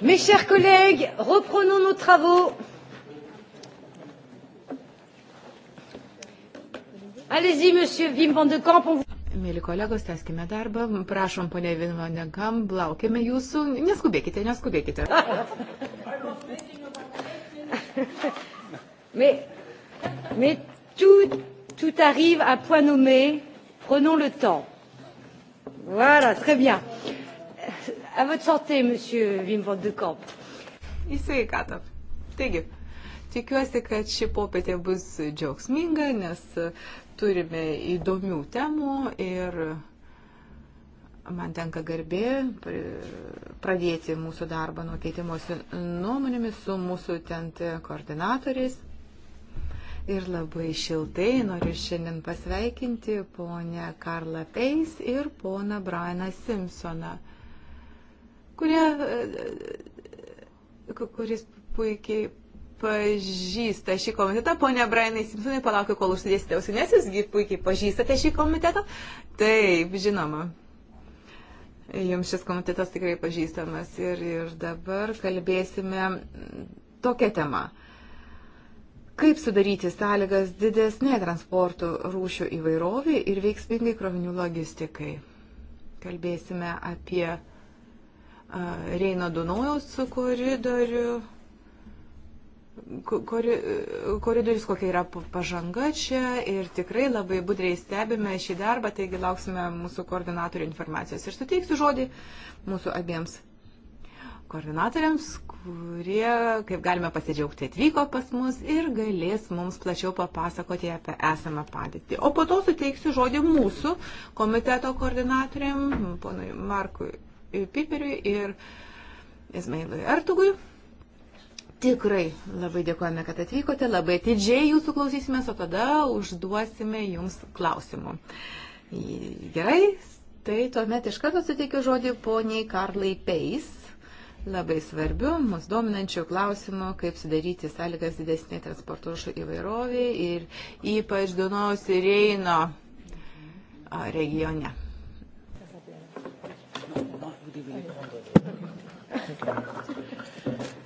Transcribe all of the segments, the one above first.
Mes chers collègues, reprenons nos travaux. Allez-y, monsieur Wim van de Kamp. On... Mėly kolegos, teskime darbą. Prašom, ponia Wim van de Kamp, laukiame jūsų. Neskubėkite, neskubėkite. mais, mais tout, tout arrive à point nommé. Prenons le temps. Voilà, très bien. À votre santé, monsieur Wim van de Kamp. Į sveikatą. Taigi, tikiuosi, kad ši popietė bus džiaugsminga, nes turime įdomių temų ir man tenka garbė pradėti mūsų darbą nuo keitimosi nuomonėmis su mūsų tent koordinatoriais. Ir labai šiltai noriu šiandien pasveikinti ponę Karlą Peis ir poną Brianą Simpsoną kurie, e, e, e, kuris puikiai pažįsta šį komitetą. Pone Brainai Simpsonai, palaukiu, kol užsidėsite ausinės, jūsgi puikiai pažįstate šį komitetą. Taip, žinoma. Jums šis komitetas tikrai pažįstamas ir, ir dabar kalbėsime tokią temą. Kaip sudaryti sąlygas didesnė transporto rūšių įvairovė ir veiksmingai krovinių logistikai? Kalbėsime apie Reino Dunojaus koridorių koridorius, kokia yra pažanga čia ir tikrai labai budriai stebime šį darbą, taigi lauksime mūsų koordinatorių informacijos. Ir suteiksiu žodį mūsų abiems koordinatoriams, kurie, kaip galime pasidžiaugti, atvyko pas mus ir galės mums plačiau papasakoti apie esamą padėtį. O po to suteiksiu žodį mūsų komiteto koordinatoriam, ponui Markui Piperiui ir Izmailui Artugui. Tikrai labai dėkojame, kad atvykote, labai atidžiai jūsų klausysimės, o tada užduosime jums klausimų. Gerai, tai tuomet iš karto suteikiu žodį poniai Karlai Peis. Labai svarbiu, mus dominančiu klausimu, kaip sudaryti sąlygas didesnė transporto įvairovė ir ypač Dunaus ir Reino regione.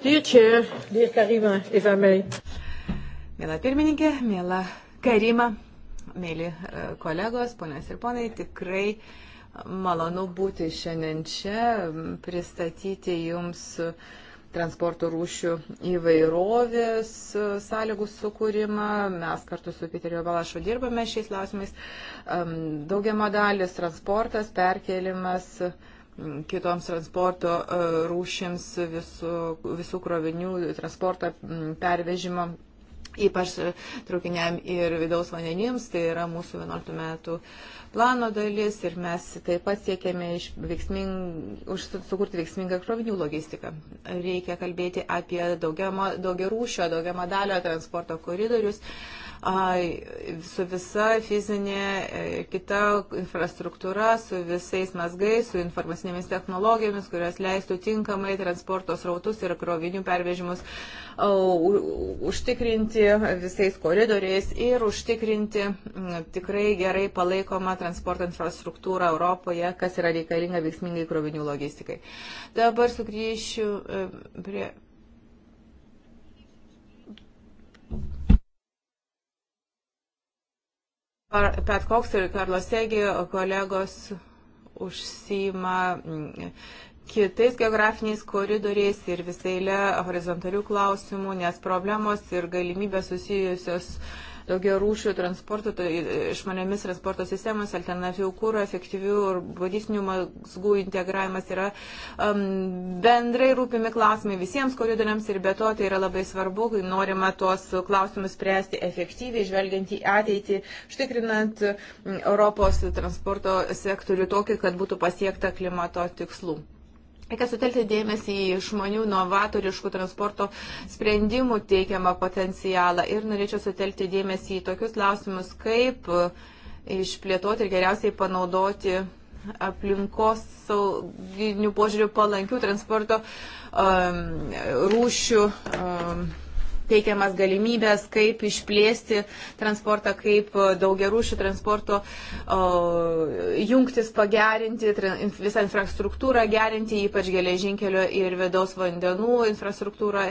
Dear Chair, dear Karima, if I may. Mėla pirmininkė, mėla Karima, mėly e, kolegos, ponios ir ponai, tikrai malonu būti šiandien čia, pristatyti jums transporto rūšių įvairovės e, sąlygų sukūrimą. Mes kartu su Piteriu Balašu dirbame šiais klausimais. Daugiamodalis transportas, perkelimas kitoms transporto e, rūšims visų, visų krovinių transporto pervežimo ypač traukiniam ir vidaus vandenims, tai yra mūsų 11 metų plano dalis ir mes taip pat siekiame veiksming, už, sukurti veiksmingą krovinių logistiką. Reikia kalbėti apie daugia, daugia rūšio, daugia madalio transporto koridorius. Uh, su visa fizinė e, kita infrastruktūra, su visais mazgais, su informacinėmis technologijomis, kurios leistų tinkamai transporto srautus ir krovinių pervežimus užtikrinti visais koridoriais ir užtikrinti tikrai gerai palaikomą transporto infrastruktūrą Europoje, kas yra reikalinga veiksmingai krovinių logistikai. Dabar sugrįšiu e, prie Pat Koks ir Karlos Segi kolegos užsima mm, kitais geografiniais koridoriais ir visai le horizontalių klausimų, nes problemos ir galimybės susijusios uh, daugia rūšių transporto, tai, e, išmaniomis transporto sistemas, alternatyvių kūrų, efektyvių ir budistinių mazgų integravimas yra um, bendrai rūpimi klausimai visiems koridoriams ir be to tai yra labai svarbu, kai norima tuos klausimus spręsti efektyviai, žvelgiant į ateitį, užtikrinant Europos transporto sektorių tokį, kad būtų pasiekta klimato tikslų. Reikia sutelkti dėmesį į žmonių novatoriškų transporto sprendimų teikiamą potencialą ir norėčiau sutelkti dėmesį į tokius klausimus, kaip išplėtoti ir geriausiai panaudoti aplinkos sauginių požiūrių palankių transporto um, rūšių um, teikiamas galimybės, kaip išplėsti transportą, kaip e, daugiarūšių transporto jungtis pagerinti, visą infrastruktūrą gerinti, ypač geležinkelio ir vidaus vandenų infrastruktūrą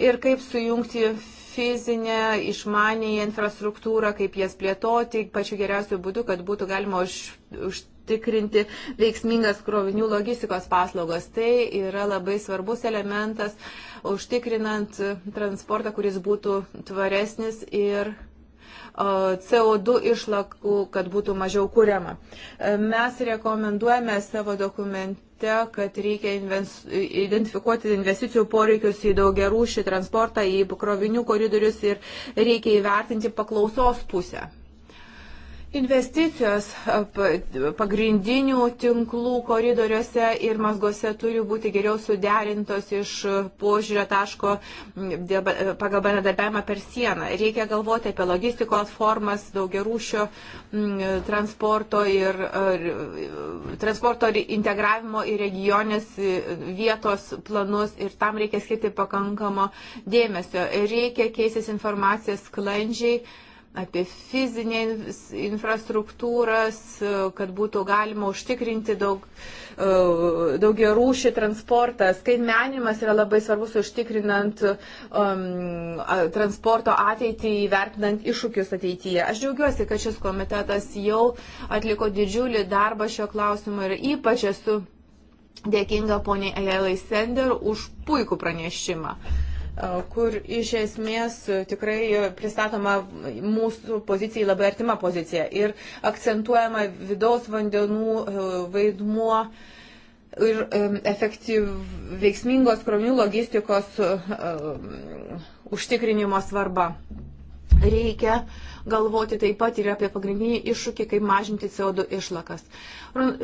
ir kaip sujungti fizinę, išmanėją infrastruktūrą, kaip jas plėtoti, pačiu geriausiu būdu, kad būtų galima už, už užtikrinti veiksmingas krovinių logistikos paslaugos. Tai yra labai svarbus elementas uh, užtikrinant transportą, kuris būtų tvaresnis ir CO2 išlakų, kad būtų mažiau kuriama. E, mes rekomenduojame savo dokumente, kad reikia identifikuoti investicijų poreikius į daugiarūšį transportą, į krovinių koridorius ir reikia įvertinti paklausos pusę. Investicijos pagrindinių tinklų koridoriuose ir mazgose turi būti geriau suderintos iš požiūrio taško pagal bendradarbiavimą per sieną. Reikia galvoti apie logistikos formas, daugiarūšio transporto ir transporto integravimo į regionės e, vietos planus ir tam reikia skirti pakankamo dėmesio. Reikia keistis informaciją sklandžiai apie fizinę infrastruktūras, kad būtų galima užtikrinti daug, e, daugia rūšį transportą. Skaitmenimas yra labai svarbus užtikrinant um, transporto ateitį, įvertinant iššūkius ateityje. Aš džiaugiuosi, kad šis komitetas jau atliko didžiulį darbą šio klausimu ir ypač esu dėkinga poniai Ailai Sender už puikų pranešimą. Uh, kur iš esmės tikrai pristatoma mūsų pozicijai labai artima pozicija ir akcentuojama vidaus vandenų vaidmuo ir efektyv, veiksmingos krovinių logistikos užtikrinimo svarba. Reikia galvoti taip pat ir apie pagrindinį iššūkį, kaip mažinti CO2 išlakas.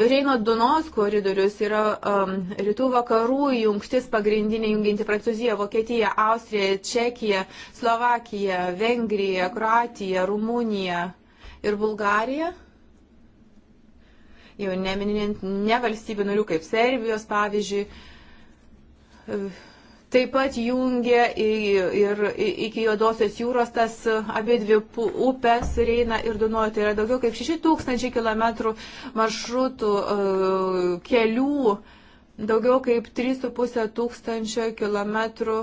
Reino Dunos koridorius yra um, rytų vakarų jungtis pagrindinė junginti Prancūziją, Vokietiją, Austriją, Čekiją, Slovakiją, Vengriją, Kroatiją, Rumuniją ir Bulgariją. Jau neminint ne valstybių narių kaip Serbijos, pavyzdžiui Taip pat jungia ir, ir iki Juodosios jūros tas abi dvi upės, Reina ir Dunoja, tai yra daugiau kaip 6000 km maršrutų e, kelių, daugiau kaip 3,5 tūkstančio kilometrų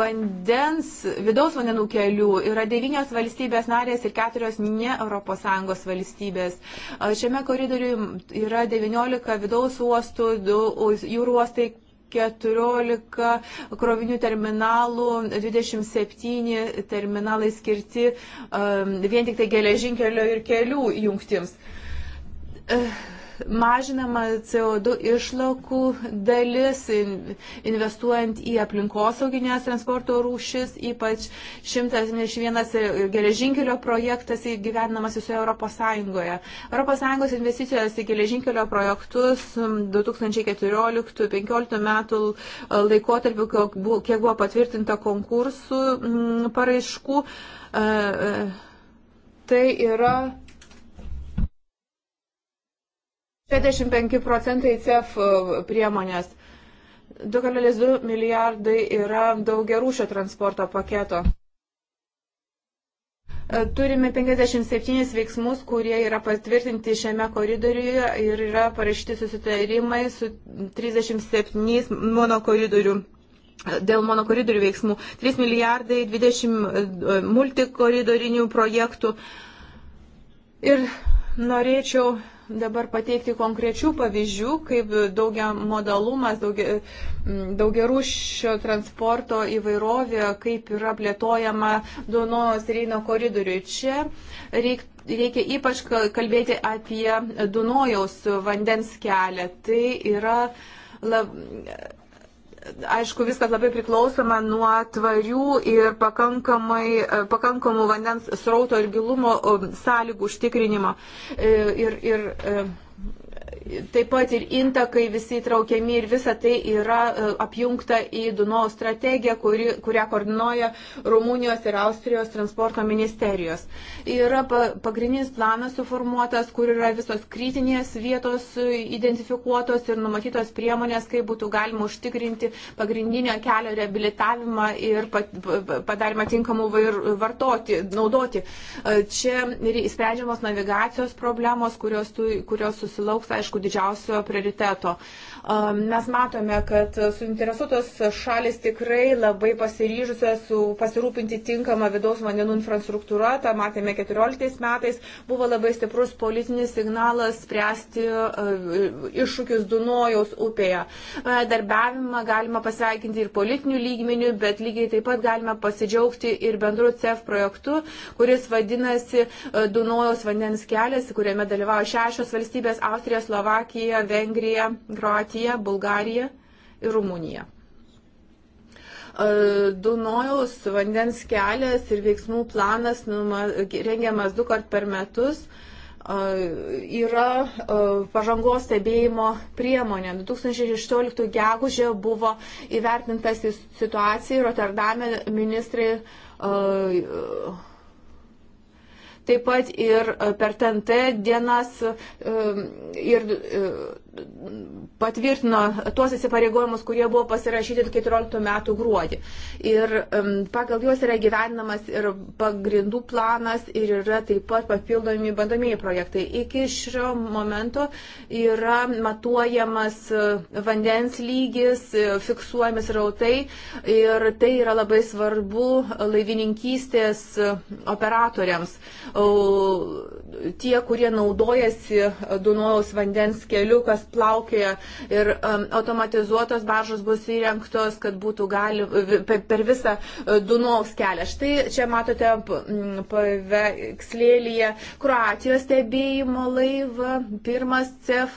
vandens, vidaus vandenų kelių yra devynios valstybės narės ir keturios ne ES valstybės. E, šiame koridoriuje yra 19 vidaus uostų, du jūrų uostai, 14 krovinių terminalų, 27 terminalai skirti um, vien tik tai geležinkelio ir kelių jungtims. Uh mažinama CO2 išlakų dalis, investuojant į aplinkosauginės transporto rūšis, ypač 171 geležinkelio projektas įgyvendinamas visoje Europos Sąjungoje. Europos Sąjungos investicijos į geležinkelio projektus 2014-2015 metų laikotarpiu, kiek buvo patvirtinta konkursų paraiškų, e, e, tai yra 55 procentai CEF priemonės. 2,2 milijardai yra daugiarūšio transporto paketo. Turime 57 veiksmus, kurie yra patvirtinti šiame koridoriuje ir yra parašyti susitarimai su 37 monokoridorių. Dėl monokoridorių veiksmų 3 milijardai 20 e, multikoridorinių projektų. Ir norėčiau dabar pateikti konkrečių pavyzdžių, kaip daugia modalumas, daugia, mm, daugia rūšio transporto įvairovė, kaip yra plėtojama Dunojos Reino koridoriui. Čia reik, reikia ypač kalbėti apie Dunojaus vandens kelią. Tai yra lab, Aišku, viskas labai priklausoma nuo tvarių ir e, pakankamų vandens srauto ir gilumo um, sąlygų užtikrinimo. E, ir, ir, e, taip pat ir intakai visi įtraukiami ir visa tai yra e, apjungta į Dunojų strategiją, kuri, kurią koordinuoja Rumunijos ir Austrijos transporto ministerijos. Yra pagrindinis planas suformuotas, kur yra visos kritinės vietos identifikuotos ir numatytos priemonės, kaip būtų galima užtikrinti pagrindinio kelio reabilitavimą ir padarimą tinkamų vartoti, naudoti. E, čia sprendžiamos navigacijos problemos, kurios, tu, kurios susilauks sulauks, aišku, didžiausio prioriteto. Uh, Mes matome, kad suinteresuotos šalis tikrai labai pasiryžusios pasirūpinti tinkamą vidaus vandenų infrastruktūrą. Ta matėme 14 metais. Buvo labai stiprus politinis signalas spręsti e, iššūkius Dunojaus upėje. E, darbiavimą galima pasveikinti ir politinių lygmenių, bet lygiai taip pat galime pasidžiaugti ir bendru CEF projektu, kuris vadinasi e, Dunojaus vandens kelias, kuriame dalyvauja šešios valstybės - Austrija, Slovakija, Vengrija, Kroatija. Kroatija, Bulgarija ir Rumunija. E, Dunojaus vandens kelias ir veiksmų planas numa, rengiamas du kart per metus e, yra e, pažangos stebėjimo priemonė. 2016 gegužė buvo įvertintas situacija Rotterdame ministrai taip pat ir per TNT dienas ir patvirtino tuos įsipareigojimus, kurie buvo pasirašyti 14 metų gruodį. Ir pagal juos yra gyvenamas ir pagrindų planas ir yra taip pat papildomi bandomieji projektai. Iki šio momento yra matuojamas e, vandens lygis, e, fiksuojamas rautai ir tai yra labai svarbu laivininkystės e, operatoriams. Tie, kurie naudojasi Dunojaus vandens keliu, kas plaukioja ir um, automatizuotos baržos bus įrengtos, kad būtų gali per, per visą e, Dunaus kelią. Štai čia matote paveikslėlyje Kroatijos stebėjimo laivą, pirmas CEF,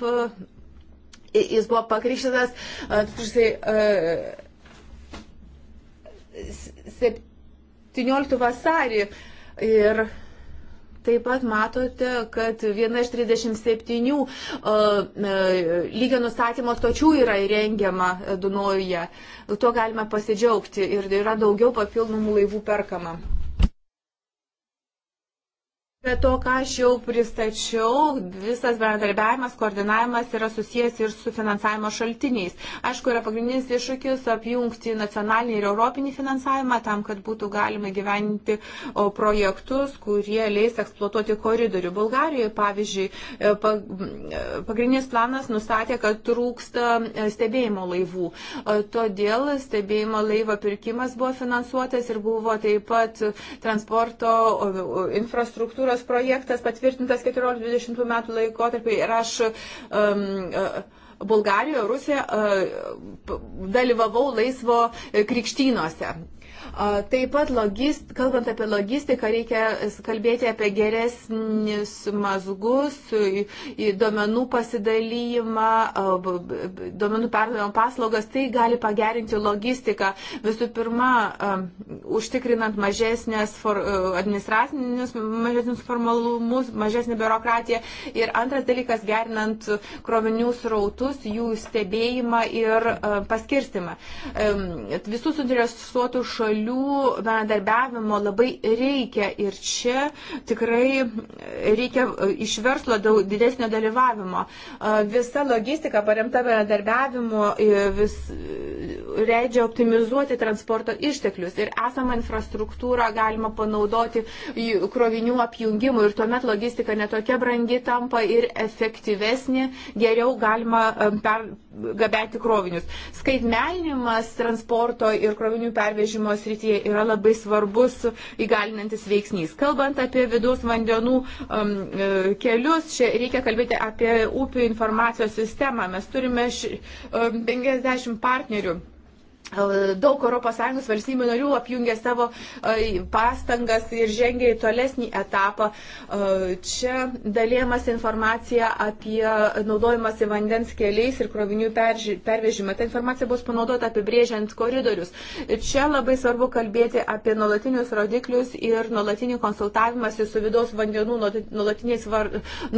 e, jis buvo pakryštas 17 e, vasarį ir taip pat matote, kad viena iš 37 uh, e, e, lygio nustatymo stočių yra įrengiama e, Dunojuje. Tuo galime pasidžiaugti ir yra daugiau papildomų laivų perkama. Be to, ką aš jau pristačiau, visas bendradarbiavimas, koordinavimas yra susijęs ir su finansavimo šaltiniais. Aišku, yra pagrindinis iššūkis apjungti nacionalinį ir europinį finansavimą tam, kad būtų galima gyventi projektus, kurie leis eksploatuoti koridorių. Bulgarijoje, pavyzdžiui, e, e, pagrindinis planas nustatė, kad trūksta e, stebėjimo laivų. Todėl stebėjimo laivo pirkimas buvo finansuotas ir buvo taip pat transporto infrastruktūra infrastruktūros projektas patvirtintas 14-20 metų laikotarpį ir aš um, uh, Bulgarijoje, Rusijoje uh, dalyvavau laisvo uh, krikštynuose. Taip pat, logist, kalbant apie logistiką, reikia kalbėti apie geresnis mazgus, duomenų pasidalymą, duomenų perdavimo paslaugas. Tai gali pagerinti logistiką. Visų pirma, užtikrinant mažesnės for, administracinius, mažesnius formalumus, mažesnį biurokratiją. Ir antras dalykas, gerinant krovinių srautus, jų stebėjimą ir paskirstimą. Visų suinteresuotų šalių šalių bendarbiavimo labai reikia ir čia tikrai reikia iš verslo daug didesnio dalyvavimo. Visa logistika paremta bendarbiavimu vis leidžia optimizuoti transporto išteklius ir esamą infrastruktūrą galima panaudoti krovinių apjungimui ir tuomet logistika netokia brangi tampa ir efektyvesnė, geriau galima per gabenti krovinius. Skaitmeninimas transporto ir krovinių pervežimo srityje yra labai svarbus įgalinantis veiksnys. Kalbant apie vidaus vandenų um, e, kelius, čia reikia kalbėti apie upių informacijos sistemą. Mes turime š, um, 50 partnerių Daug ES valstybių narių apjungia savo e, pastangas ir žengia į tolesnį etapą. E, čia dalėmas informacija apie naudojimas į vandens keliais ir krovinių pervežimą. Ta informacija bus panaudota apibrėžiant koridorius. Čia labai svarbu kalbėti apie nuolatinius rodiklius ir nuolatinį konsultavimąsi su vidaus vandenų nuolatiniais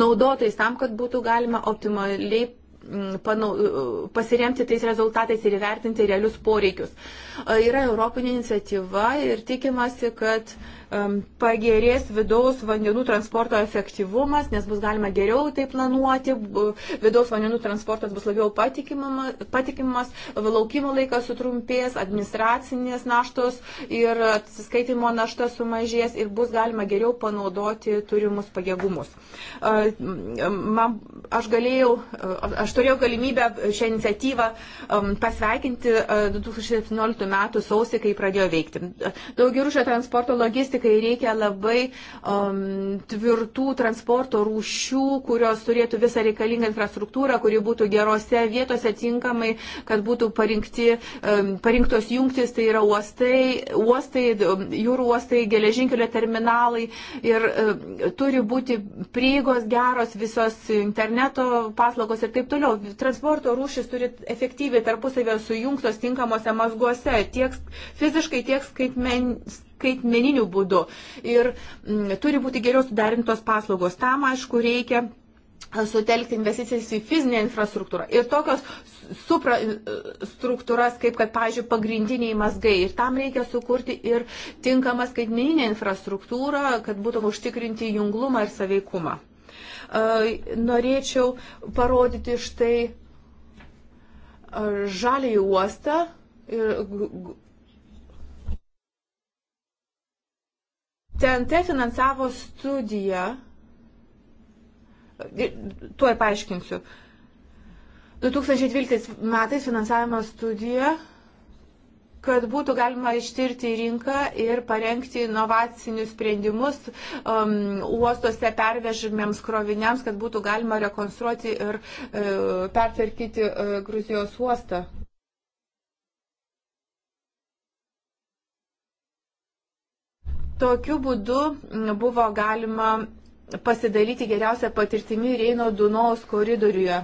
naudotais tam, kad būtų galima optimaliai Mm, panau, e, pasiremti tais rezultatais ir įvertinti realius poreikius. E, yra Europinė iniciatyva ir tikimasi, kad pagerės vidaus vandenų transporto efektyvumas, nes bus galima geriau tai planuoti, vidaus vandenų transportas bus labiau patikimas, laukimo laikas sutrumpės, administracinės naštos ir atsiskaitimo našta sumažės ir bus galima geriau panaudoti turimus pajėgumus. E, aš galėjau, aš Aš turėjau galimybę šią iniciatyvą um, pasveikinti 2017 uh, metų sausį, kai pradėjo veikti. Daugiarūšio transporto logistikai reikia labai um, tvirtų transporto rūšių, kurios turėtų visą reikalingą infrastruktūrą, kuri būtų gerose vietose tinkamai, kad būtų parinkti, um, parinktos jungtis, tai yra uostai, uostai um, jūrų uostai, geležinkelio terminalai ir um, turi būti prieigos geros visos interneto paslaugos ir taip toliau toliau. Transporto rūšis turi efektyviai tarpusavėje sujungtos tinkamuose mazguose, tiek fiziškai, tiek skaitmen, skaitmeniniu būdu. Ir m, mm, turi būti geriau sudarintos paslaugos. Tam, aišku, reikia e, sutelkti investicijas į fizinę infrastruktūrą. Ir tokios supra, e, e, struktūras, kaip kad, pavyzdžiui, pagrindiniai mazgai. Ir tam reikia sukurti ir tinkamą skaitmeninę infrastruktūrą, kad būtų užtikrinti junglumą ir saveikumą norėčiau parodyti štai žalį uostą ir TNT finansavo studiją, tuoj paaiškinsiu, 2012 metais finansavimo studiją kad būtų galima ištirti rinką ir parengti inovacinius sprendimus um, uostuose pervežimiems kroviniams, kad būtų galima rekonstruoti ir uh, pertvarkyti uh, Gruzijos uostą. Tokiu būdu buvo galima pasidalyti geriausią patirtimį Reino Dunaus koridoriuje.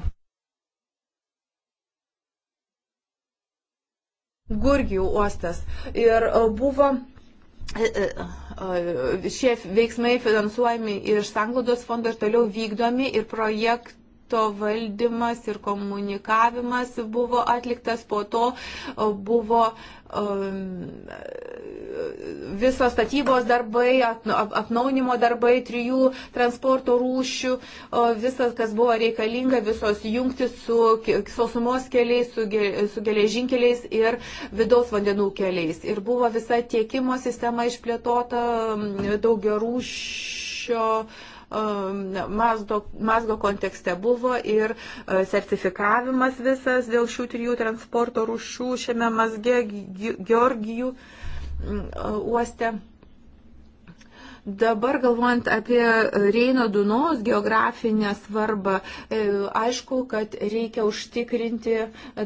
Gurgijų uostas. Ir e, buvo e, e, šie veiksmai finansuojami iš sanglaudos fondo ir toliau vykdomi ir projektai to valdymas ir komunikavimas buvo atliktas, po to e, buvo visos statybos darbai, apnaunimo darbai, trijų transporto rūšių, e, visas, kas buvo reikalinga, visos jungtis su sausumos keliais, su, su geležinkeliais ir vidaus vandenų keliais. Ir buvo visa tiekimo sistema išplėtota daugia rūšio Um, mazgo, mazgo kontekste buvo ir uh, sertifikavimas visas dėl šių trijų transporto rušių šiame mazge Georgijų mm, uh, uoste. Dabar galvojant apie Reino Dunos geografinę svarbą, e, aišku, kad reikia užtikrinti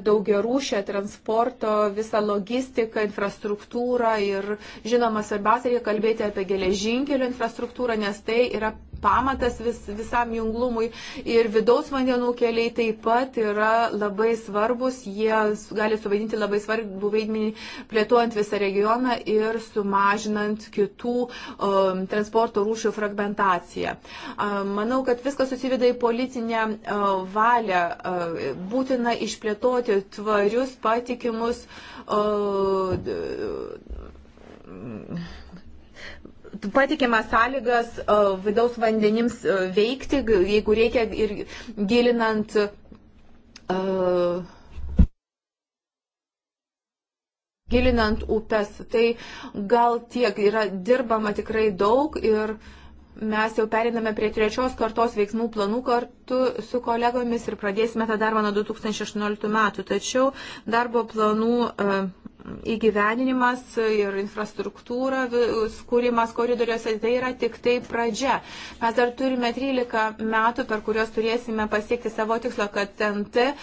daugia rūšę transporto, visą logistiką, infrastruktūrą ir žinoma, svarbiausia reikia kalbėti apie geležinkelio infrastruktūrą, nes tai yra pamatas vis, visam junglumui ir vidaus vandenų keliai taip pat yra labai svarbus, jie gali suvaidinti labai svarbu vaidmenį plėtuojant visą regioną ir sumažinant kitų um, transporto rūšių fragmentaciją. Um, manau, kad viskas susiveda į politinę uh, valią, uh, būtina išplėtoti tvarius, patikimus uh, patikima sąlygas e, vidaus vandenims e, veikti, jeigu reikia ir gilinant. Uh, gilinant upes. Tai gal tiek yra dirbama tikrai daug ir mes jau periname prie trečios kartos veiksmų planų kartu su kolegomis ir pradėsime tą darbą nuo 2018 metų. Tačiau darbo planų uh, įgyveninimas ir infrastruktūra skūrimas koridoriuose, tai yra tik tai pradžia. Mes dar turime 13 metų, per kuriuos turėsime pasiekti savo tikslo, kad TNT e,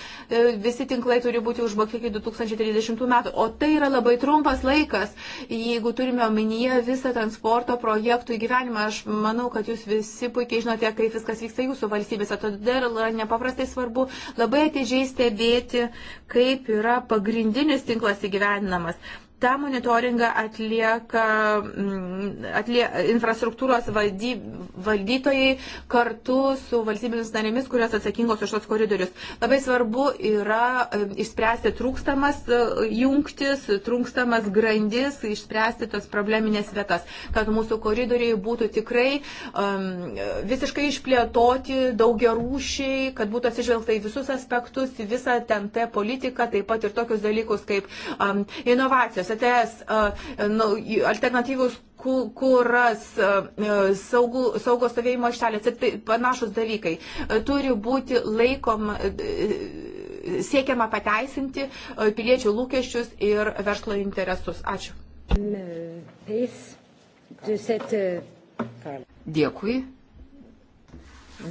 visi tinklai turi būti užbokti iki 2030 metų. O tai yra labai trumpas laikas, jeigu turime omenyje visą transporto projektų įgyvenimą. Aš manau, kad jūs visi puikiai žinote, kaip viskas vyksta jūsų valstybėse. Todėl yra nepaprastai svarbu labai atidžiai stebėti, kaip yra pagrindinis tinklas įgyvenimas įgyvendinamas tą monitoringą atlieka, mm, atlie, infrastruktūros valdy, valdytojai kartu su valstybėmis narėmis, kurios atsakingos už šios koridorius. Labai svarbu yra išspręsti trūkstamas e, jungtis, trūkstamas grandis, išspręsti tas probleminės vietas, kad mūsų koridoriai būtų tikrai um, visiškai išplėtoti, daugiarūšiai, kad būtų atsižvelgta į visus aspektus, į visą TNT politiką, taip pat ir tokius dalykus kaip um, inovacijos ETS, alternatyvus kuras, saugų, saugos stovėjimo aikštelės ir tai, tai panašus dalykai turi būti laikom siekiama pateisinti piliečių lūkesčius ir verslo interesus. Ačiū. Dėkui.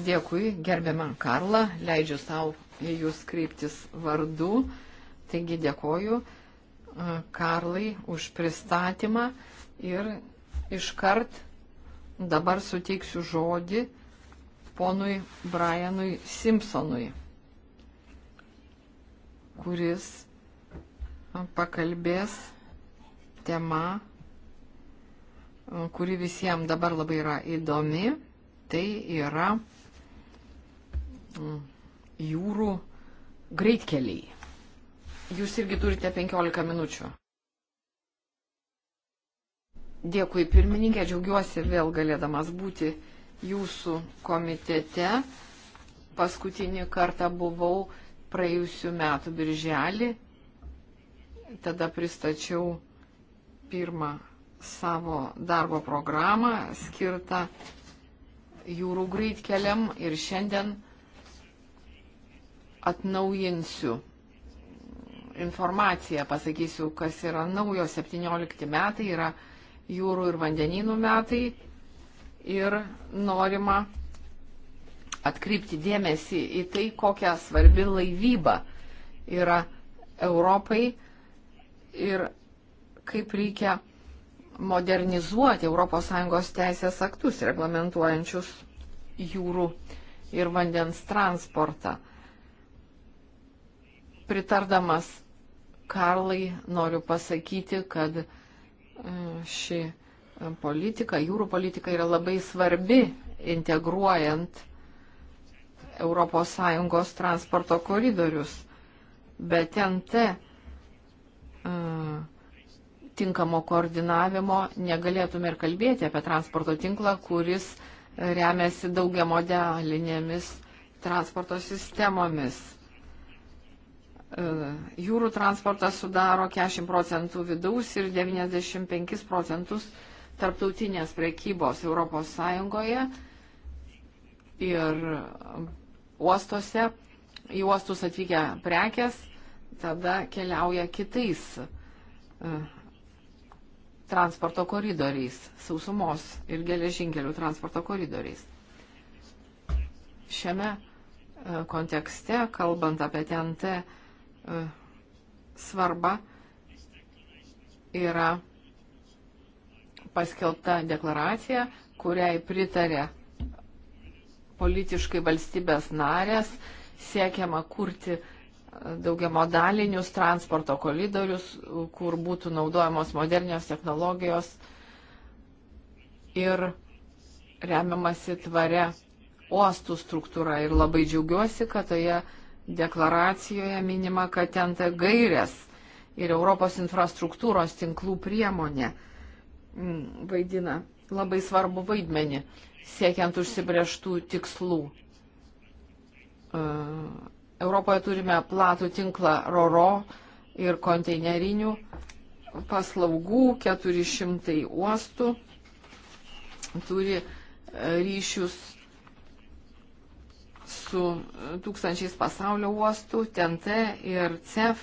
Dėkui, gerbiamą Karlą. Leidžiu savo į jūs kreiptis vardu. Taigi dėkoju. Karlai už pristatymą ir iškart dabar suteiksiu žodį ponui Brianui Simpsonui, kuris pakalbės tema, kuri visiems dabar labai yra įdomi, tai yra mm, jūrų greitkeliai. Jūs irgi turite 15 minučių. Dėkui pirmininkė, džiaugiuosi vėl galėdamas būti jūsų komitete. Paskutinį kartą buvau praėjusiu metu birželį. Tada pristačiau pirmą savo darbo programą skirtą jūrų greitkeliam ir šiandien atnaujinsiu informaciją, pasakysiu, kas yra naujo 17 metai, yra jūrų ir vandenynų metai ir norima atkreipti dėmesį į tai, kokia svarbi laivyba yra Europai ir kaip reikia modernizuoti ES teisės aktus reglamentuojančius jūrų ir vandens transportą. Pritardamas Karlai noriu pasakyti, kad e, ši politika, jūrų politika yra labai svarbi integruojant ES transporto koridorius. Bet NT e, tinkamo koordinavimo negalėtume ir kalbėti apie transporto tinklą, kuris remiasi daugiamodelinėmis transporto sistemomis. E, jūrų transportas sudaro 40 procentų vidaus ir 95 procentus tarptautinės prekybos Europos Sąjungoje ir uostuose, į uostus atvykę prekes tada keliauja kitais e, transporto koridoriais, sausumos ir geležinkelių transporto koridoriais. Šiame e, kontekste, kalbant apie TNT E, svarba yra paskelbta deklaracija, kuriai pritarė politiškai valstybės narės, siekiama kurti e, daugiamodalinius transporto kolidorius, kur būtų naudojamos modernios technologijos ir remiamasi tvare uostų struktūra. Ir labai džiaugiuosi, kad toje tai deklaracijoje minima, kad ten ta gairės ir Europos infrastruktūros tinklų priemonė mm, vaidina labai svarbu vaidmenį siekiant užsibrieštų tikslų. E, Europoje turime platų tinklą RORO ir konteinerinių paslaugų, 400 uostų turi e, ryšius su tūkstančiais pasaulio uostų, TNT ir CEF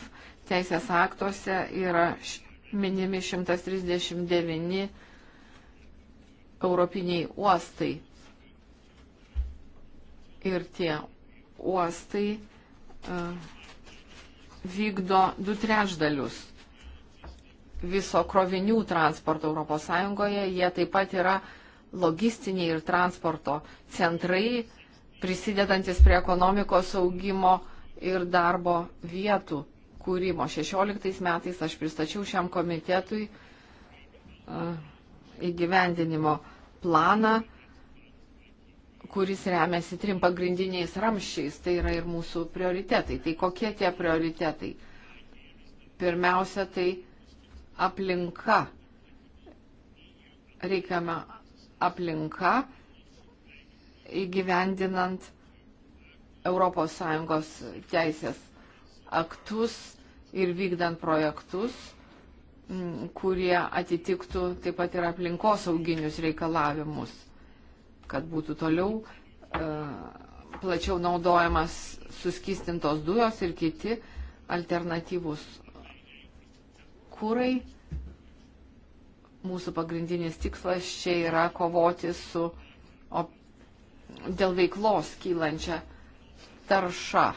teisės aktuose yra minimi 139 europiniai uostai. Ir tie uostai uh, vykdo du trečdalius viso krovinių transporto ES. Jie taip pat yra logistiniai ir transporto centrai, uh, prisidedantis prie ekonomikos augimo ir darbo vietų kūrimo. 16 metais aš pristačiau šiam komitetui įgyvendinimo planą, kuris remiasi trim pagrindiniais ramščiais. Tai yra ir mūsų prioritetai. Tai kokie tie prioritetai? Pirmiausia, tai aplinka. Reikiama aplinka įgyvendinant ES teisės aktus ir vykdant projektus, kurie atitiktų taip pat ir aplinkosauginius reikalavimus, kad būtų toliau e, plačiau naudojamas suskistintos dujos ir kiti alternatyvus kūrai. Mūsų pagrindinis tikslas čia yra kovoti su op dėl veiklos kylančią taršą.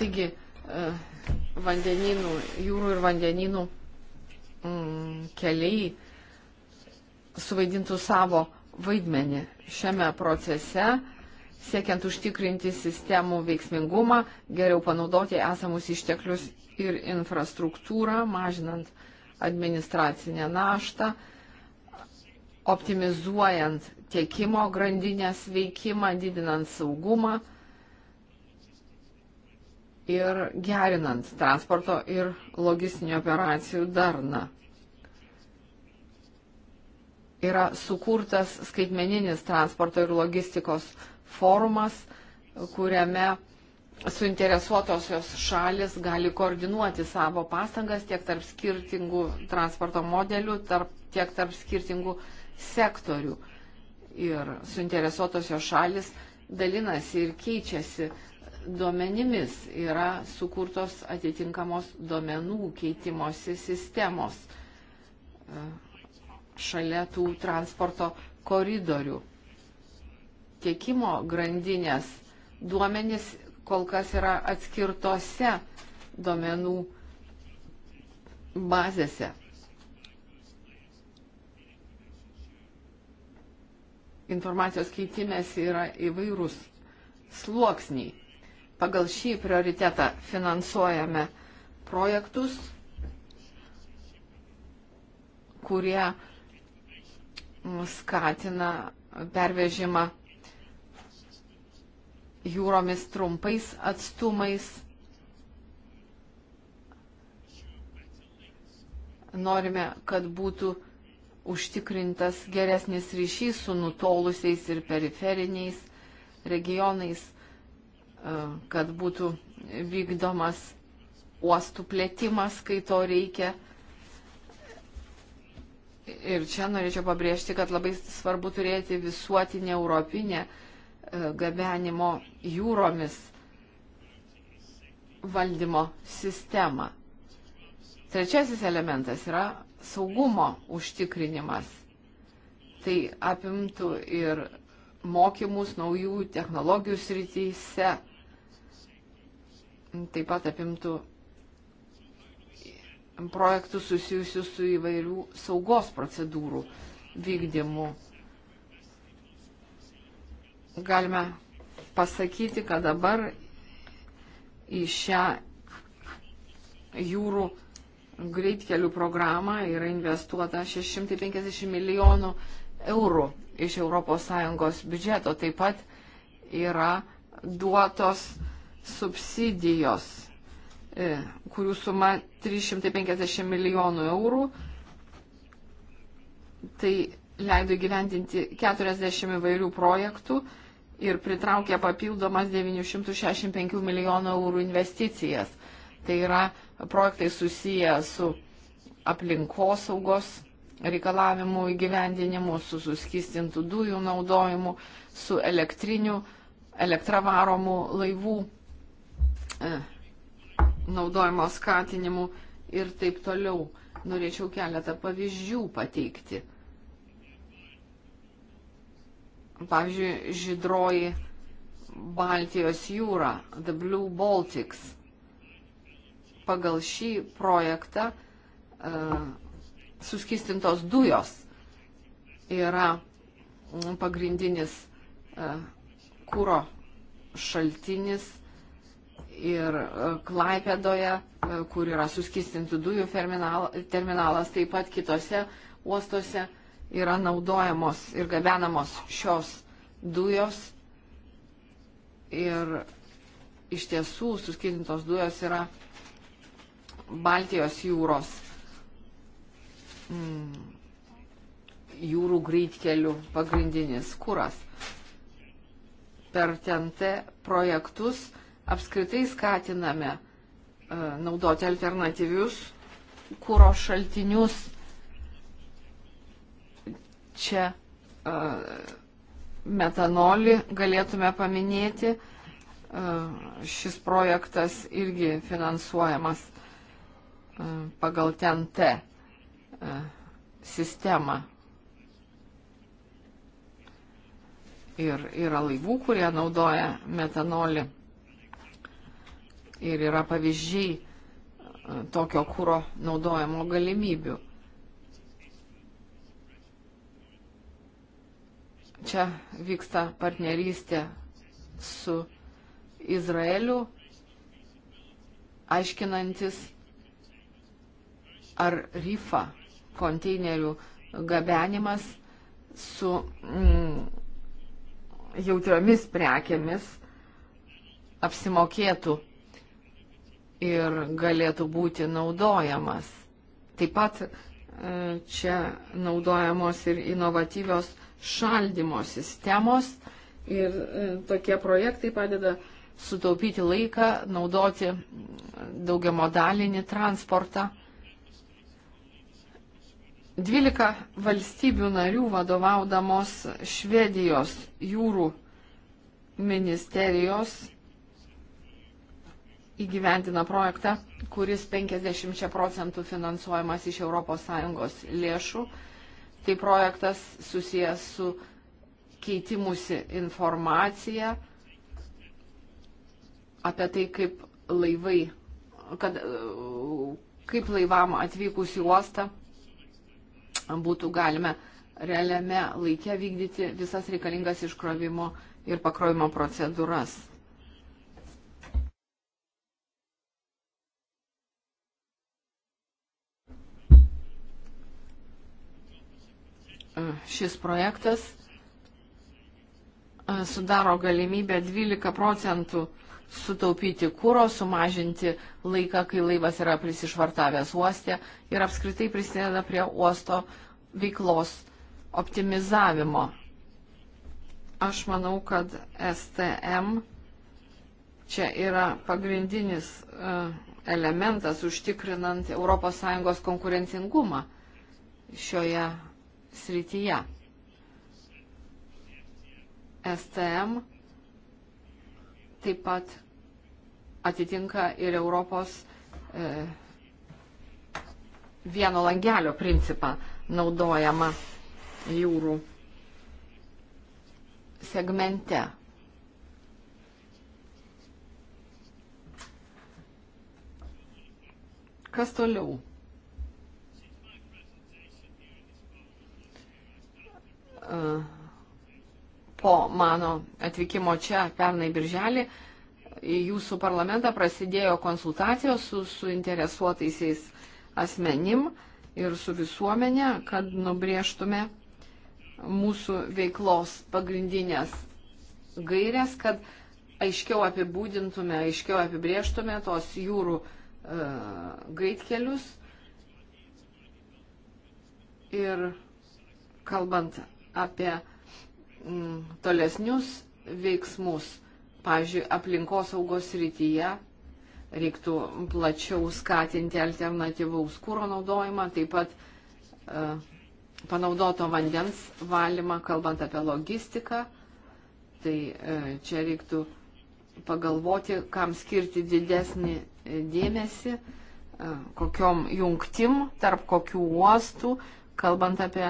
Taigi, e, vandeninų, jūrų ir vandeninų mm, keliai suvaidintų savo vaidmenį šiame procese, siekiant užtikrinti sistemų veiksmingumą, geriau panaudoti esamus išteklius ir infrastruktūrą, mažinant uh, administracinę naštą, optimizuojant tiekimo grandinės veikimą, didinant saugumą ir gerinant transporto ir logistinių operacijų darną. Yra sukurtas skaitmeninis transporto ir logistikos forumas, kuriame suinteresuotosios šalis gali koordinuoti savo pastangas tiek tarp skirtingų transporto modelių, tarp, tiek tarp skirtingų sektorių. Ir suinteresuotosios šalis dalinasi ir keičiasi duomenimis, yra sukurtos atitinkamos duomenų keitimosi sistemos e, šalia tų transporto koridorių. Tiekimo grandinės duomenys kol kas yra atskirtose duomenų bazėse. Informacijos keitimės yra įvairūs sluoksniai. Pagal šį prioritetą finansuojame projektus, kurie skatina pervežimą jūromis trumpais atstumais. Norime, kad būtų užtikrintas geresnis ryšys su nutolusiais ir periferiniais regionais, e, kad būtų vykdomas uostų plėtimas, kai to reikia. Ir čia norėčiau pabrėžti, kad labai svarbu turėti visuotinę europinę E, gabenimo jūromis valdymo sistemą. Trečiasis elementas yra saugumo užtikrinimas. Tai apimtų ir mokymus naujų technologijų srityse, taip pat apimtų projektų susijusių su įvairių saugos procedūrų vykdymu galime pasakyti, kad dabar į šią jūrų greitkelių programą yra investuota 650 milijonų eurų iš ES biudžeto. Taip pat yra duotos subsidijos, e, kurių suma 350 milijonų eurų. Tai leido gyventinti 40 įvairių projektų ir pritraukė papildomas 965 milijonų eurų investicijas. Tai yra projektai susiję su aplinkosaugos reikalavimų įgyvendinimu, su suskistintų dujų naudojimu, su elektrinių, elektravaromų laivų e, naudojimo skatinimu ir taip toliau. Norėčiau keletą pavyzdžių pateikti. Pavyzdžiui, žydroji Baltijos jūra, The Blue Baltics. Pagal šį projektą uh, suskistintos dujos yra pagrindinis uh, e, kūro šaltinis ir e, Klaipėdoje, kur yra suskistintų dujų terminalas, taip pat kitose uostuose yra naudojamos ir gabenamos šios dujos. Ir iš tiesų suskidintos dujos yra Baltijos jūros mm, jūrų greitkelių pagrindinis kuras. Per TNT projektus apskritai skatiname e, naudoti alternatyvius kūro šaltinius čia metanolį galėtume paminėti. Šis projektas irgi finansuojamas pagal TNT sistemą. Ir yra laivų, kurie naudoja metanolį. Ir yra pavyzdžiai tokio kūro naudojimo galimybių. Čia vyksta partnerystė su Izraeliu, aiškinantis, ar rifa konteinerių gabenimas su mm, jautriomis prekėmis apsimokėtų ir galėtų būti naudojamas. Taip pat e, čia naudojamos ir inovatyvios šaldimo sistemos ir e, tokie projektai padeda sutaupyti laiką, naudoti daugiamodalinį transportą. 12 valstybių narių vadovaudamos Švedijos jūrų ministerijos įgyventina projektą, kuris 50 procentų finansuojamas iš ES lėšų Tai projektas susijęs su keitimusi informacija apie tai, kaip laivai, kad, kaip laivam atvykus į uostą būtų galime realiame laikė vykdyti visas reikalingas iškrovimo ir pakrovimo procedūras. E, šis projektas e, sudaro galimybę 12 procentų sutaupyti kūro, sumažinti laiką, kai laivas yra prisišvartavęs uoste ir apskritai prisideda prie uosto veiklos optimizavimo. Aš manau, kad STM čia yra pagrindinis e, elementas užtikrinant ES konkurencingumą šioje srityje. STM taip pat atitinka ir Europos e, vieno langelio principą naudojama jūrų segmente. Kas toliau? po mano atvykimo čia pernai birželį į jūsų parlamentą prasidėjo konsultacijos su suinteresuotaisiais asmenim ir su visuomenė, kad nubrėžtume mūsų veiklos pagrindinės gairias, kad aiškiau apibūdintume, aiškiau apibrėžtume tos jūrų e, greitkelius. Ir kalbant apie mm, tolesnius veiksmus. Pavyzdžiui, aplinkosaugos rytyje reiktų plačiau skatinti alternatyvaus kūro naudojimą, taip pat e, panaudoto vandens valymą, kalbant apie logistiką. Tai e, čia reiktų pagalvoti, kam skirti didesnį dėmesį, e, kokiom jungtim, tarp kokių uostų, kalbant apie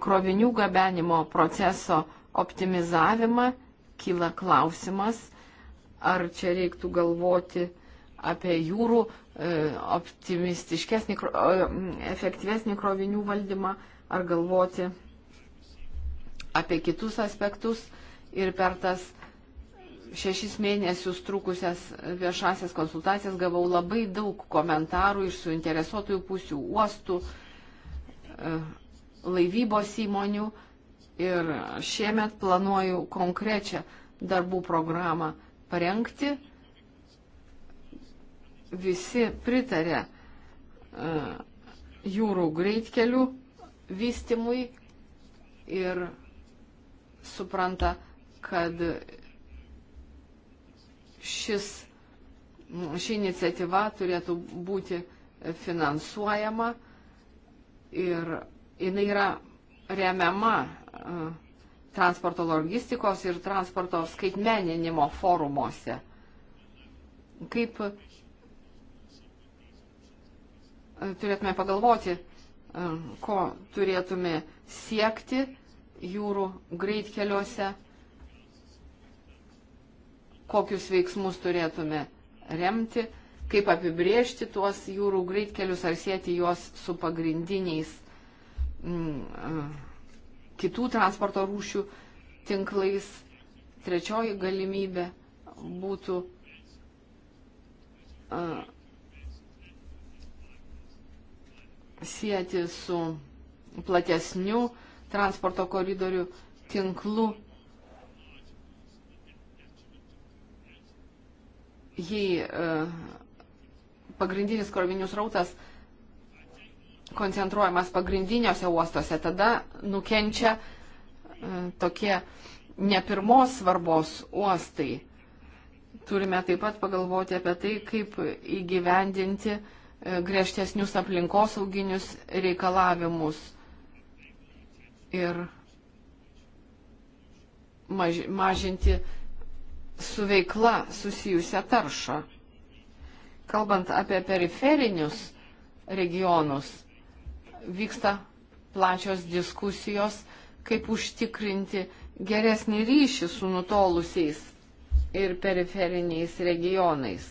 krovinių gabenimo proceso optimizavimą, kyla klausimas, ar čia reiktų galvoti apie jūrų e, optimistiškesnį, e, efektyvesnį krovinių valdymą, ar galvoti apie kitus aspektus ir per tas šešis mėnesius trukusias viešasias konsultacijas gavau labai daug komentarų iš suinteresuotųjų pusių, uostų, e, laivybos įmonių ir šiemet planuoju konkrečią darbų programą parengti. Visi pritarė e, jūrų greitkelių vystimui ir supranta, kad šis, ši iniciatyva turėtų būti finansuojama ir jinai yra remiama e, transporto logistikos ir transporto skaitmeninimo forumuose. Kaip e, turėtume pagalvoti, e, ko turėtume siekti jūrų greitkeliuose, kokius veiksmus turėtume remti, kaip apibriežti tuos jūrų greitkelius ar sėti juos su pagrindiniais Mm, kitų transporto rūšių tinklais. Trečioji galimybė būtų sieti su platesniu transporto koridorių tinklu. Jei pagrindinis krovinių srautas uh, koncentruojamas pagrindiniuose uostuose, tada nukenčia e, tokie ne pirmos svarbos uostai. Turime taip pat pagalvoti apie tai, kaip įgyvendinti e, griežtesnius aplinkosauginius reikalavimus ir maž, mažinti su veikla susijusią taršą. Kalbant apie periferinius regionus, vyksta plačios diskusijos, kaip užtikrinti geresnį ryšį su nutolusiais ir periferiniais regionais.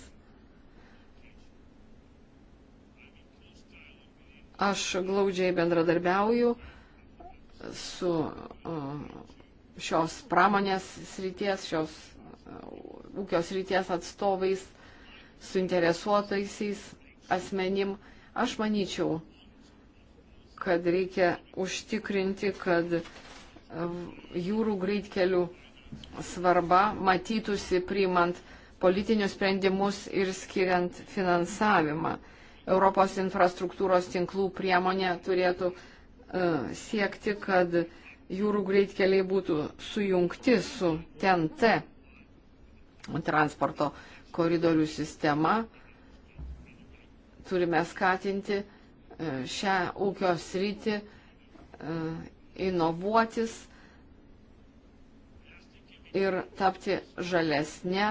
Aš glaudžiai bendradarbiauju su šios pramonės srities, šios ūkios ryties atstovais, suinteresuotaisiais asmenim. Aš manyčiau, kad reikia užtikrinti, kad e, jūrų greitkelių svarba matytųsi priimant politinius sprendimus ir skiriant finansavimą. Europos infrastruktūros tinklų priemonė turėtų e, siekti, kad jūrų greitkeliai būtų sujungti su TNT transporto koridorių sistema. Turime skatinti uh, šią ūkio sritį, e, inovuotis ir tapti žalesnė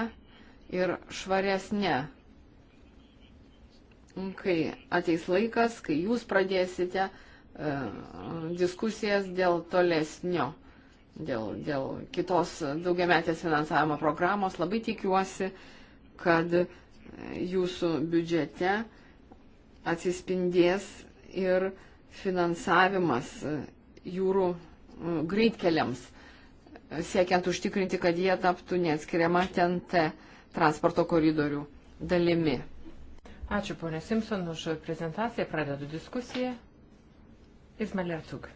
ir švaresnė. Kai ateis laikas, kai jūs pradėsite e, diskusijas dėl tolesnio, dėl, dėl kitos daugiametės finansavimo programos, labai tikiuosi, kad jūsų biudžete uh, atsispindės ir finansavimas jūrų e, greitkeliams, siekiant užtikrinti, kad jie taptų neatskiriama TNT transporto koridorių dalimi. Ačiū ponė Simpson už prezentaciją, pradedu diskusiją. Ismail Arcuk.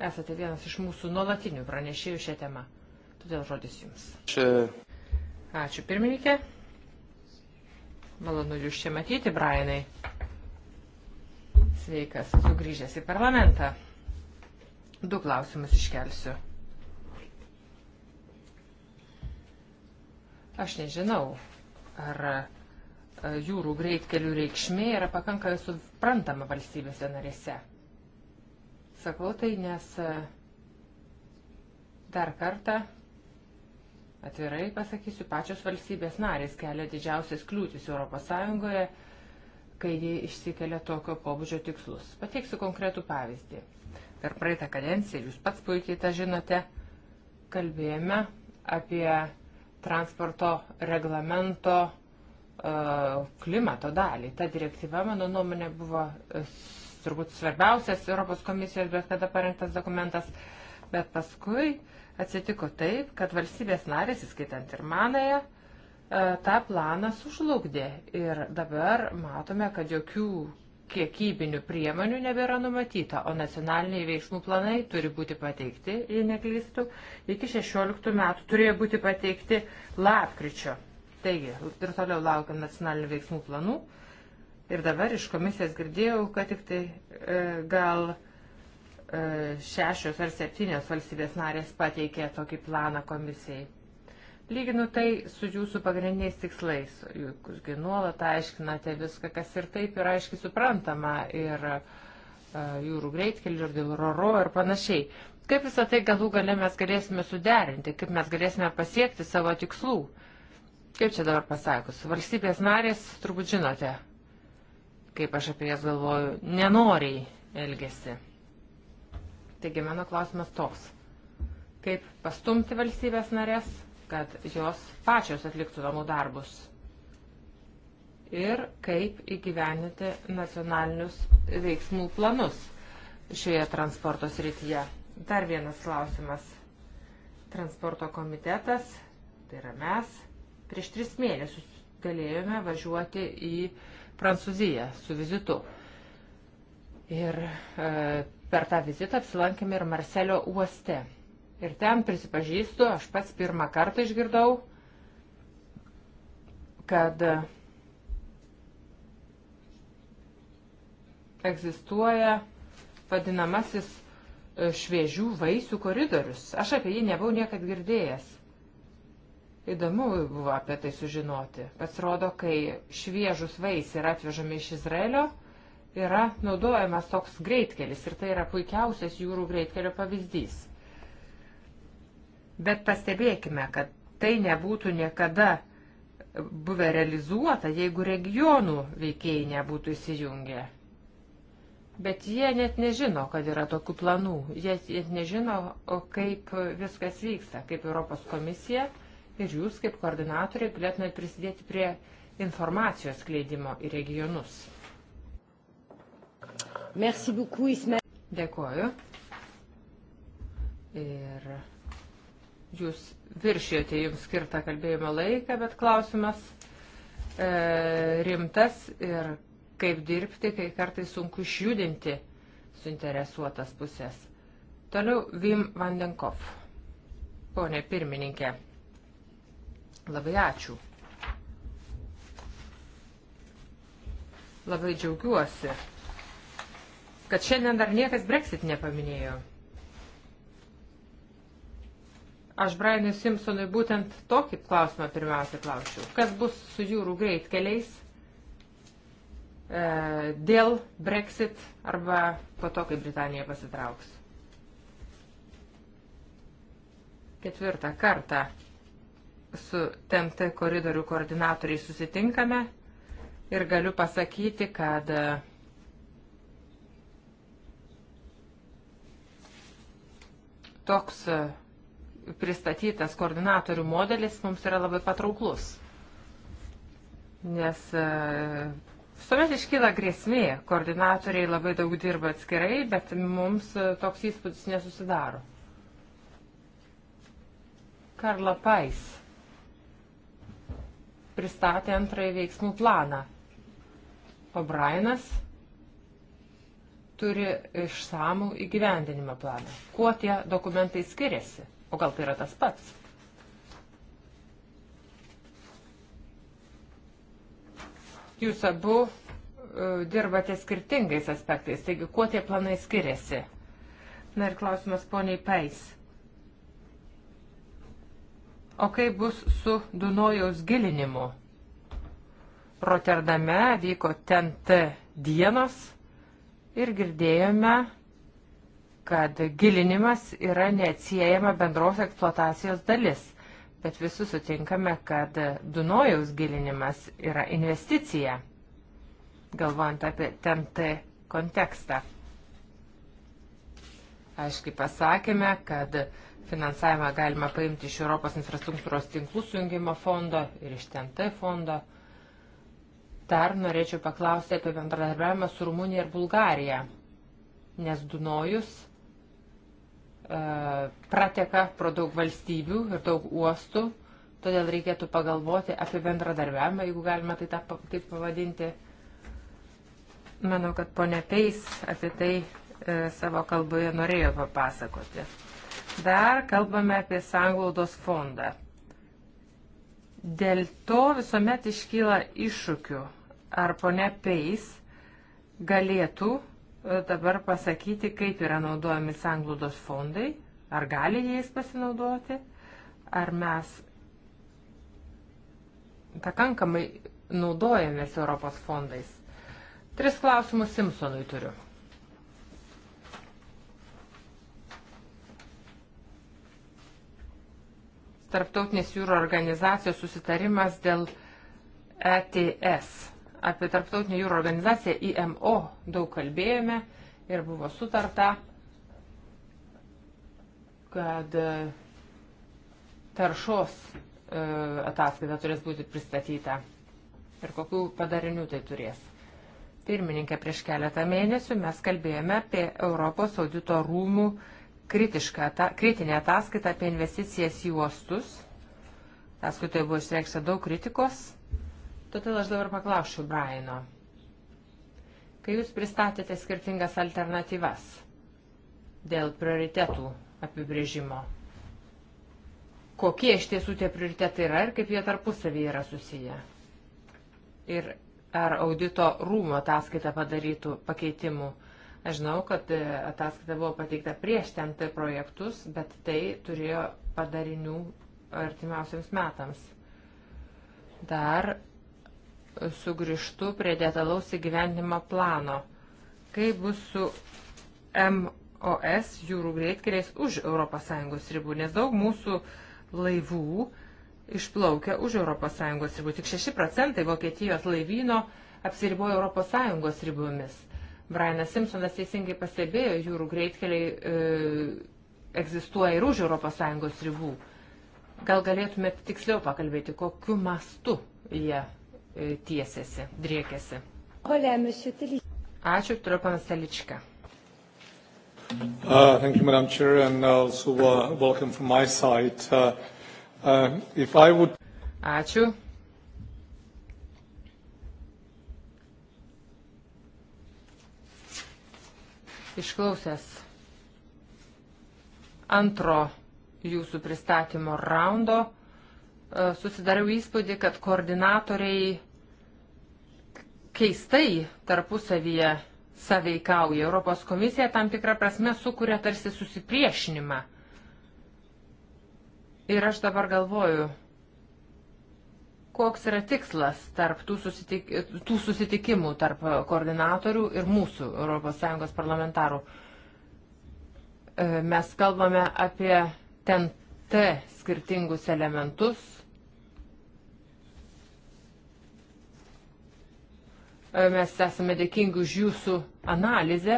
Esate vienas iš mūsų nuolatinių pranešėjų šią temą, todėl žodis jums. Ačiū pirmininkė. Malonu jūs čia matyti, Brainai. Sveikas, sugrįžęs į parlamentą. Du klausimus iškelsiu. Aš nežinau, ar e, jūrų greitkelių reikšmė yra pakankamai suprantama valstybėse narėse. Sakau tai, nes e, dar kartą Atvirai pasakysiu, pačios valstybės narės kelia didžiausias kliūtis ES, kai jie išsikelia tokio pobūdžio tikslus. Pateiksiu konkretų pavyzdį. Per praeitą kadenciją, jūs pats puikiai tą žinote, kalbėjome apie transporto reglamento e, klimato dalį. Ta direktyva, mano nuomonė, buvo e, turbūt svarbiausias Europos komisijos bet kada parengtas dokumentas, bet paskui Atsitiko taip, kad valstybės narės, įskaitant ir manąją, e, tą planą sužlugdė. Ir dabar matome, kad jokių kiekybinių priemonių nebėra numatyta, o nacionaliniai veiksmų planai turi būti pateikti, jei neklystų, iki 16 metų turėjo būti pateikti lapkričio. Taigi, ir toliau laukiam nacionalinių veiksmų planų. Ir dabar iš komisijos girdėjau, kad tik tai e, gal e, E, šešios ar septynios valstybės narės pateikė tokį planą komisijai. Lyginu tai su jūsų pagrindiniais tikslais. Jūsgi nuolat aiškinate viską, kas ir taip yra aiškiai suprantama ir e, jūrų greitkelių ir dėl roro ir panašiai. Kaip visą tai galų gale mes galėsime suderinti, kaip mes galėsime pasiekti savo tikslų. Kaip čia dabar pasakus, valstybės narės, turbūt žinote, kaip aš apie jas galvoju, nenoriai elgesi. Taigi mano klausimas toks. Kaip pastumti valstybės narės, kad jos pačios atliktų namų darbus? Ir kaip įgyveninti nacionalinius veiksmų planus šioje transporto srityje? Dar vienas klausimas. Transporto komitetas, tai yra mes, prieš tris mėnesius galėjome važiuoti į Prancūziją su vizitu. Ir e, Per tą vizitą apsilankėme ir Marselio uoste. Ir ten prisipažįstu, aš pats pirmą kartą išgirdau, kad egzistuoja vadinamasis e, šviežių vaisių koridorius. Aš apie jį nebuvau niekad girdėjęs. Įdomu buvo apie tai sužinoti. Pasirodo, kai šviežus vaisiai yra atvežami iš Izraelio, yra naudojamas toks greitkelis ir tai yra puikiausias jūrų greitkelio pavyzdys. Bet pastebėkime, kad tai nebūtų niekada buvę realizuota, jeigu regionų veikėjai nebūtų įsijungę. Bet jie net nežino, kad yra tokių planų. Jie net nežino, kaip viskas vyksta, kaip Europos komisija ir jūs kaip koordinatoriai galėtumėte prisidėti prie informacijos kleidimo į regionus. Merci beaucoup, Ismail. Dėkoju. Ir jūs viršijote jums skirtą kalbėjimo laiką, bet klausimas e, rimtas ir kaip dirbti, kai kartai sunku išjudinti suinteresuotas pusės. Toliau Vim Vandenkov. Pone pirmininkė, labai ačiū. Labai džiaugiuosi kad šiandien dar niekas Brexit nepaminėjo. Aš Brianui Simpsonui būtent tokį klausimą pirmiausia klausiu. Kas bus su jūrų greitkeliais e, dėl Brexit arba po to, kai Britanija pasitrauks? Ketvirtą kartą su TMT koridorių koordinatoriai susitinkame ir galiu pasakyti, kad e, toks e, pristatytas koordinatorių modelis mums yra labai patrauklus. Nes e, visuomet iškyla grėsmė, koordinatoriai labai daug dirba atskirai, bet mums e, toks įspūdis nesusidaro. Karla Pais pristatė antrąjį veiksmų planą. O Brainas turi išsamų įgyvendinimo planą. Kuo tie dokumentai skiriasi? O gal tai yra tas pats? Jūs abu e, dirbate skirtingais aspektais, taigi kuo tie planai skiriasi? Na ir klausimas poniai Pais. O kaip bus su Dunojaus gilinimu? Rotterdame vyko ten T dienos ir girdėjome, kad gilinimas yra neatsiejama bendros eksploatacijos dalis. Bet visi sutinkame, kad Dunojaus gilinimas yra investicija, galvojant apie TNT kontekstą. Aiškiai pasakėme, kad finansavimą galima paimti iš Europos infrastruktūros tinklų sujungimo fondo ir iš TNT fondo. Dar norėčiau paklausti apie bendradarbiavimą su Rumunija ir Bulgarija, nes Dunojus e, prateka pro daug valstybių ir daug uostų, todėl reikėtų pagalvoti apie bendradarbiavimą, jeigu galima tai tą, taip pavadinti. Manau, kad ponė Peis apie tai e, savo kalboje norėjo papasakoti. Dar kalbame apie sanglaudos fondą. Dėl to visuomet iškyla iššūkių ar ponia Peis galėtų e, dabar pasakyti, kaip yra naudojami sanglūdos fondai, ar gali jais pasinaudoti, ar mes pakankamai naudojamės Europos fondais. Tris klausimus Simpsonui turiu. Tarptautinės jūro organizacijos susitarimas dėl ETS Apie Tarptautinę jūro organizaciją IMO daug kalbėjome ir buvo sutarta, kad e, taršos e, ataskaita turės būti pristatyta ir kokių padarinių tai turės. Pirmininkė, prieš keletą mėnesių mes kalbėjome apie Europos audito rūmų ta, kritinę ataskaitą apie investicijas į uostus. Ataskaitoje buvo išreikšta daug kritikos Todėl aš dabar paklausiu Braino. Kai jūs pristatėte skirtingas alternatyvas dėl prioritetų apibrėžimo, kokie iš tiesų tie prioritetai yra ir kaip jie tarpusavį yra susiję? Ir ar audito rūmo ataskaita padarytų pakeitimų? Aš žinau, kad e, ataskaita buvo pateikta prieš TNT projektus, bet tai turėjo padarinių artimiausiams metams. Dar sugrįžtu prie detalaus įgyvendimo plano. Kaip bus su MOS jūrų greitkeliais už ES ribų, nes daug mūsų laivų išplaukia už ES ribų. Tik 6 procentai Vokietijos laivyno apsiriboja ES ribomis. Brianas Simpsonas teisingai pastebėjo, jūrų greitkeliai e, egzistuoja ir už ES ribų. Gal galėtumėt tiksliau pakalbėti, kokiu mastu jie E, tiesėsi, driekėsi. Ačiū, turiu panas Teličką. Uh, thank you, Madam Chair, and also uh, welcome from my side. Uh, uh, if I would... Ačiū. Išklausęs antro jūsų pristatymo raundo, E, susidariau įspūdį, kad koordinatoriai keistai tarpusavyje saveikauja. Europos komisija tam tikrą prasme sukuria tarsi susipriešinimą. Ir aš dabar galvoju, koks yra tikslas tarp tų, susitik, tų susitikimų tarp koordinatorių ir mūsų ES parlamentarų. E, mes kalbame apie ten T skirtingus elementus, E, mes esame dėkingi už jūsų analizę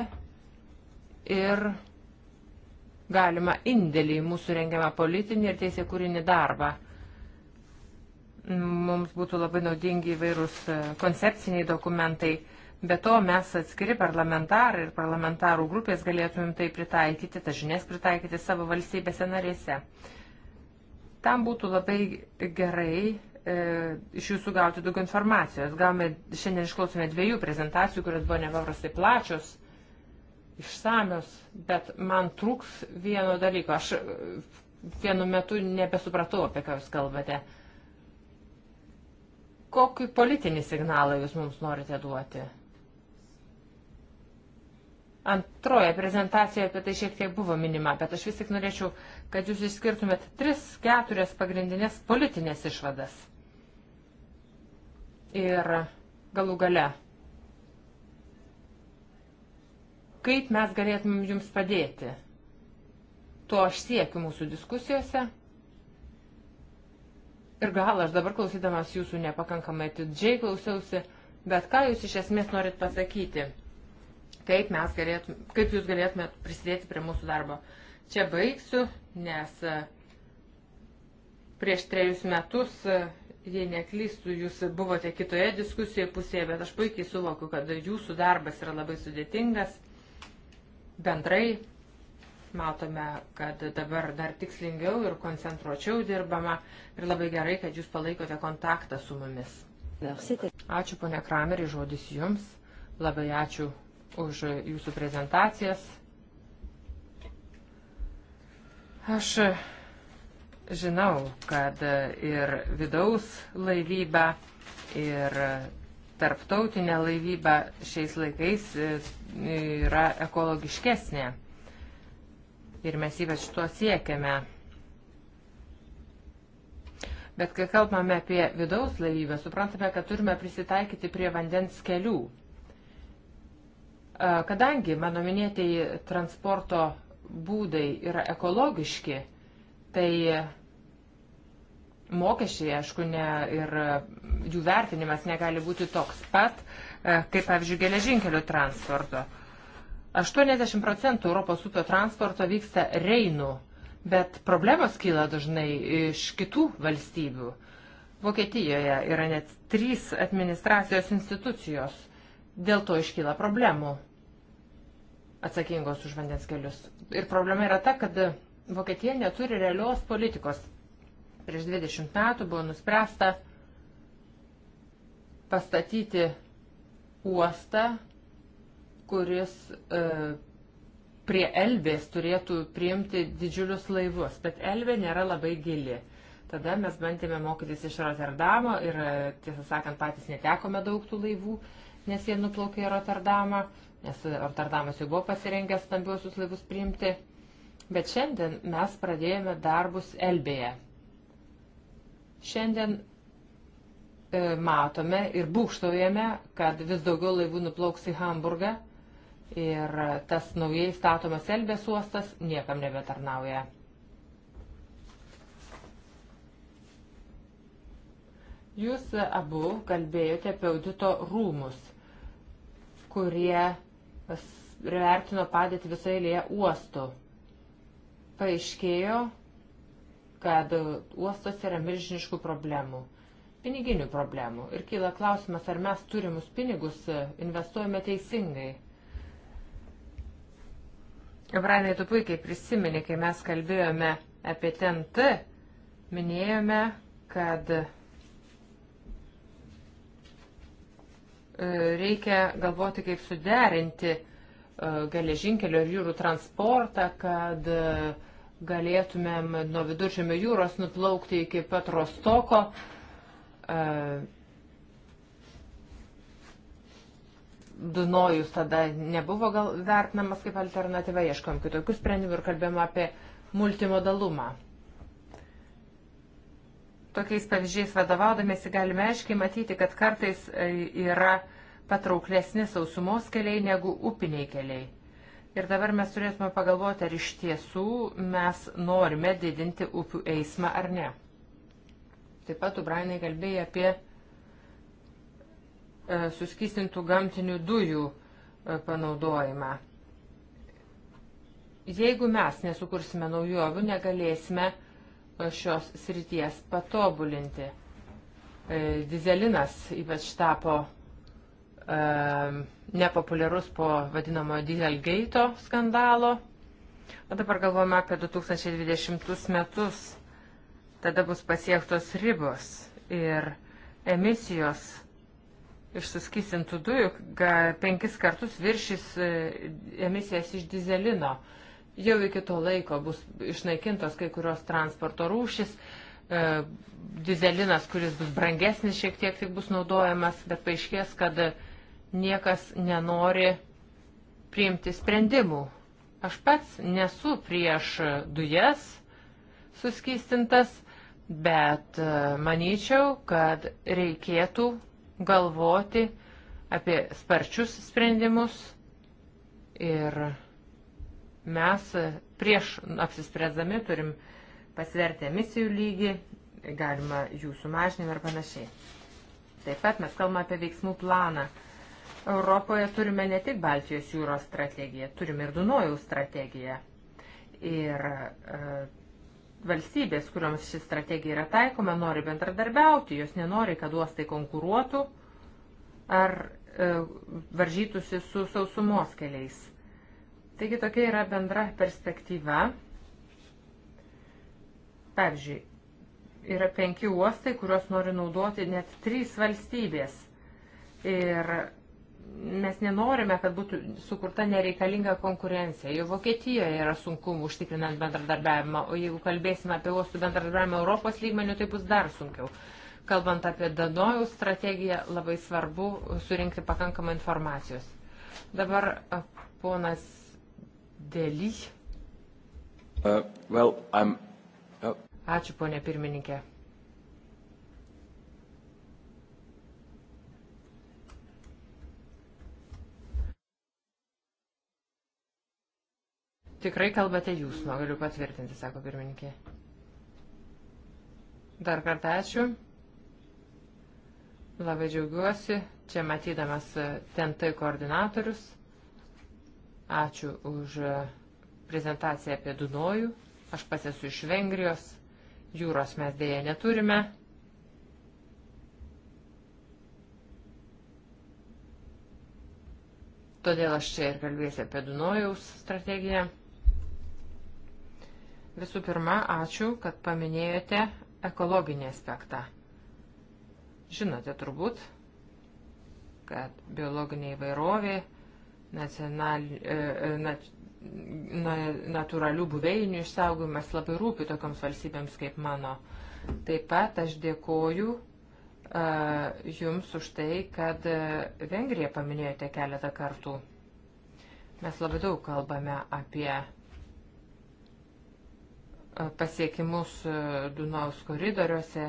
ir galima indėlį į mūsų rengiamą politinį ir teisė kūrinį darbą. Mums būtų labai naudingi įvairūs e, koncepciniai dokumentai. Be to mes atskiri parlamentarai ir parlamentarų grupės galėtumėm tai pritaikyti, tas žinias pritaikyti savo valstybėse narėse. Tam būtų labai gerai e, iš jūsų gauti daug informacijos. Gavome, šiandien išklausome dviejų prezentacijų, kurios buvo nepaprastai plačios, išsamios, bet man trūks vieno dalyko. Aš e, vienu metu nebesupratau, apie ką jūs kalbate. Kokį politinį signalą jūs mums norite duoti? Antroje prezentacijoje apie tai šiek tiek buvo minima, bet aš vis tik norėčiau, kad jūs išskirtumėt tris, keturias pagrindinės politinės išvadas. Ir galų gale, kaip mes galėtumėm jums padėti? To aš siekiu mūsų diskusijose. Ir gal aš dabar klausydamas jūsų nepakankamai atidžiai klausiausi, bet ką jūs iš esmės norit pasakyti? Kaip, galėtum, kaip jūs galėtumėt prisidėti prie mūsų darbo? Čia baigsiu, nes e, prieš trejus metus e, jei neklystų, jūs buvote kitoje diskusijoje pusėje, bet aš puikiai suvokiu, kad jūsų darbas yra labai sudėtingas. Bendrai matome, kad dabar dar tikslingiau ir koncentruočiau dirbama ir labai gerai, kad jūs palaikote kontaktą su mumis. Ačiū, ponia Kramerį, žodis jums. Labai ačiū už jūsų prezentacijas. Aš Žinau, kad ir vidaus laivyba, ir tarptautinė laivyba šiais laikais e, yra ekologiškesnė. Ir mes ypač tuo siekiame. Bet kai kalbame apie vidaus laivybę, suprantame, kad turime prisitaikyti prie vandens kelių. E, kadangi mano minėtieji transporto būdai yra ekologiški, tai mokesčiai, aišku, ne, ir jų vertinimas negali būti toks pat, e, kaip, pavyzdžiui, geležinkelių transporto. 80 procentų Europos upio transporto vyksta Reinu, bet problemos kyla dažnai iš kitų valstybių. Vokietijoje yra net trys administracijos institucijos, dėl to iškyla problemų atsakingos už vandens kelius. Ir problema yra ta, kad Vokietija neturi realios politikos. Prieš 20 metų buvo nuspręsta pastatyti uostą, kuris e, prie Elbės turėtų priimti didžiulius laivus, bet Elbė nėra labai gili. Tada mes bandėme mokytis iš Rotterdamo ir, e, tiesą sakant, patys netekome daug tų laivų, nes jie nuplaukė į Rotterdamą, nes Rotterdamas jau buvo pasirengęs stambiuosius laivus priimti. Bet šiandien mes pradėjome darbus Elbėje. Šiandien e, matome ir būkštojame, kad vis daugiau laivų nuplauks į Hamburgą ir tas naujai statomas Elbės uostas niekam nebetarnauja. Jūs abu kalbėjote apie audito rūmus, kurie vertino padėti visoje lėje uostų paaiškėjo, kad uostose yra milžiniškų problemų, piniginių problemų. Ir kyla klausimas, ar mes turimus pinigus investuojame teisingai. Brianai, tu puikiai prisimeni, kai mes kalbėjome apie TNT, minėjome, kad e, reikia galvoti, kaip suderinti E, geležinkelio ir jūrų transportą, kad e, galėtumėm nuo viduržėmio jūros nuplaukti iki pat Rostoko. E, Dunojus tada nebuvo gal vertinamas kaip alternatyva, ieškom kitokių sprendimų ir kalbėjom apie multimodalumą. Tokiais pavyzdžiais vadovaudamėsi galime aiškiai matyti, kad kartais yra uh, patrauklesni sausumos keliai negu upiniai keliai. Ir dabar mes turėtume pagalvoti, ar iš tiesų mes norime didinti upių eismą ar ne. Taip pat Ubrainai kalbėjo apie e, suskystintų gamtinių dujų e, panaudojimą. Jeigu mes nesukursime naujovių, negalėsime e, šios srities patobulinti. E, dizelinas ypač tapo nepopuliarus po vadinamojo Dieselgate skandalo. O dabar galvojame apie 2020 metus. Tada bus pasiektos ribos ir emisijos iš suskysintų dujų penkis kartus viršys e, emisijas iš dizelino. Jau iki to laiko bus išnaikintos kai kurios transporto rūšis e, dizelinas, kuris bus brangesnis šiek tiek tik bus naudojamas, bet paaiškės, kad niekas nenori priimti sprendimų. Aš pats nesu prieš dujas suskystintas, bet e, manyčiau, kad reikėtų galvoti apie sparčius sprendimus ir mes prieš apsispręsdami turim pasverti emisijų lygį, galima jų sumažinimą ir panašiai. Taip pat mes kalbame apie veiksmų planą Europoje turime ne tik Baltijos jūros strategiją, turime ir Dunojaus strategiją. Ir e, valstybės, kuriuoms ši strategija yra taikoma, nori bendradarbiauti, jos nenori, kad uostai konkuruotų ar e, varžytųsi su sausumos keliais. Taigi tokia yra bendra perspektyva. Pavyzdžiui, yra penki uostai, kuriuos nori naudoti net trys valstybės. Ir mes nenorime, kad būtų sukurta nereikalinga konkurencija. Jau Vokietijoje yra sunkumų užtikrinant bendradarbiavimą, o jeigu kalbėsime apie uostų bendradarbiavimą Europos lygmenių, tai bus dar sunkiau. Kalbant apie Danojaus strategiją, labai svarbu surinkti pakankamą informacijos. Dabar ponas Dely. Uh, well, I'm... uh. Ačiū, ponė pirmininkė. Tikrai kalbate jūs, nu, galiu patvirtinti, sako pirmininkė. Dar kartą ačiū. Labai džiaugiuosi, čia matydamas TNT e, koordinatorius. Ačiū už e, prezentaciją apie Dunojų. Aš pas esu iš Vengrijos. Jūros mes dėja neturime. Todėl aš čia ir kalbėsiu apie Dunojaus strategiją. Visų pirma, ačiū, kad paminėjote ekologinį aspektą. Žinote turbūt, kad biologinė įvairovė, nacional, e, e, nat, natūralių buveinių išsaugojimas labai rūpi tokioms valstybėms kaip mano. Taip pat aš dėkoju e, Jums už tai, kad Vengriją paminėjote keletą kartų. Mes labai daug kalbame apie E, pasiekimus e, Dunaus koridoriuose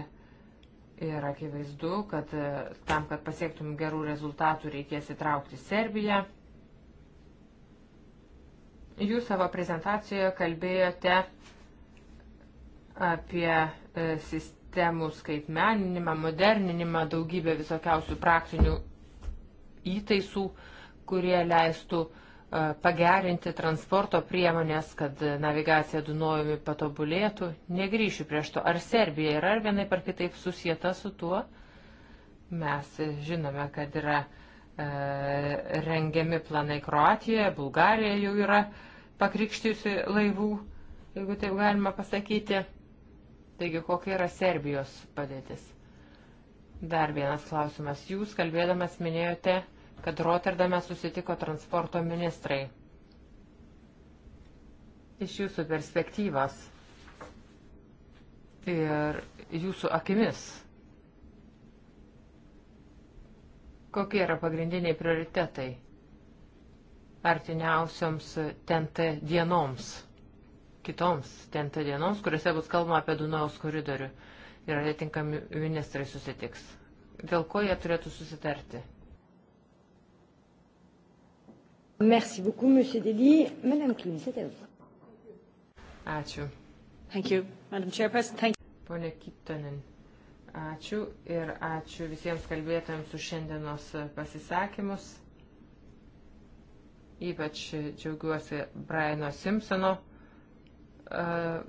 ir akivaizdu, kad e, tam, kad pasiektum gerų rezultatų, reikės įtraukti Serbiją. Jūs savo prezentacijoje kalbėjote apie sistemų skaitmeninimą, moderninimą, daugybę visokiausių praktinių įtaisų, kurie leistų uh, pagerinti transporto priemonės, kad navigacija Dunojumi patobulėtų. Negryšiu prieš to, ar Serbija yra ar vienai par kitaip susijęta su tuo. Mes žinome, kad yra e, rengiami planai Kroatijoje, Bulgarija jau yra pakrikščiusi laivų, jeigu taip galima pasakyti. Taigi, kokia yra Serbijos padėtis? Dar vienas klausimas. Jūs kalbėdamas minėjote kad Rotterdame susitiko transporto ministrai. Iš jūsų perspektyvos ir jūsų akimis, kokie yra pagrindiniai prioritetai artiniausioms TNT dienoms, kitoms TNT dienoms, kuriuose bus kalbama apie Dunaus koridorių ir atitinkami ministrai susitiks. Dėl ko jie turėtų susitarti? Merci beaucoup, monsieur Deli. Madame Klin, c'est à vous. Ačiū. Thank you, Madam Chairperson. Thank you. Pone Kiptonin, ačiū ir ačiū visiems kalbėtojams už šiandienos pasisakymus. Ypač džiaugiuosi Briano Simpsono uh,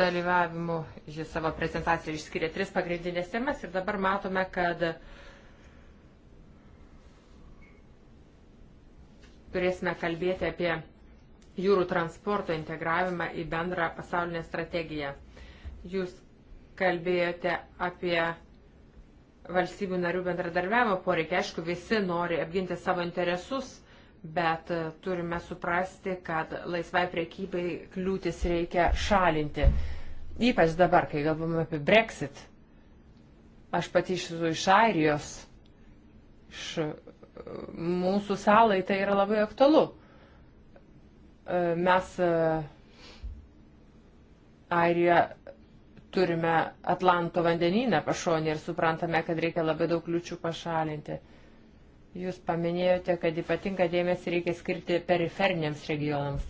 dalyvavimu. Jis savo prezentaciją išskiria tris pagrindinės temas ir dabar matome, kad uh, turėsime kalbėti apie jūrų transporto integravimą į bendrą pasaulinę strategiją. Jūs kalbėjote apie valstybių narių bendradarbiavimo poreikį. Aišku, visi nori apginti savo interesus, bet turime suprasti, kad laisvai priekybai kliūtis reikia šalinti. Ypač dabar, kai galvome apie Brexit. Aš pati iš Airijos, iš mūsų salai tai yra labai aktualu. E, mes e, Airija turime Atlanto vandenyną pašonį ir suprantame, kad reikia labai daug kliučių pašalinti. Jūs paminėjote, kad ypatingą dėmesį reikia skirti periferiniams regionams.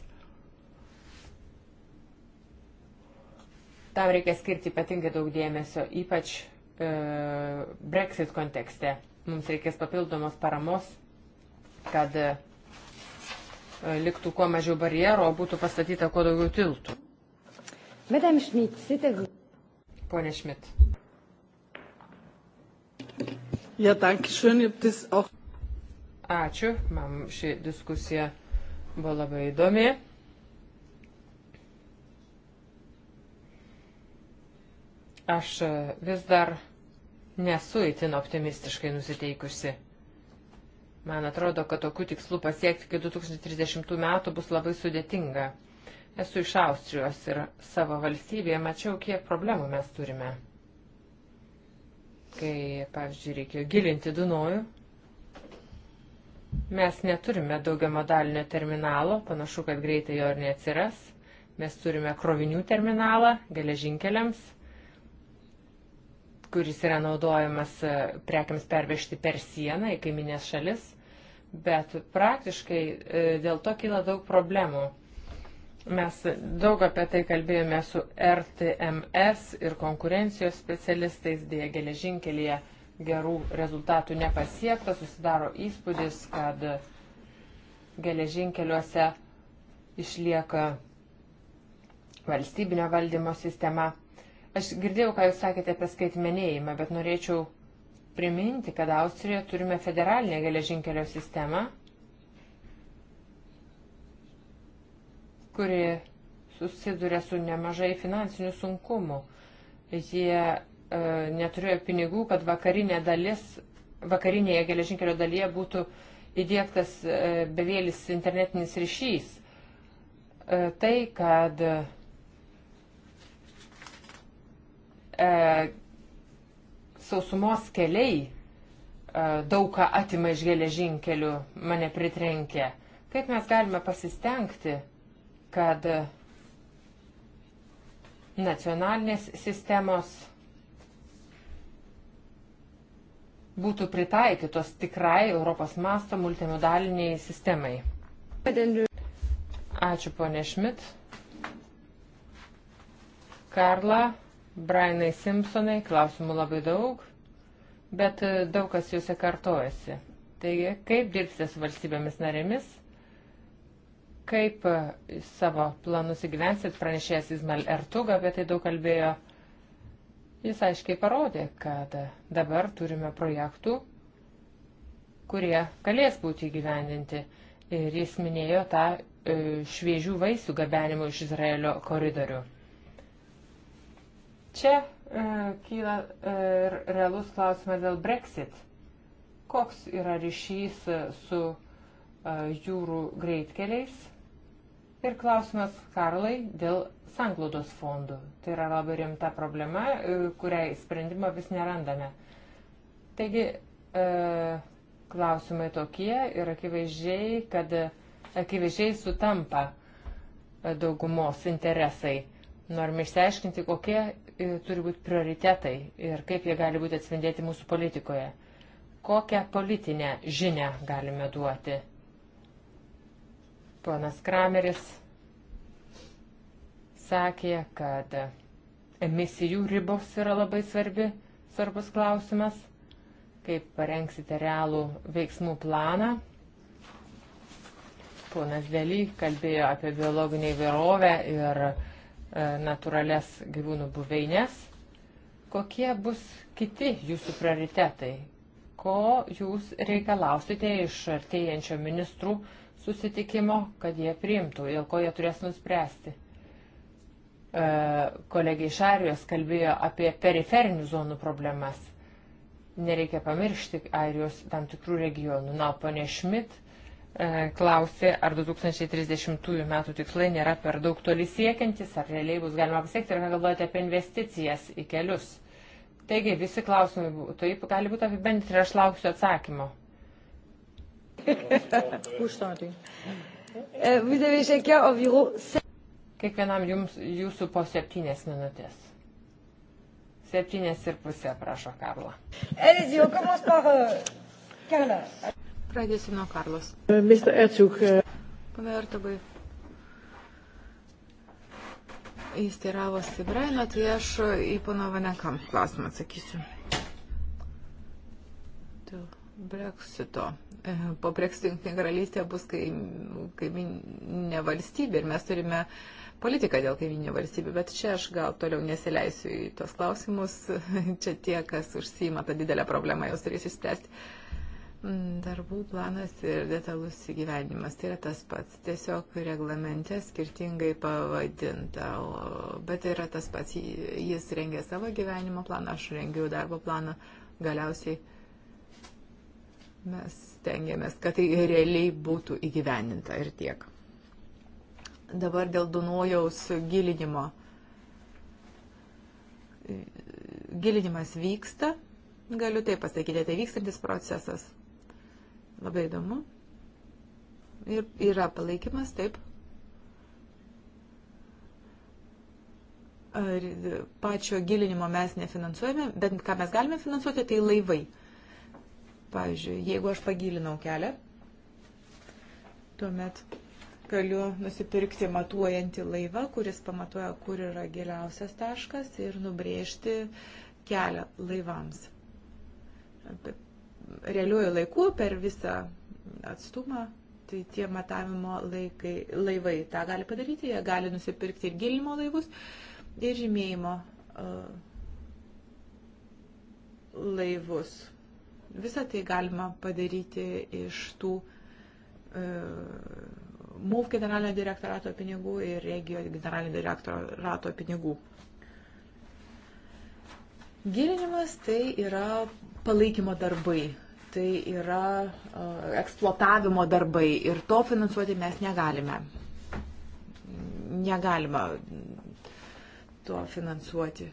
Tam reikia skirti ypatingai daug dėmesio, ypač e, Brexit kontekste. Mums reikės papildomos paramos, kad e, liktų kuo mažiau barjero, o būtų pastatyta kuo daugiau tiltų. Madame Schmidt, c'était vous. Pone Schmidt. Ja, danke schön, ihr habt das auch. Ačiū, man ši diskusija buvo labai įdomi. Aš e, vis dar nesu itin optimistiškai nusiteikusi. Man atrodo, kad tokių tikslų pasiekti iki 2030 metų bus labai sudėtinga. Esu iš Austrijos ir savo valstybėje mačiau, kiek problemų mes turime. Kai, pavyzdžiui, reikėjo gilinti Dunojų, mes neturime daugia modalinio terminalo, panašu, kad greitai jo ir neatsiras. Mes turime krovinių terminalą geležinkeliams kuris yra naudojamas e, prekiams pervežti per sieną į kaiminės šalis, bet praktiškai e, dėl to kyla daug problemų. Mes daug apie tai kalbėjome su RTMS ir konkurencijos specialistais, dėja geležinkelėje gerų rezultatų nepasiekta, susidaro įspūdis, kad geležinkeliuose išlieka valstybinio valdymo sistema Aš girdėjau, ką Jūs sakėte apie skaitmenėjimą, bet norėčiau priminti, kad Austrijoje turime federalinę geležinkelio sistemą, kuri susiduria su nemažai finansinių sunkumų. Jie e, neturėjo pinigų, kad vakarinė dalis, vakarinėje geležinkelio dalyje būtų įdėktas e, bevėlis internetinis ryšys. E, tai, kad e, e, sausumos keliai e, daugą atima iš geležinkelių, mane pritrenkė. Kaip mes galime pasistengti, kad nacionalinės sistemos būtų pritaikytos tikrai Europos masto multimodaliniai sistemai. Ačiū ponė Šmit. Karla, Brianai Simpsonai, klausimų labai daug, bet e, daug kas juose kartojasi. Taigi, kaip dirbsite su valstybėmis narėmis, kaip e, savo planus įgyvensit, pranešėjas Izmail Ertuga apie tai daug kalbėjo. Jis aiškiai parodė, kad e, dabar turime projektų, kurie galės būti įgyvendinti. Ir jis minėjo tą šviežių vaisių gabenimo iš Izraelio koridorių. Čia e, kyla ir e, realus klausimas dėl Brexit. Koks yra ryšys e, su e, jūrų greitkeliais? Ir klausimas Karlai dėl sanglaudos fondų. Tai yra labai rimta problema, e, kuriai sprendimo vis nerandame. Taigi, e, klausimai tokie ir akivaizdžiai, kad e, akivaizdžiai sutampa e, daugumos interesai. Norim išsiaiškinti, kokie E, turi būti prioritetai ir kaip jie gali būti atspindėti mūsų politikoje. Kokią politinę žinę galime duoti? Ponas Krameris sakė, kad emisijų ribos yra labai svarbi, svarbus klausimas, kaip parengsite realų veiksmų planą. Ponas Vėly kalbėjo apie biologinę įvairovę ir uh, E, natūrales gyvūnų buveinės. Kokie bus kiti jūsų prioritetai? Ko jūs reikalausite iš artėjančio ministrų susitikimo, kad jie priimtų, dėl ko jie turės nuspręsti? E, Kolegiai iš Arijos kalbėjo apie periferinių zonų problemas. Nereikia pamiršti Arijos tam tikrų regionų. Na, ponė Šmit, E, klausė, ar 2030 metų tikslai nėra per daug toli siekiantis, ar realiai bus galima pasiekti ir ką galvojate apie investicijas į kelius. Taigi visi klausimai taip gali būti apibendrinti ir aš lauksiu atsakymo. Eh, Kiekvienam jums, jūsų po septynės minutės. Septynės ir pusė, prašo Karla. Elizio, komas par Karla. Euh, Pradėsiu nuo Karlos. E, Mr. Ečiuk. E. Pana Ertugai. Jis teiravosi Braino, tai aš į pana Vanekam klausimą atsakysiu. Dėl Brexito. E, po Brexito Junktinė karalystė bus kaiminė valstybė ir mes turime politiką dėl kaiminių valstybių, bet čia aš gal toliau nesileisiu į tos klausimus. Čia tie, kas užsima tą didelę problemą, jos turės įspręsti. Uh, Darbų planas ir detalus įgyvenimas tai yra tas pats, tiesiog reglamente skirtingai pavadinta, bet tai yra tas pats, jis rengia savo gyvenimo planą, aš rengiu darbo planą, galiausiai mes tengiamės, kad tai realiai būtų įgyveninta ir tiek. Dabar dėl Dunojaus gilinimo. Gilinimas vyksta, galiu tai pasakyti, tai vykstantis procesas Labai įdomu. Ir yra palaikymas, taip. Ar pačio gilinimo mes nefinansuojame, bet ką mes galime finansuoti, tai laivai. Pavyzdžiui, jeigu aš pagilinau kelią, tuomet galiu nusipirkti matuojantį laivą, kuris pamatuoja, kur yra giliausias taškas ir nubrėžti kelią laivams realiuoju laiku per visą atstumą, tai tie matavimo laikai, laivai tą gali padaryti, jie gali nusipirkti ir gilimo laivus, ir žymėjimo uh, laivus. Visą tai galima padaryti iš tų uh, MUF generalinio direktorato pinigų ir regio generalinio direktorato pinigų. Gilinimas tai yra palaikymo darbai tai yra eksploatavimo darbai ir to finansuoti mes negalime. Negalima to finansuoti.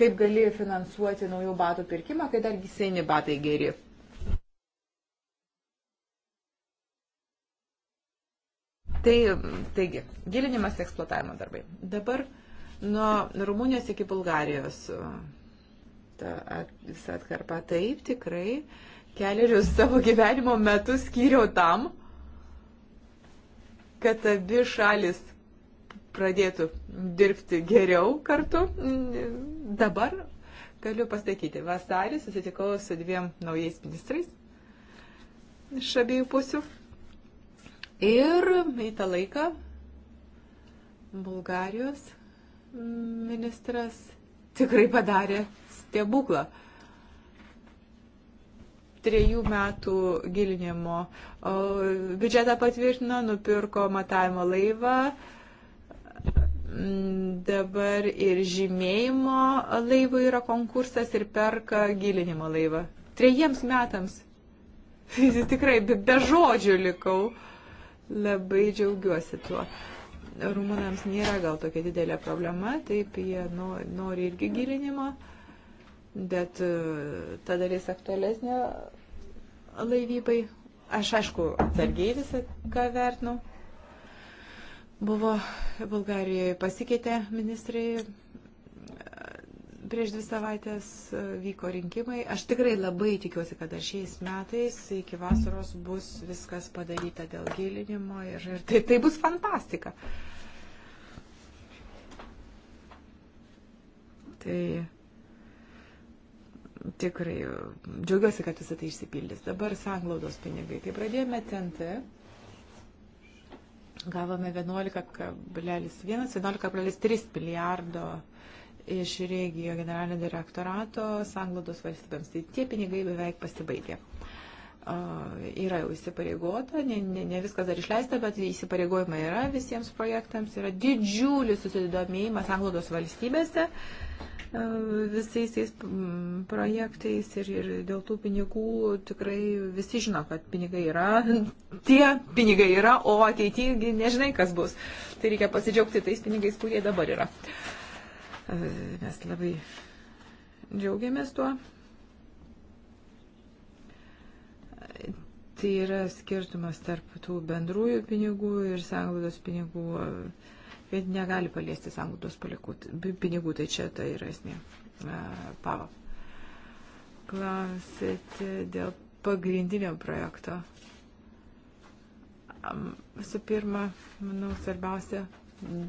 Kaip gali finansuoti naujų batų pirkimą, kai dargi seni batai geri? Tai, taigi, gilinimas eksploatavimo darbai. Dabar nuo Rumunijos iki Bulgarijos ta at, visa atkarpa taip tikrai. Uh, Keliarius savo gyvenimo metus skyriau tam, kad abi šalis pradėtų dirbti geriau kartu. Dabar galiu pasakyti, vasarį susitikau su dviem naujais ministrais iš abiejų pusių. Ir į tą laiką Bulgarijos ministras tikrai padarė stebuklą trejų metų gilinimo. Biudžetą patvirtino, nupirko matavimo laivą, mm, dabar ir žymėjimo laivų yra konkursas ir perka gilinimo laivą. Trejiems metams. Tikrai be, be žodžių likau. Labai džiaugiuosi tuo. Rumunams nėra gal tokia didelė problema, taip jie nori irgi gilinimo. Uh, bet e, ta dalis aktualesnė laivybai. Aš aišku atsargiai visą ką vertinau. Buvo Bulgarijoje pasikeitė ministrai, e, prieš dvi savaitės e, vyko rinkimai. Aš tikrai labai tikiuosi, kad dar šiais metais iki vasaros bus viskas padaryta dėl gilinimo ir, ir tai, tai bus fantastika. Tai tikrai džiaugiuosi, kad visą tai išsipildys. Dabar sanglaudos pinigai. Tai pradėjome TNT. Gavome 11,1-11,3 milijardo iš regijo generalinio direktorato sanglaudos valstybėms. Tai tie pinigai beveik pasibaigė yra jau įsipareigota, ne, ne, ne viskas dar išleista, bet įsipareigojimai yra visiems projektams, yra didžiulis susidomėjimas anglodos valstybėse visais tais projektais ir, ir dėl tų pinigų tikrai visi žino, kad pinigai yra, tie pinigai yra, o ateityje nežinai, kas bus. Tai reikia pasidžiaugti tais pinigais, kurie dabar yra. Mes labai džiaugiamės tuo. Tai yra skirtumas tarp tų bendrųjų pinigų ir sąnglaudos pinigų. Bet negali paliesti sąnglaudos pinigų, tai čia tai yra esmė. Pavo. Klausėte dėl pagrindinio projekto. Visų pirma, manau, svarbiausia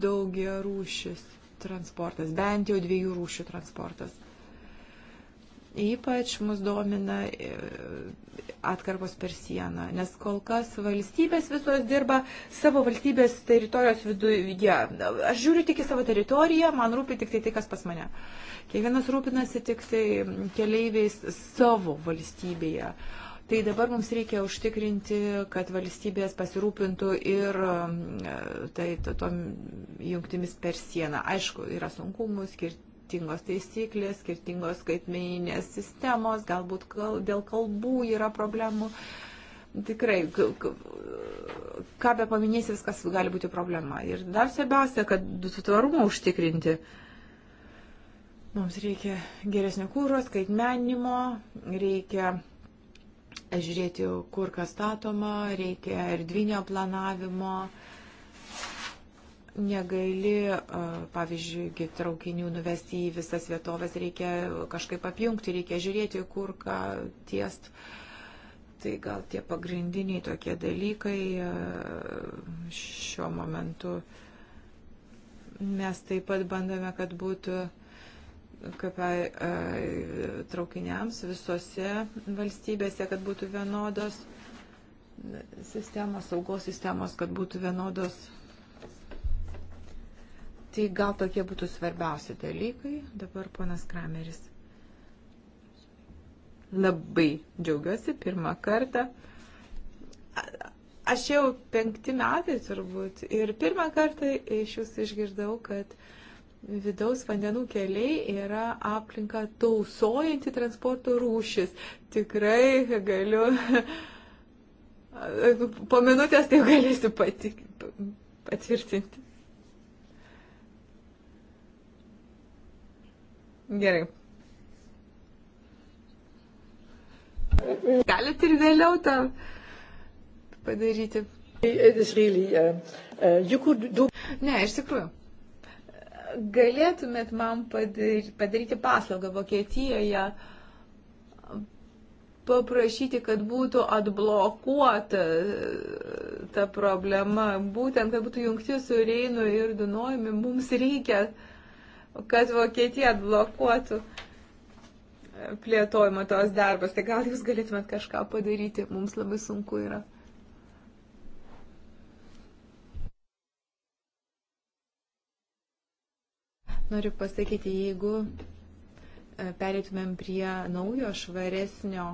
daugia rūšis transportas, bent jau dviejų rūšių transportas Ypač mus domina e, atkarpos per sieną, nes kol kas valstybės visos dirba savo valstybės teritorijos viduje. Aš žiūriu tik į savo teritoriją, man rūpi tik tai tai, kas pas mane. Kiekvienas rūpinasi tik tai keleiviais savo valstybėje. Tai dabar mums reikia užtikrinti, kad valstybės pasirūpintų ir e, tai, tom jungtimis per sieną. Aišku, yra sunkumų skirti skirtingos taisyklės, skirtingos skaitmeninės sistemos, galbūt kal, dėl kalbų yra problemų. Tikrai, ką be paminėsi, viskas gali būti problema. Ir dar svarbiausia, kad tvarumą užtikrinti. Mums reikia geresnio kūro, skaitmenimo, reikia žiūrėti, kur kas statoma, reikia erdvinio planavimo negali, pavyzdžiui, traukinių nuvesti į visas vietovės, reikia kažkaip apjungti, reikia žiūrėti, kur ką tiest. Tai gal tie pagrindiniai tokie dalykai šiuo momentu. Mes taip pat bandome, kad būtų kaip traukiniams visose valstybėse, kad būtų vienodos sistemos, saugos sistemos, kad būtų vienodos Tai gal tokie būtų svarbiausi dalykai. Dabar ponas Krameris. Labai džiaugiuosi pirmą kartą. Aš jau penkti metai turbūt ir pirmą kartą iš jūsų išgirdau, kad vidaus vandenų keliai yra aplinka tausojanti transporto rūšis. Tikrai galiu. Po minutės tai galėsiu patik, patvirtinti. Gerai. Galit ir vėliau tą padaryti. Really, uh, uh, do... Ne, iš tikrųjų. Galėtumėt man padaryti, padaryti paslaugą Vokietijoje, paprašyti, kad būtų atblokuota uh, ta problema, būtent, kad būtų jungti su Reinu ir Dunojumi, mums reikia uh, kad Vokietija blokuotų e, plėtojimo tos darbas. Tai gal jūs galėtumėt kažką padaryti, mums labai sunku yra. Noriu pasakyti, jeigu e, perėtumėm prie naujo, švaresnio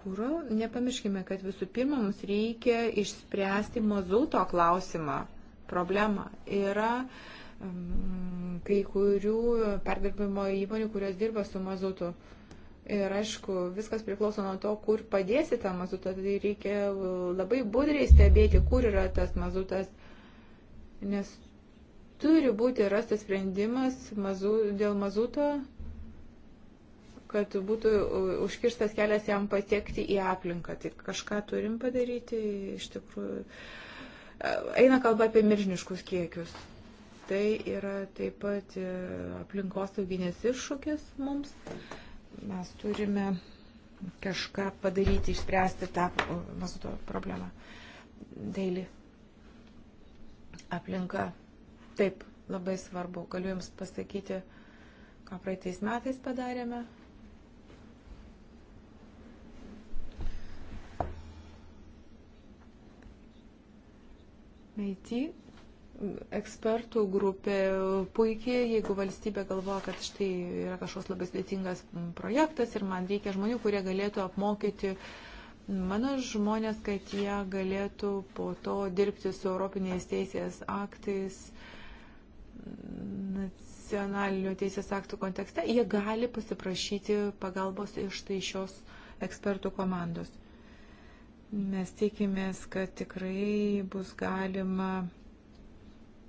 kūro, nepamirškime, kad visų pirma mums reikia išspręsti mazuto klausimą, problemą. Yra uh, Mm, kai kurių perdirbimo įmonių, kurios dirba su mazutu. Ir aišku, viskas priklauso nuo to, kur padėsi tą mazutą. Tai reikia uh, labai budriai stebėti, kur yra tas mazutas. Nes turi būti rastas sprendimas mazu, dėl mazuto, kad būtų uh, užkirstas kelias jam patekti į aplinką. Tai kažką turim padaryti, iš tikrųjų. Eina kalba apie miržiniškus kiekius. Tai yra taip pat e, aplinkosauginės iššūkis mums. Mes turime kažką padaryti, išspręsti tą mazuto problemą. Daily. Aplinka. Taip, labai svarbu. Galiu Jums pasakyti, ką praeitais metais padarėme. Meitį ekspertų grupė puikiai, jeigu valstybė galvoja, kad štai yra kažkoks labai sudėtingas projektas ir man reikia žmonių, kurie galėtų apmokyti mano žmonės, kad jie galėtų po to dirbti su Europiniais teisės aktais nacionalinių teisės aktų kontekste, jie gali pasiprašyti pagalbos iš tai šios ekspertų komandos. Mes tikimės, kad tikrai bus galima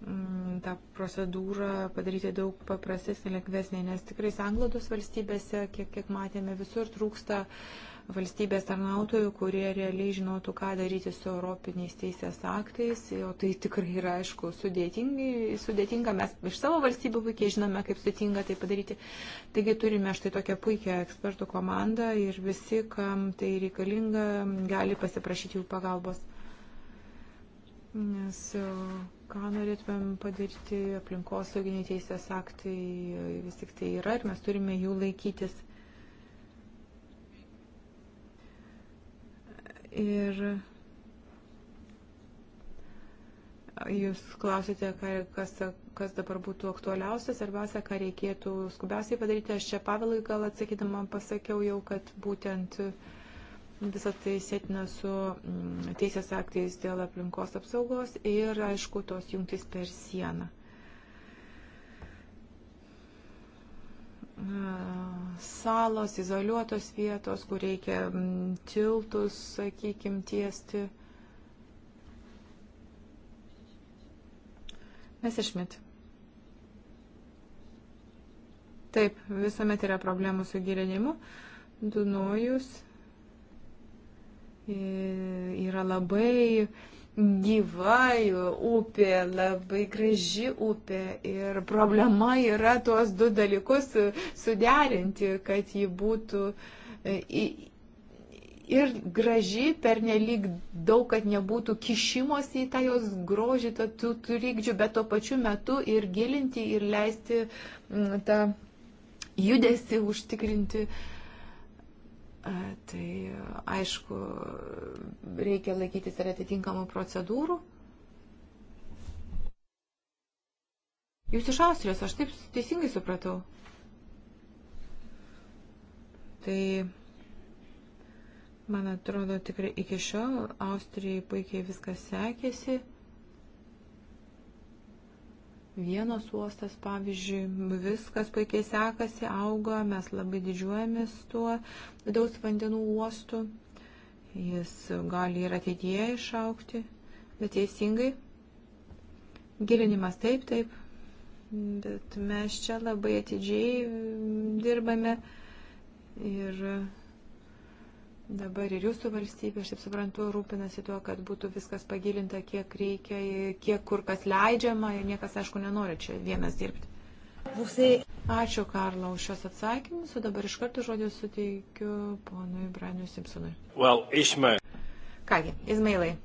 Mm, tą procedūrą padaryti daug paprastesnė, lengvesnė, nes tikrai sanglados valstybėse, kiek, kiek matėme, visur trūksta valstybės tarnautojų, kurie realiai žinotų, ką daryti su europiniais teisės aktais, o tai tikrai yra, aišku, sudėtinga, mes iš savo valstybių puikiai žinome, kaip sudėtinga tai padaryti. Taigi turime štai tokią puikią ekspertų komandą ir visi, kam tai reikalinga, gali pasiprašyti jų pagalbos. Nes. Uh ką norėtumėm padaryti aplinkosauginiai teisės aktai vis tik tai yra ir mes turime jų laikytis. Ir jūs klausite, kas, kas dabar būtų aktualiausia, svarbiausia, ką reikėtų skubiausiai padaryti. Aš čia Pavelui gal atsakydama pasakiau jau, kad būtent uh, visą tai sėtina su mm, teisės aktais dėl aplinkos apsaugos ir, aišku, tos jungtis per sieną. Salos, izoliuotos vietos, kur reikia mm, tiltus, sakykime, tiesti. Mes išmit. Taip, visuomet yra problemų su gilinimu. Dunojus E, yra labai gyva upė, labai graži upė ir problema yra tuos du dalykus suderinti, kad ji būtų e, ir graži, per nelik daug, kad nebūtų kišimosi į tą jos grožį, tą tų turikdžių, bet tuo pačiu metu ir gilinti ir leisti tą judesi užtikrinti. Uh, Tai aišku, reikia laikytis ir atitinkamų procedūrų. Jūs iš Austrijos, aš taip teisingai supratau. Tai, man atrodo, tikrai iki šiol Austrijai puikiai viskas sekėsi. Vienos uostas, pavyzdžiui, viskas puikiai sekasi, auga, mes labai didžiuojamės tuo vidaus vandenų uostu. Jis gali ir ateityje išaukti, bet teisingai. Gilinimas taip, taip, bet mes čia labai atidžiai dirbame ir Dabar ir jūsų valstybė, aš taip suprantu, rūpinasi tuo, kad būtų viskas pagilinta, kiek reikia, kiek kur kas leidžiama ir niekas, aišku, nenori čia vienas dirbti. Ačiū, Karla, už šios atsakymus, o dabar iš karto žodį suteikiu ponui Braniu Simpsonui. Well, Ishmael. Kągi, Izmailai.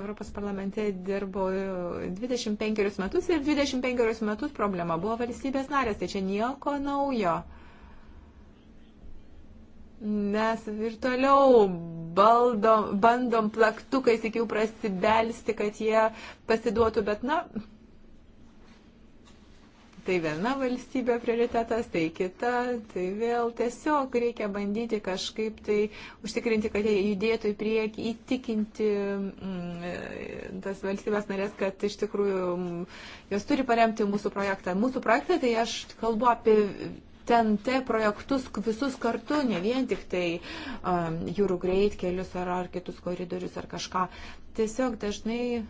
Europos parlamente dirbau 25 metus ir 25 metus problema buvo valstybės narės, tai čia nieko naujo Mes ir toliau baldom, bandom plaktukais iki jų prasibelsti, kad jie pasiduotų, bet na, tai viena valstybė prioritetas, tai kita, tai vėl tiesiog reikia bandyti kažkaip tai užtikrinti, kad jie judėtų į priekį, įtikinti mm, tas valstybės narės, kad iš tikrųjų mm, jos turi paremti mūsų projektą. Mūsų projektą, tai aš kalbu apie TNT projektus visus kartu, ne vien tik tai um, jūrų greitkelius ar, ar kitus koridorius ar kažką. Tiesiog dažnai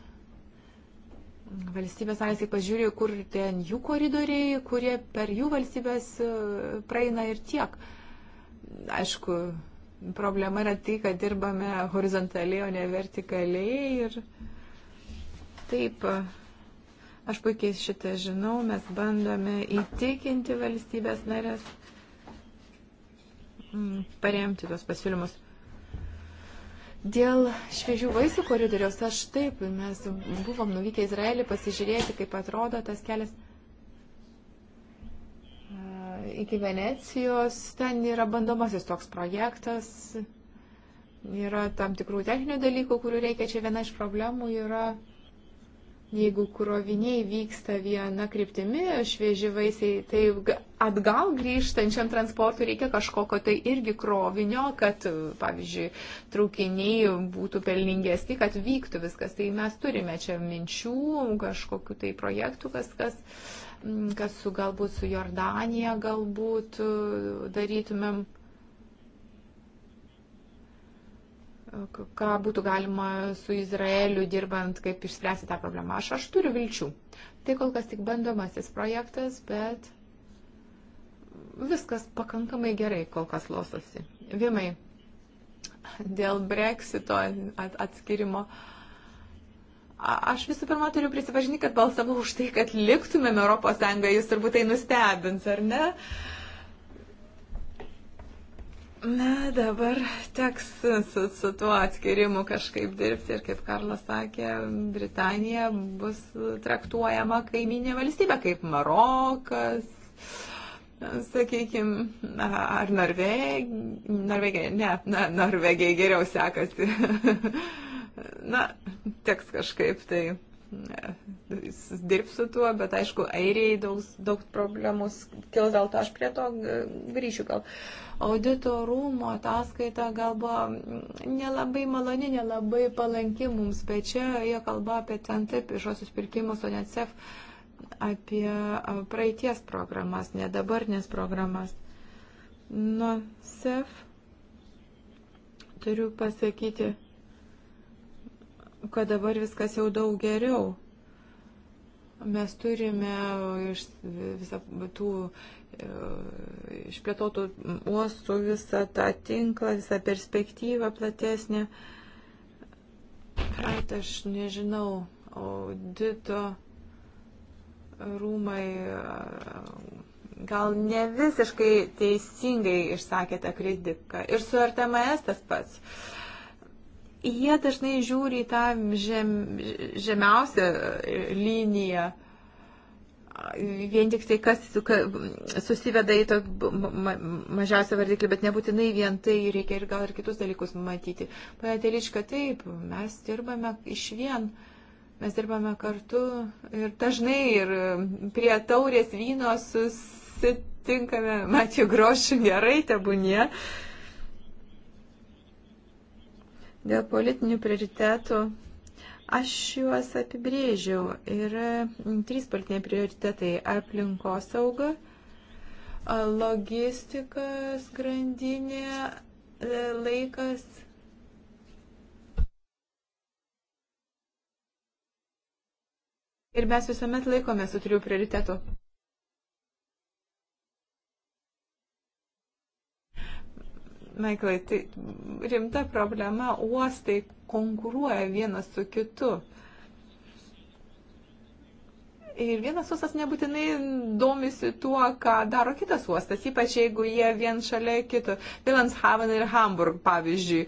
valstybės narės pažiūri, kur ten jų koridoriai, kurie per jų valstybės e, praeina ir tiek. Aišku, problema yra tai, kad dirbame horizontaliai, o ne vertikaliai. Ir taip, Aš puikiai šitą žinau, mes bandome įtikinti valstybės narės mm, paremti tos pasiūlymus. Dėl šviežių vaisių koridoriaus, aš taip, mes buvom nuvykę į Izraelį pasižiūrėti, kaip atrodo tas kelias e, iki Venecijos. Ten yra bandomasis toks projektas, yra tam tikrų techninių dalykų, kurių reikia. Čia viena iš problemų yra Jeigu kroviniai vyksta viena kryptimi, švieži vaisiai, tai atgal grįžtančiam transportui reikia kažkokio tai irgi krovinio, kad, pavyzdžiui, traukiniai būtų pelningesni, kad vyktų viskas. Tai mes turime čia minčių, kažkokių tai projektų, kas, kas, kas su galbūt su Jordanija galbūt darytumėm ką būtų galima su Izraeliu dirbant, kaip išspręsti tą problemą. Aš, aš turiu vilčių. Tai kol kas tik bandomasis projektas, bet viskas pakankamai gerai kol kas lososi. Vimai, dėl breksito atskirimo. Aš visų pirma turiu prisipažinti, kad balsavau už tai, kad liktumėm Europos Sąjungoje, jūs turbūt tai nustebins, ar ne? Uh, Na, dabar teks su, su tuo atskirimu kažkaip dirbti ir, kaip Karlas sakė, Britanija bus traktuojama kaiminė valstybė kaip Marokas, sakykime, ar Norveg... Norvegija, ne, na, Norvegija geriau sekasi. na, teks kažkaip tai dirbs su tuo, bet aišku, airiai daug, daug problemų kils, dėl to aš prie to grįšiu gal. Audito rūmo ataskaita gal buvo nelabai maloni, nelabai palanki mums, bet čia jie kalba apie CNT viešosius pirkimus, o ne CEF, apie praeities programas, ne dabartinės programas. Nuo CEF turiu pasakyti kad dabar viskas jau daug geriau. Mes turime iš visą tų e, išplėtotų uostų visą tą tinklą, visą perspektyvą platesnę. At aš nežinau, audito rūmai e, gal ne visiškai teisingai išsakė tą kritiką. Ir su RTMS tas pats. Uh, jie dažnai žiūri į tą žem, žemiausią liniją. Vien tik tai, kas susiveda į to mažiausią vardiklį, bet nebūtinai vien tai reikia ir gal ir kitus dalykus matyti. Pane Teliška, taip, mes dirbame iš vien mes dirbame kartu ir dažnai ir prie taurės vyno susitinkame, mačiau grošų gerai, tebūnie. Uh, Dėl politinių prioritetų Aš juos apibrėžiau. Yra trys politiniai prioritetai - aplinkosauga, logistikas, grandinė, laikas. Ir mes visuomet laikomės tų trijų prioritetų. Maiklai, tai rimta problema, uostai konkuruoja vienas su kitu. Ir vienas uostas nebūtinai domisi tuo, ką daro kitas uostas, ypač jeigu jie vien šalia kito. Vilenshaven ir Hamburg, pavyzdžiui.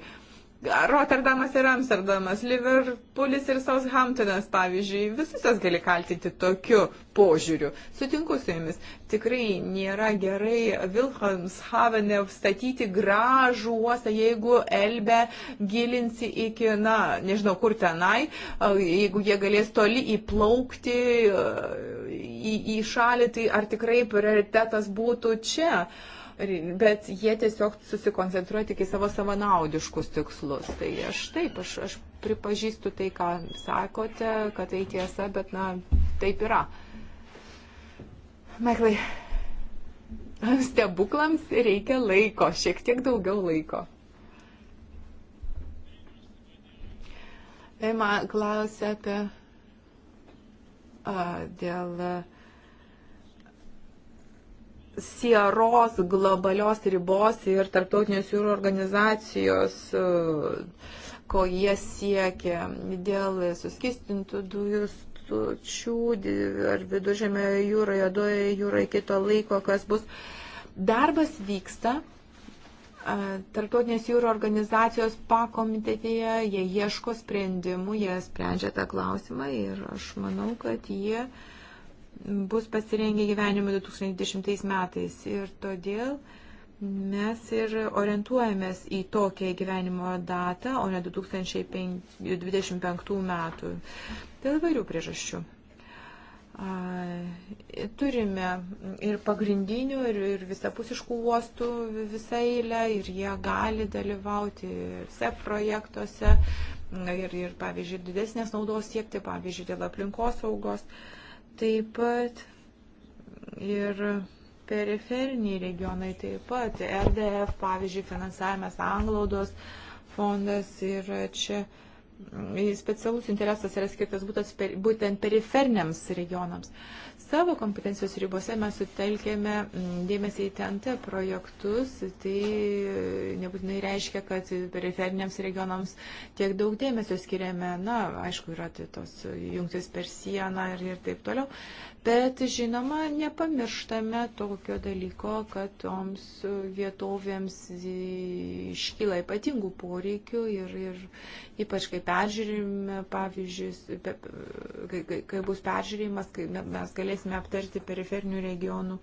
Rotterdamas ir Amsterdamas, Liverpoolis ir Southamptonas, pavyzdžiui, visus jas gali kaltinti tokiu požiūriu. Sutinku su jumis, tikrai nėra gerai Wilhelmshavene statyti gražų uostą, jeigu Elbe gilinsi iki, na, nežinau, kur tenai, jeigu jie galės toli įplaukti į, į šalį, tai ar tikrai prioritetas būtų čia? Uh, bet jie tiesiog susikoncentruoja tik į savo savanaudiškus tikslus. Tai aš taip, aš, aš pripažįstu tai, ką sakote, kad tai tiesa, bet na, taip yra. Maiklai, stebuklams reikia laiko, šiek tiek daugiau laiko. Ema klausia apie a, dėl. A, sieros globalios ribos ir tarptautinės jūrų organizacijos, e, ko jie siekia dėl suskistintų dujų stočių ar viduržėmio jūroje, juodoje jūroje kito laiko, kas bus. Darbas vyksta. E, tarptautinės jūrų organizacijos pakomitetėje jie ieško sprendimų, jie sprendžia tą klausimą ir aš manau, kad jie uh, bus pasirengę gyvenimui 2010 metais. Ir todėl mes ir orientuojamės į tokią gyvenimo datą, o ne 2025 metų. Dėl vairių priežasčių. Turime ir pagrindinių, ir, ir visapusiškų uostų visą eilę, ir jie gali dalyvauti SEP projektuose, ir, ir pavyzdžiui, didesnės naudos siekti, pavyzdžiui, dėl aplinkosaugos. saugos Taip pat ir periferiniai regionai taip pat. RDF, pavyzdžiui, finansavimas anglaudos fondas ir čia specialus interesas yra skirtas būtent periferiniams regionams. Savo kompetencijos ribose mes sutelkėme mm, dėmesį į TNT projektus. Tai nebūtinai reiškia, kad periferiniams regionams tiek daug dėmesio skiriame. Na, aišku, yra tai tos jungtis per sieną ir, ir taip toliau. Bet žinoma, nepamirštame tokio dalyko, kad toms vietovėms iškyla ypatingų poreikių ir, ir ypač kai peržiūrime, pavyzdžiui, kai, kai, kai bus peržiūrėjimas, kai mes galėsime aptarti periferinių regionų m,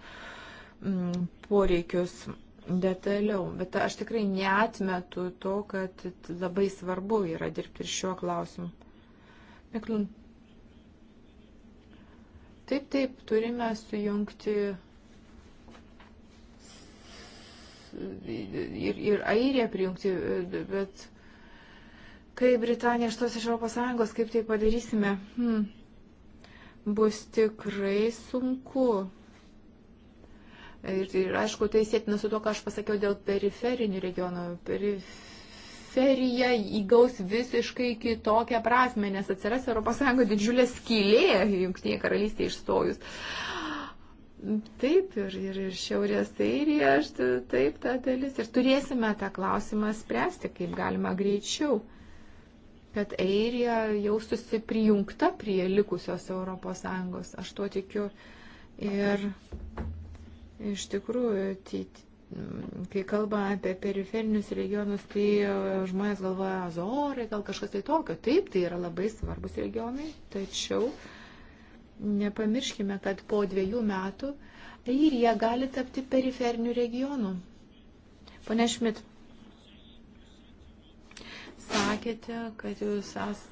mm, poreikius detaliau. Bet aš tikrai neatmetu to, kad labai svarbu yra dirbti ir šiuo klausimu. Meklun. Taip, taip, turime sujungti ir, ir Airiją prijungti, bet kai Britanija išstos iš ES, kaip tai padarysime, hmm, bus tikrai sunku. Ir, ir aišku, tai sėtina su to, ką aš pasakiau dėl periferinių regionų. Periferinių periferija įgaus visiškai kitokią prasme, nes atsiras ES didžiulė skylė Junktinėje karalystėje išstojus. Taip, ir, ir, ir Šiaurės Airija, taip, ta dalis. Ir turėsime tą klausimą spręsti, kaip galima greičiau kad Airija jaustųsi prijungta prie likusios ES. Aš tuo tikiu. Ir iš tikrųjų, Kai kalba apie periferinius regionus, tai e, žmonės galvoja Azorai, gal kažkas tai tokio. Taip, tai yra labai svarbus regionai, tačiau nepamirškime, kad po dviejų metų Airija gali tapti periferiniu regionu. Pone Šmit, sakėte, kad jūs as,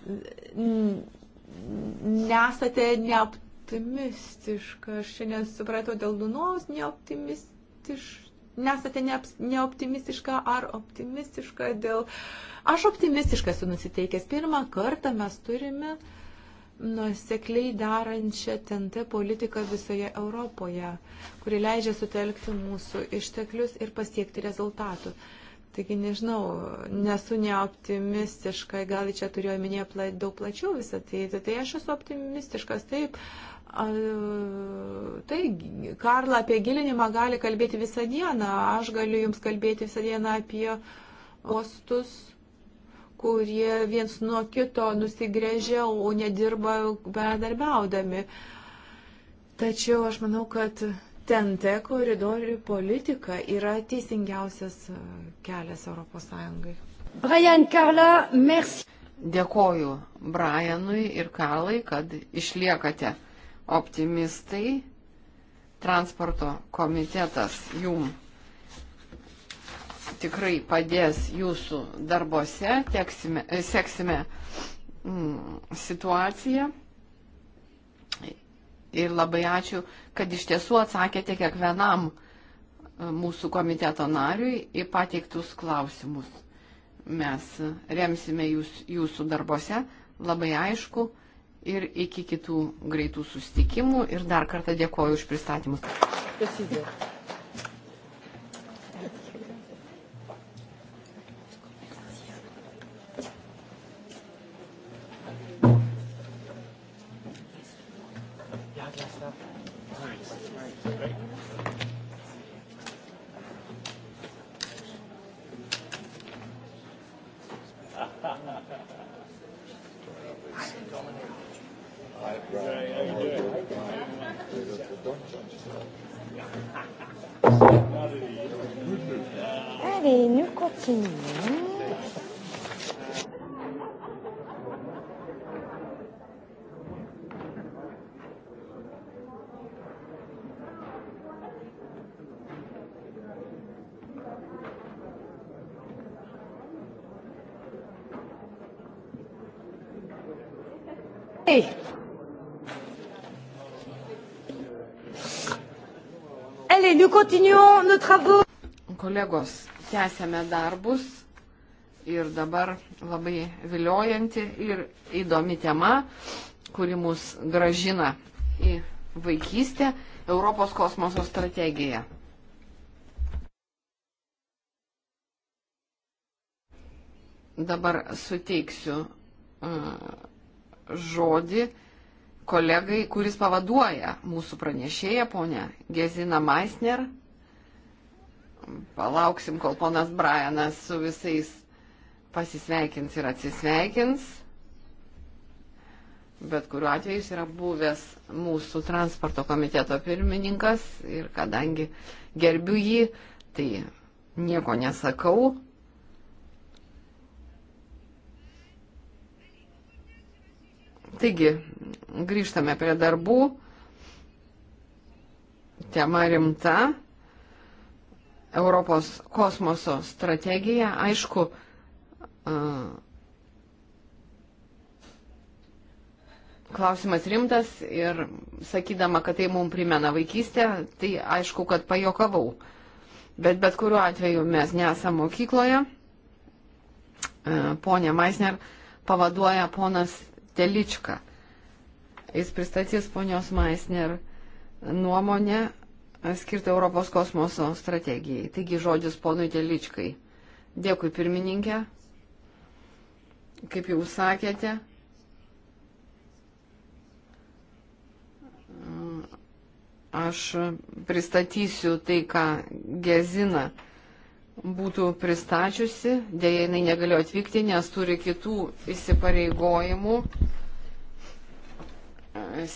nesate neoptimistiška. Aš čia nesupratau dėl Dunos neoptimistiška nesate neoptimistiška ar optimistiška dėl... Aš optimistiška esu nusiteikęs. Pirmą kartą mes turime nusekliai darančią TNT politiką visoje Europoje, kuri leidžia sutelkti mūsų išteklius ir pasiekti rezultatų. Taigi nežinau, nesu neoptimistiška, gal čia turėjau minėti daug plačiau visą tai, tai, tai aš esu optimistiškas, taip, uh, Tai, Karla, apie gilinimą gali kalbėti visą dieną. Aš galiu Jums kalbėti visą dieną apie ostus, kurie viens nuo kito nusigrėžia, o nedirba bendarbiaudami. Tačiau aš manau, kad TNT koridorių politika yra teisingiausias kelias ES. Brian, Karla, merci. Dėkoju Brianui ir Karlai, kad išliekate optimistai. Transporto komitetas jum tikrai padės jūsų darbose, teksime, e, seksime mm, situaciją. Ir labai ačiū, kad iš tiesų atsakėte kiekvienam e, mūsų komiteto nariui į pateiktus klausimus. Mes remsime jūs, jūsų darbose, labai aišku, ir iki kitų greitų sustikimų. Ir dar kartą dėkoju už pristatymus. Prasidėjo. Right. Allez, nous continuons. Kolegos, tęsėme darbus ir dabar labai viliojanti ir įdomi tema, kuri mus gražina į vaikystę - Europos kosmoso strategija. Dabar suteiksiu uh, žodį kolegai, kuris pavaduoja mūsų pranešėją, ponę Gezina Meisner palauksim, kol ponas Brianas su visais pasisveikins ir atsisveikins. Bet kuriuo atveju jis yra buvęs mūsų transporto komiteto pirmininkas ir kadangi gerbiu jį, tai nieko nesakau. Taigi, grįžtame prie darbų. Tema rimta. Europos kosmoso strategiją. Aišku, klausimas rimtas ir sakydama, kad tai mums primena vaikystę, tai aišku, kad pajokavau. Bet bet kuriuo atveju mes nesame mokykloje. Pone Maisner pavaduoja ponas Teličką. Jis pristatys ponios Maisner nuomonę skirtą Europos kosmoso strategijai. Taigi žodis ponui Teličkai. Dėkui pirmininkė. Kaip jau sakėte, aš pristatysiu tai, ką Gezina būtų pristačiusi. Dėja, jinai negalėjo atvykti, nes turi kitų įsipareigojimų.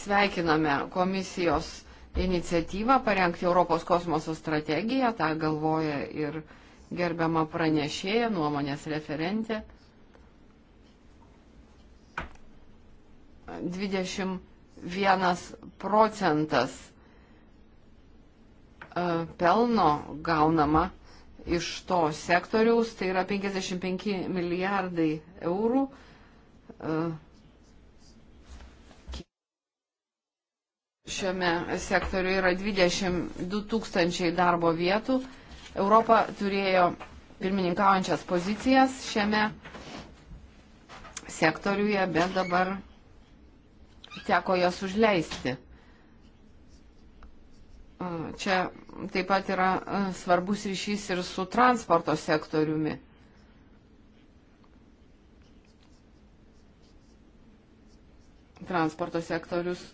Sveikiname komisijos iniciatyvą parengti Europos kosmoso strategiją, tą galvoja ir gerbiama pranešėja, nuomonės referentė. 21 procentas e, pelno gaunama iš to sektoriaus, tai yra 55 milijardai eurų e, Šiame sektoriuje yra 22 tūkstančiai darbo vietų. Europa turėjo pirmininkaujančias pozicijas šiame sektoriuje, bet dabar teko jas užleisti. Čia taip pat yra svarbus ryšys ir su transporto sektoriumi. Transporto sektorius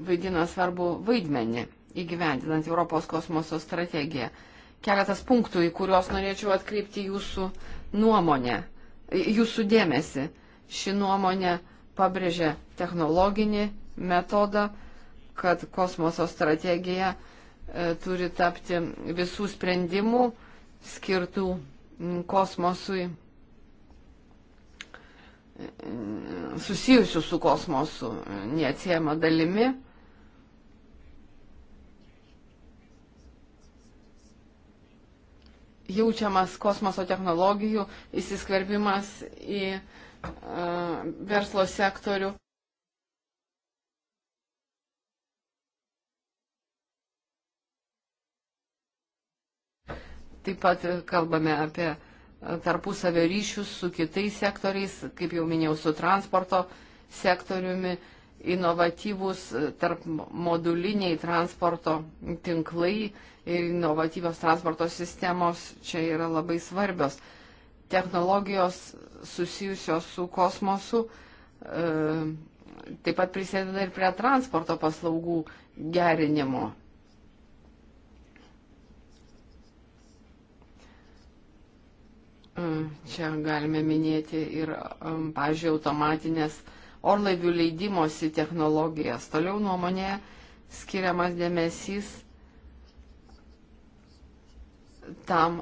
vaidina svarbu vaidmenį įgyvendinant Europos kosmoso strategiją. Keletas punktų, į kuriuos norėčiau atkreipti jūsų nuomonę, jūsų dėmesį. Ši nuomonė pabrėžia technologinį metodą, kad kosmoso strategija e, turi tapti visų sprendimų skirtų kosmosui susijusių su kosmosu neatsiejama dalimi. Jaučiamas kosmoso technologijų įsiskverbimas į uh, verslo sektorių. Taip pat kalbame apie uh, tarpusavio ryšius su kitais sektoriais, kaip jau minėjau, su transporto sektoriumi, inovatyvūs e, tarp moduliniai transporto tinklai ir inovatyvios transporto sistemos čia yra labai svarbios. Technologijos susijusios su kosmosu e, taip pat prisideda ir prie transporto paslaugų gerinimo. Mm, čia galime minėti ir, mm, pažiūrėjau, automatinės orlaivių leidimosi technologijas. Toliau nuomonėje skiriamas dėmesys tam,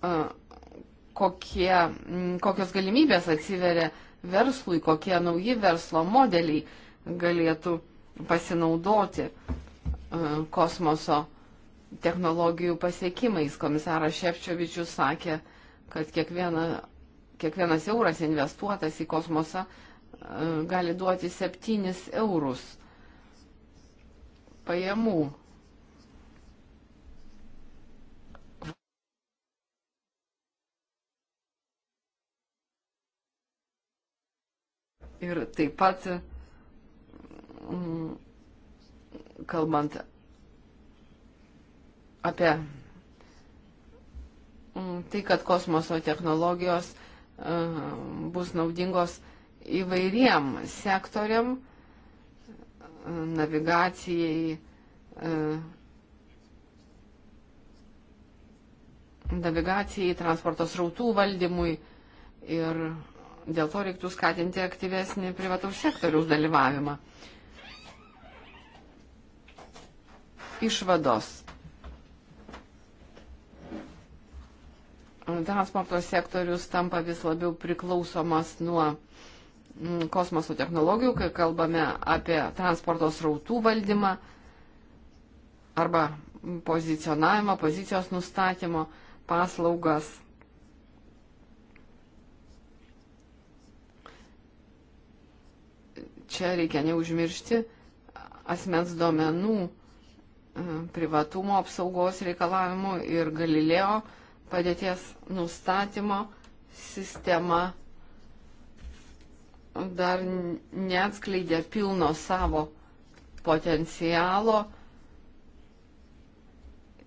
mm, kokie, kokios galimybės atsiveria verslui, kokie nauji verslo modeliai galėtų pasinaudoti kosmoso technologijų pasiekimais. Komisaras Šepčiovičius sakė, kad kiekviena, kiekvienas euras investuotas į kosmosą e, gali duoti 7 eurus pajamų. Ir taip pat, mm, kalbant apie Mm, tai, kad kosmoso technologijos e, bus naudingos įvairiem sektoriam, e, navigacijai, e, navigacijai, transporto srautų valdymui ir dėl to reiktų skatinti aktyvesnį privataus sektoriaus dalyvavimą. Išvados. transporto sektorius tampa vis labiau priklausomas nuo mm, kosmoso technologijų, kai kalbame apie transporto srautų valdymą arba pozicionavimo, pozicijos nustatymo paslaugas. Čia reikia neužmiršti asmens duomenų e, privatumo apsaugos reikalavimų ir Galileo padėties nustatymo sistema dar neatskleidė pilno savo potencialo.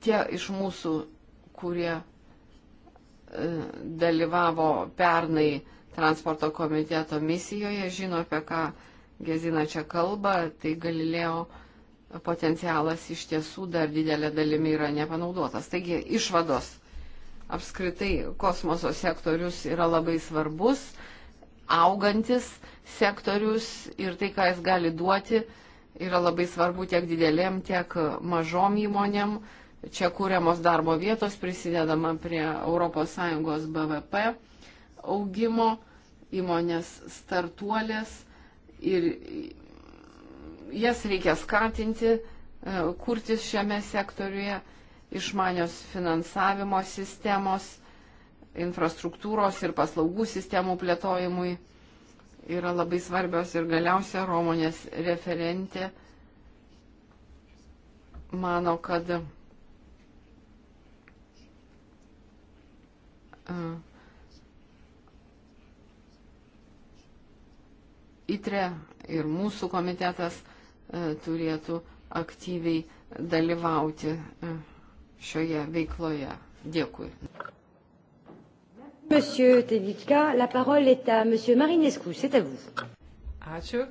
Tie iš mūsų, kurie e, dalyvavo pernai transporto komiteto misijoje, žino, apie ką Gezina čia kalba, tai Galileo potencialas iš tiesų dar didelė dalimi yra nepanaudotas. Taigi išvados Apskritai kosmoso sektorius yra labai svarbus, augantis sektorius ir tai, ką jis gali duoti, yra labai svarbu tiek didelėm, tiek mažom įmonėm. Čia kūriamos darbo vietos prisidedama prie ES BVP augimo, įmonės startuolės ir jas reikia skatinti, e, kurtis šiame sektoriuje išmanios finansavimo sistemos, infrastruktūros ir paslaugų sistemų plėtojimui yra labai svarbios ir galiausia Romonės referentė mano, kad e, ITRE ir mūsų komitetas e, turėtų aktyviai dalyvauti e, šioje veikloje. Dėkui. Monsieur Tedika, la parole est à Monsieur Marinescu, c'est à vous. Ačiū.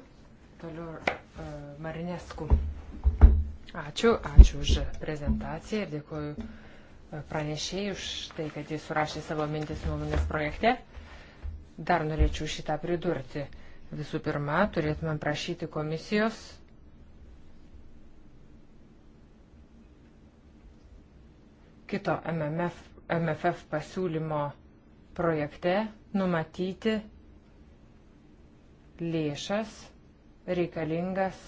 Toliau uh, Marinescu. Ačiū, ačiū už prezentaciją ir dėkuoju e, pranešėjai už tai, kad jis surašė savo mintis nuomonės projekte. Dar norėčiau šitą pridurti. Visų pirma, turėtumėm prašyti komisijos kito MMF, MFF pasiūlymo projekte numatyti lėšas reikalingas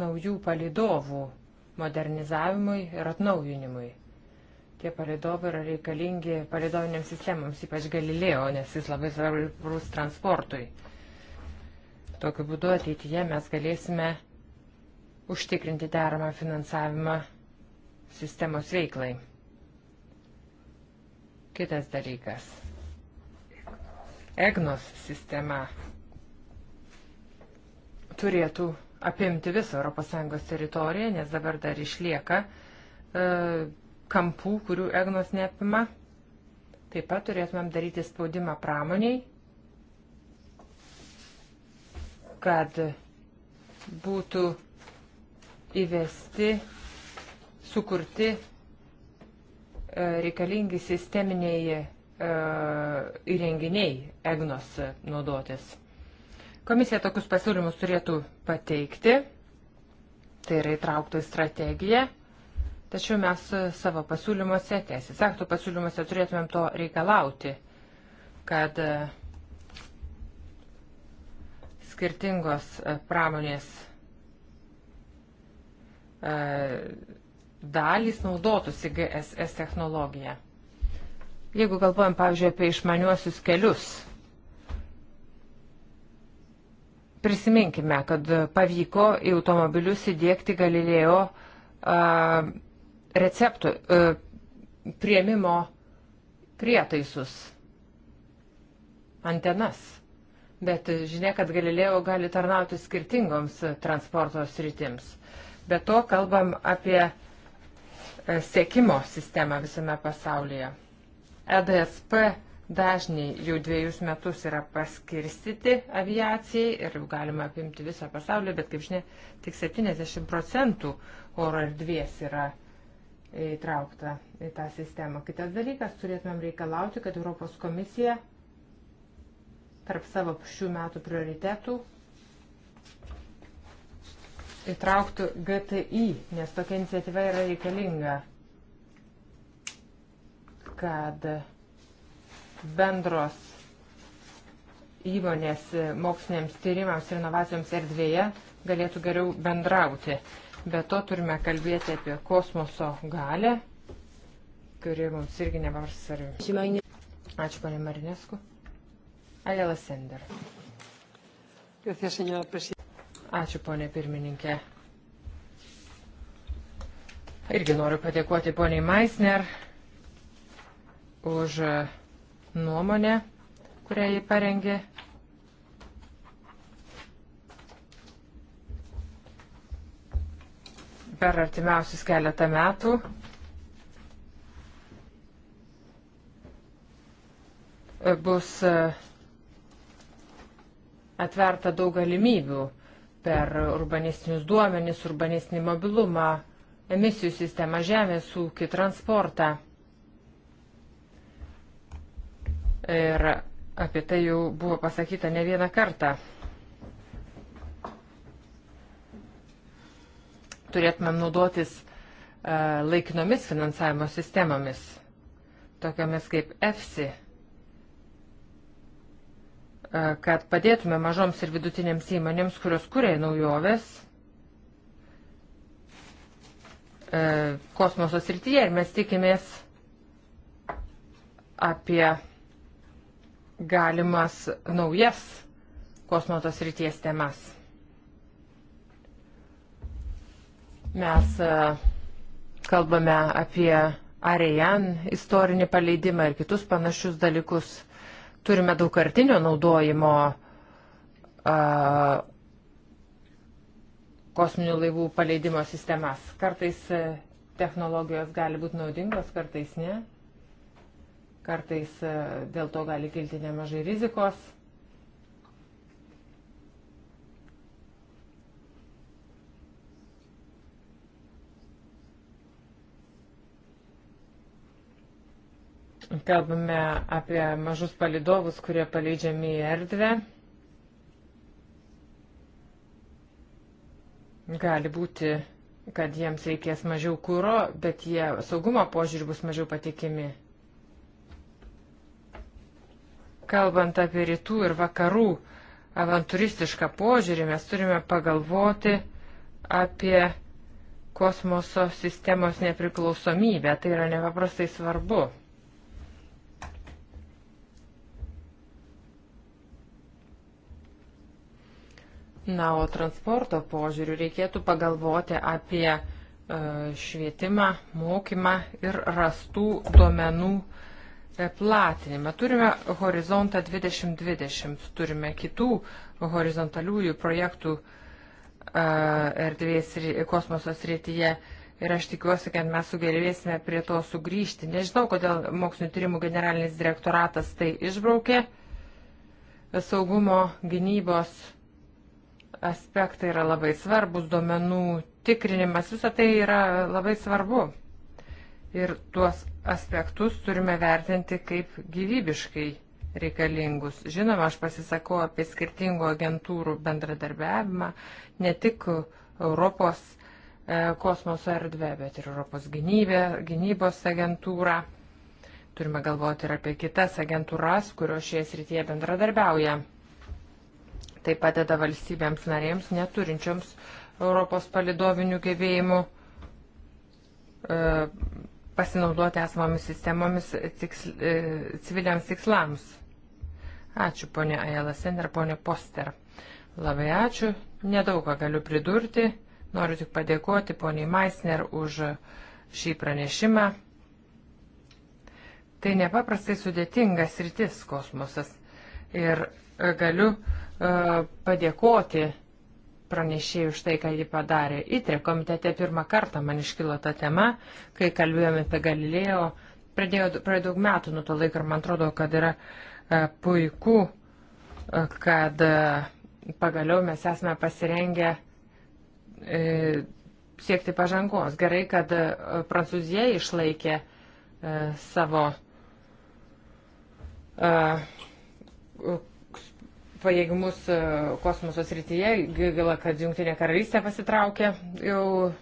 naujų palidovų modernizavimui ir atnaujinimui. Tie palidovai yra reikalingi palidoviniams sistemams, ypač Galilėjo, nes jis labai svarbus transportui. Tokiu būdu ateityje mes galėsime užtikrinti deramą finansavimą sistemos veiklai. Kitas dalykas. EGNOS sistema turėtų apimti visą ES teritoriją, nes dabar dar išlieka e, kampų, kurių EGNOS neapima. Taip pat turėtumėm daryti spaudimą pramoniai, kad būtų įvesti sukurti e, reikalingi sisteminiai e, įrenginiai EGNOS naudotis. Komisija tokius pasiūlymus turėtų pateikti, tai yra įtraukta į strategiją, tačiau mes savo pasiūlymuose, teisės aktų pasiūlymuose turėtumėm to reikalauti, kad e, skirtingos pramonės dalys naudotųsi GSS technologiją. Jeigu galvojam, pavyzdžiui, apie išmaniuosius kelius, prisiminkime, kad pavyko į automobilius įdėkti Galilėjo a, receptų a, prieimimo prietaisus, antenas. Bet žinia, kad Galilėjo gali tarnauti skirtingoms transporto sritims. Be to kalbam apie sekimo sistemą visame pasaulyje. EDSP dažniai jau dviejus metus yra paskirstyti aviacijai ir galima apimti visą pasaulį, bet kaip žinia, tik 70 procentų oro erdvės yra įtraukta į tą sistemą. Kitas dalykas, turėtumėm reikalauti, kad Europos komisija tarp savo šių metų prioritetų įtrauktų GTI, nes tokia iniciatyva yra reikalinga, kad bendros įmonės moksliniams tyrimams ir inovacijoms erdvėje galėtų geriau bendrauti. Be to turime kalbėti apie kosmoso galę, kuri mums irgi nepaprastai svarbi. Ačiū, ponė Marinesku. Alela Sender. Gracias, señora presidenta. Ačiū, ponė pirmininkė. Irgi noriu padėkoti poniai Maisner už e, nuomonę, kurią jį parengė. Per artimiausius keletą metų bus e, atverta daug galimybių per urbanistinius duomenis, urbanistinį mobilumą, emisijų sistemą, žemės ūkį, transportą. Ir apie tai jau buvo pasakyta ne vieną kartą. Turėtumėm naudotis e, laikinomis finansavimo sistemomis, tokiamis kaip EFSI E, kad padėtume mažoms ir vidutinėms įmonėms, kurios kuria naujoves e, kosmoso srityje ir mes tikimės apie galimas naujas kosmoso srities temas. Mes e, kalbame apie Arijan istorinį paleidimą ir kitus panašius dalykus. Turime daugkartinio naudojimo a, kosminių laivų paleidimo sistemas. Kartais e, technologijos gali būti naudingos, kartais ne. Kartais e, dėl to gali kilti nemažai rizikos. Kalbame apie mažus palidovus, kurie paleidžiami į erdvę. Gali būti, kad jiems reikės mažiau kūro, bet jie saugumo požiūrį bus mažiau patikimi. Kalbant apie rytų ir vakarų avantūristišką požiūrį, mes turime pagalvoti apie kosmoso sistemos nepriklausomybę. Tai yra nepaprastai svarbu. Na, o transporto požiūrių reikėtų pagalvoti apie e, švietimą, mokymą ir rastų duomenų e, platinimą. Turime horizontą 2020, turime kitų horizontaliųjų projektų e, erdvės kosmoso srityje ir aš tikiuosi, kad mes sugebėsime prie to sugrįžti. Nežinau, kodėl mokslinio tyrimų generalinis direktoratas tai išbraukė. Saugumo gynybos aspektai yra labai svarbus, duomenų tikrinimas, visa tai yra labai svarbu. Ir tuos aspektus turime vertinti kaip gyvybiškai reikalingus. Žinoma, aš pasisakau apie skirtingų agentūrų bendradarbiavimą, ne tik Europos e, kosmoso erdvė, bet ir Europos gynybė, gynybos agentūrą. Turime galvoti ir apie kitas agentūras, kurios šie srityje bendradarbiauja. Tai padeda valstybėms narėms neturinčioms Europos palidovinių gebėjimų e, pasinaudoti esamomis sistemomis tiksl, e, civiliams tikslams. Ačiū, ponė Ajalasen ir ponė Poster. Labai ačiū. Nedaug ką galiu pridurti. Noriu tik padėkoti poniai Maisner už šį pranešimą. Tai nepaprastai sudėtingas rytis kosmosas. Ir galiu e, padėkoti pranešėjai už tai, ką ji padarė. Įtrė komitete pirmą kartą man iškilo ta tema, kai kalbėjome apie Galilėjo, pradėjo praėjo daug metų nuo to laiko ir man atrodo, kad yra e, puiku, e, kad pagaliau mes esame pasirengę siekti pažangos. Gerai, kad Prancūzija išlaikė savo pajėgumus e, kosmoso srityje. Gaila, kad Junktinė karalystė pasitraukė jau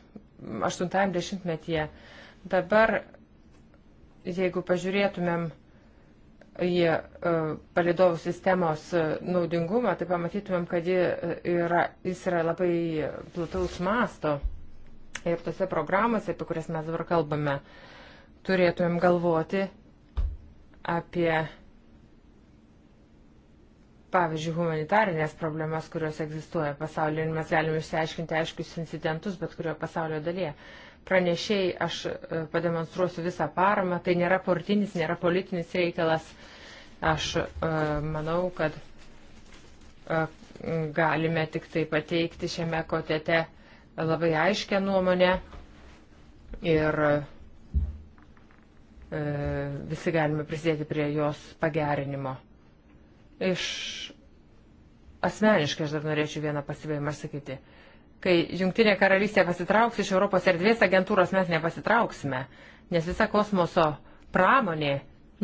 80-metyje. Dabar, jeigu pažiūrėtumėm į e, palidovų sistemos e, naudingumą, tai pamatytumėm, kad yra, jis yra labai plataus masto. Ir tose programose, apie kurias mes dabar kalbame, turėtumėm galvoti apie pavyzdžiui, humanitarinės problemas, kurios egzistuoja pasaulyje ir mes galime išsiaiškinti aiškius incidentus bet kurioje pasaulio dalyje. Pranešėjai aš e, pademonstruosiu visą paramą, tai nėra partinis, nėra politinis reikalas. Aš e, manau, kad e, galime tik tai pateikti šiame kotete labai aiškę nuomonę ir visi galime prisidėti prie jos pagerinimo. Iš asmeniškai aš dar norėčiau vieną pasibėjimą sakyti. Kai Junktinė karalystė pasitrauks iš Europos erdvės agentūros, mes nepasitrauksime, nes visa kosmoso pramonė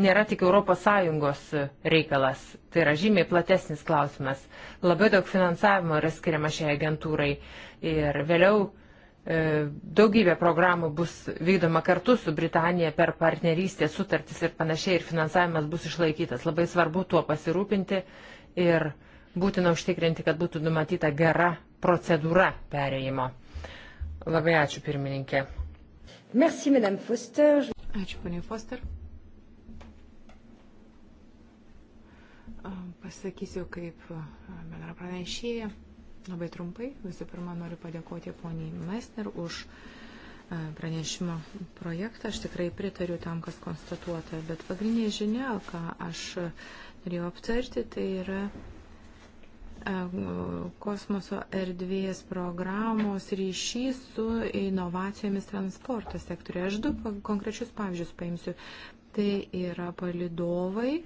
nėra tik ES reikalas. Tai yra žymiai platesnis klausimas. Labai daug finansavimo yra skiriama šiai agentūrai. Ir vėliau E, daugybė programų bus vykdoma kartu su Britanija per partnerystę sutartis ir panašiai, ir finansavimas bus išlaikytas. Labai svarbu tuo pasirūpinti ir būtina užtikrinti, kad būtų numatyta gera procedūra perėjimo. Labai ačiū, pirmininkė. Merci, Madame Foster. Ačiū, ponia Foster. Pasakysiu kaip bendra pranešėja. Labai trumpai, visų pirma, noriu padėkoti poniai Mesner už e, pranešimo projektą. Aš tikrai pritariu tam, kas konstatuota, bet pagrindinė žinia, ką aš norėjau aptarti, tai yra e, kosmoso erdvės programos ryšys su inovacijomis transporto sektoriuje. Aš du konkrečius pavyzdžius paimsiu. Tai yra palidovai,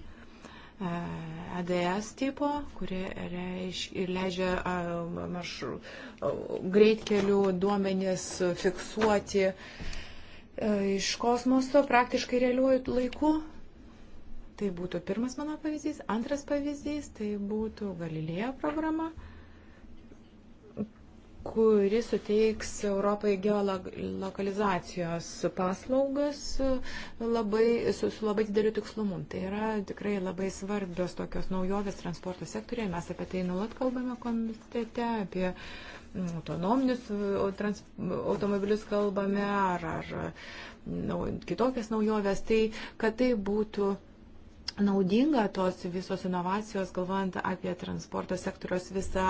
ADS tipo, kuri reiš, leidžia maršrų, greitkelių duomenis fiksuoti iš kosmoso praktiškai realiuoju laiku. Tai būtų pirmas mano pavyzdys. Antras pavyzdys tai būtų Galilėjo programa kuri suteiks Europai geolokalizacijos paslaugas labai, su, su labai dideliu tikslumu. Tai yra tikrai labai svarbios tokios naujovės transporto sektorėje. Mes apie tai nulat kalbame komitete, apie mm, autonominius trans, automobilius kalbame ar, ar mm, nau, kitokias naujoves. Tai, kad tai būtų naudinga tos visos inovacijos, galvojant apie transporto sektoriaus visą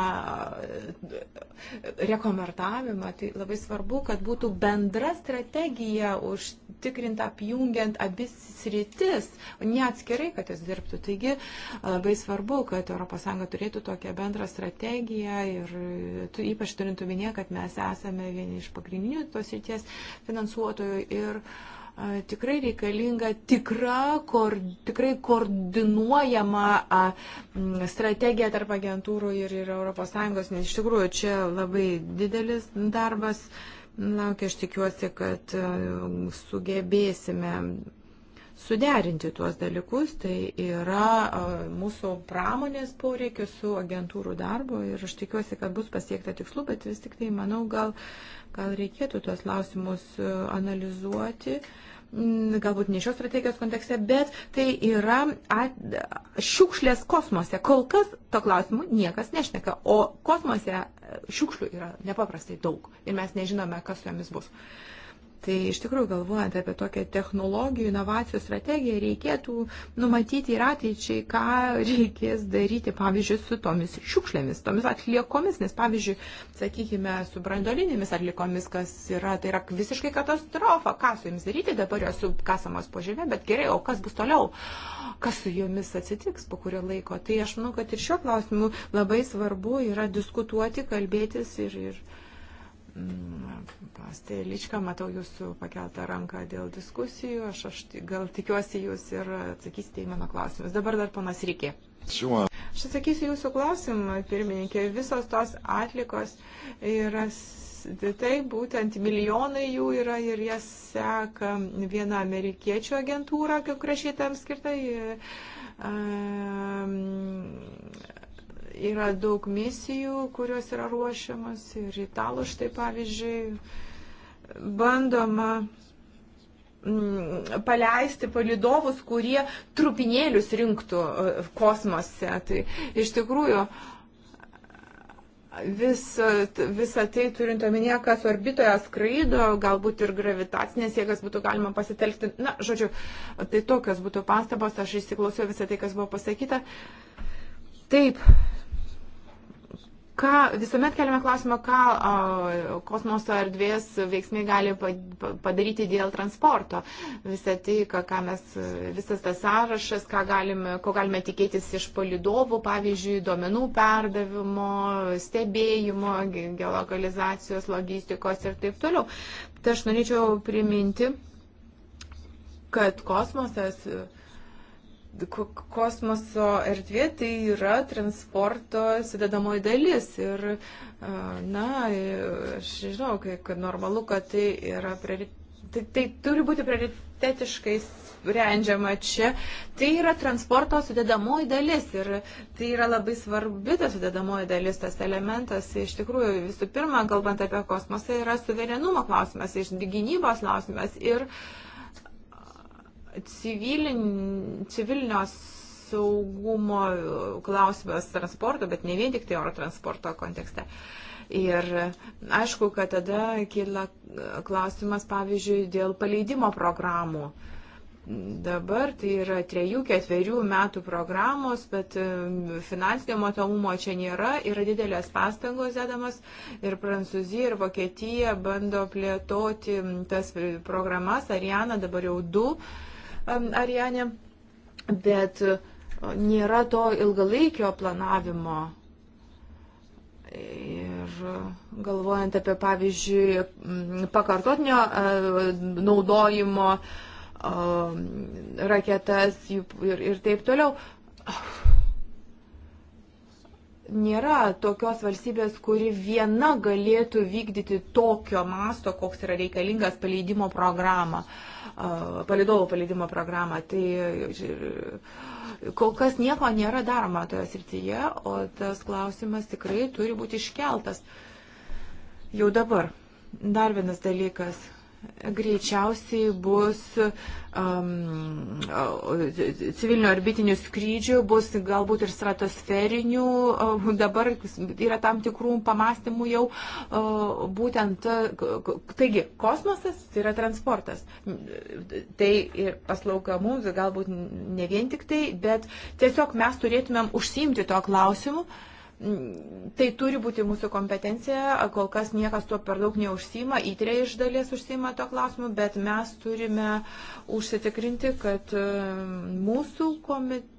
e, rekomertavimą, tai labai svarbu, kad būtų bendra strategija užtikrint apjungiant abis sritis, ne atskirai, kad jos dirbtų. Taigi e, labai svarbu, kad ES turėtų tokią bendrą strategiją ir tu, ypač turintų minė, kad mes esame vieni iš pagrindinių tos srities finansuotojų ir uh, tikrai reikalinga tikra, kor, tikrai koordinuojama a, strategija tarp agentūrų ir, ir ES, nes iš tikrųjų čia labai didelis darbas. Laukia, aš tikiuosi, kad sugebėsime suderinti tuos dalykus, tai yra mūsų pramonės poreikius su agentūrų darbu ir aš tikiuosi, kad bus pasiekta tikslu, bet vis tik tai, manau, gal Gal reikėtų tuos klausimus e, analizuoti, mm, galbūt ne šios strategijos kontekste, bet tai yra šiukšlės kosmose. Kol kas to klausimu niekas nešneka, o kosmose e, šiukšlių yra nepaprastai daug ir mes nežinome, kas su jomis bus. Uh, Tai iš tikrųjų, galvojant apie tokią technologijų, inovacijų strategiją, reikėtų numatyti ir ateičiai, ką reikės daryti, pavyzdžiui, su tomis šiukšlėmis, tomis atliekomis, nes, pavyzdžiui, sakykime, su brandolinėmis atliekomis, kas yra, tai yra visiškai katastrofa, ką su jomis daryti, dabar jos kasamos po žemė, bet gerai, o kas bus toliau, kas su jomis atsitiks po kurio laiko. Tai aš manau, kad ir šiuo klausimu labai svarbu yra diskutuoti, kalbėtis ir. ir Mm, Pasteličką, matau jūsų pakeltą ranką dėl diskusijų, aš, aš gal tikiuosi jūs ir atsakysite į mano klausimus. Dabar dar panas Rykė. Aš atsakysiu jūsų klausimą, pirmininkė. Visos tos atlikos yra tai, tai būtent milijonai jų yra ir jas seka viena amerikiečių agentūra, kaip rašytams skirtai. Um, e, yra daug misijų, kurios yra ruošiamas ir italų štai pavyzdžiui bandoma mm, paleisti palidovus, kurie trupinėlius rinktų e, kosmose. Tai iš tikrųjų visą, visą tai turint omenyje, kas orbitoje skraido, galbūt ir gravitacinės jėgas būtų galima pasitelkti. Na, žodžiu, tai tokios būtų pastabos, aš įsiklausiau visą tai, kas buvo pasakyta. Taip, ką, visuomet keliame klausimą, ką a, kosmoso erdvės veiksmai gali padaryti dėl transporto. Visą tai, ką, ką mes, visas tas sąrašas, ką galime, ko galime tikėtis iš palidovų, pavyzdžiui, duomenų perdavimo, stebėjimo, geolokalizacijos, logistikos ir taip toliau. Tai aš norėčiau priminti, kad kosmosas kosmoso erdvė tai yra transporto sudedamoji dalis. Ir, na, e, aš žinau, kad normalu, kad tai yra prioritetas. Tai, tai turi būti prioritetiškai sprendžiama čia. Tai yra transporto sudėdamoji dalis ir tai yra labai svarbi ta sudėdamoji dalis, tas elementas. Iš tikrųjų, visų pirma, kalbant apie kosmosą, yra suverenumo klausimas, gynybos klausimas ir uh, civilin, civilinio saugumo klausimas transporto, bet ne vien tik tai oro transporto kontekste. Ir aišku, kad tada kyla klausimas, pavyzdžiui, dėl paleidimo programų. Dabar tai yra trejų, ketverių metų programos, bet e, finansinio matomumo čia nėra, yra didelės pastangos dedamas ir Prancūzija ir Vokietija bando plėtoti tas programas, Ariana dabar jau du. Uh, Ariane, bet e, nėra to ilgalaikio planavimo. Ir galvojant apie, pavyzdžiui, pakartotinio e, naudojimo e, raketas ir, ir taip toliau, nėra tokios valstybės, kuri viena galėtų vykdyti tokio masto, koks yra reikalingas paleidimo programą. Uh, palidovo palidimo programą. Tai kol kas nieko nėra daroma toje srityje, o tas klausimas tikrai turi būti iškeltas jau dabar. Dar vienas dalykas greičiausiai bus um, civilinio orbitinių skrydžių, bus galbūt ir stratosferinių. Um, dabar yra tam tikrų pamastymų jau uh, būtent. Taigi, kosmosas tai yra transportas. Tai ir paslauga mums, galbūt ne vien tik tai, bet tiesiog mes turėtumėm užsiimti to klausimu. Uh, Tai turi būti mūsų kompetencija, kol kas niekas tuo per daug neužsima, įtrė iš dalies užsima to klausimu, bet mes turime užsitikrinti, kad e, mūsų komitetas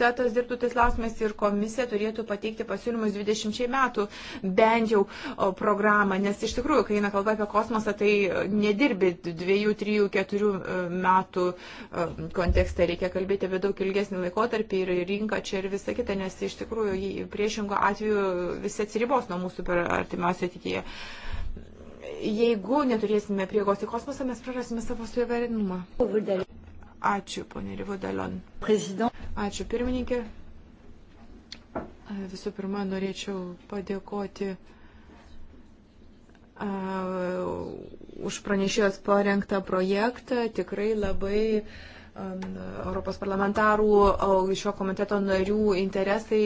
komitetas dirbtų tais klausimais ir komisija turėtų pateikti pasiūlymus 20 metų bent jau programą, nes iš tikrųjų, kai eina kalba apie kosmosą, tai e, nedirbi dviejų, trijų, keturių e, metų e, kontekste, reikia kalbėti apie daug ilgesnį laikotarpį ir rinką čia ir visą kitą, nes iš tikrųjų priešingo atveju visi atsiribos nuo mūsų per artimiausią ateityje. Jeigu neturėsime priegos į kosmosą, mes prarasime savo suverenumą. Ačiū, ponė Rivodalion. Ačiū, pirmininkė. Visų pirma, norėčiau padėkoti uh, už pranešėjos parengtą projektą. Tikrai labai uh, Europos parlamentarų, šio komiteto narių interesai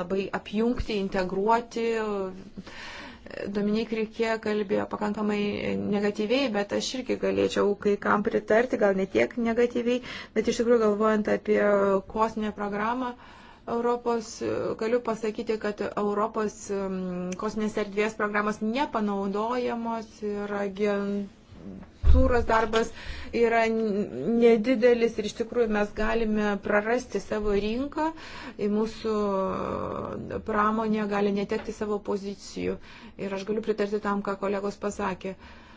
labai apjungti, integruoti. Uh, Dominik Rikė kalbėjo pakankamai negatyviai, bet aš irgi galėčiau kai kam pritarti, gal ne tiek negatyviai, bet iš tikrųjų galvojant apie kosminę programą. Europos, galiu pasakyti, kad Europos mm, kosminės erdvės programos nepanaudojamos ir agent agentūros darbas yra nedidelis ir iš tikrųjų mes galime prarasti savo rinką, mūsų pramonė gali netekti savo pozicijų. Ir aš galiu pritarti tam, ką kolegos pasakė. Uh,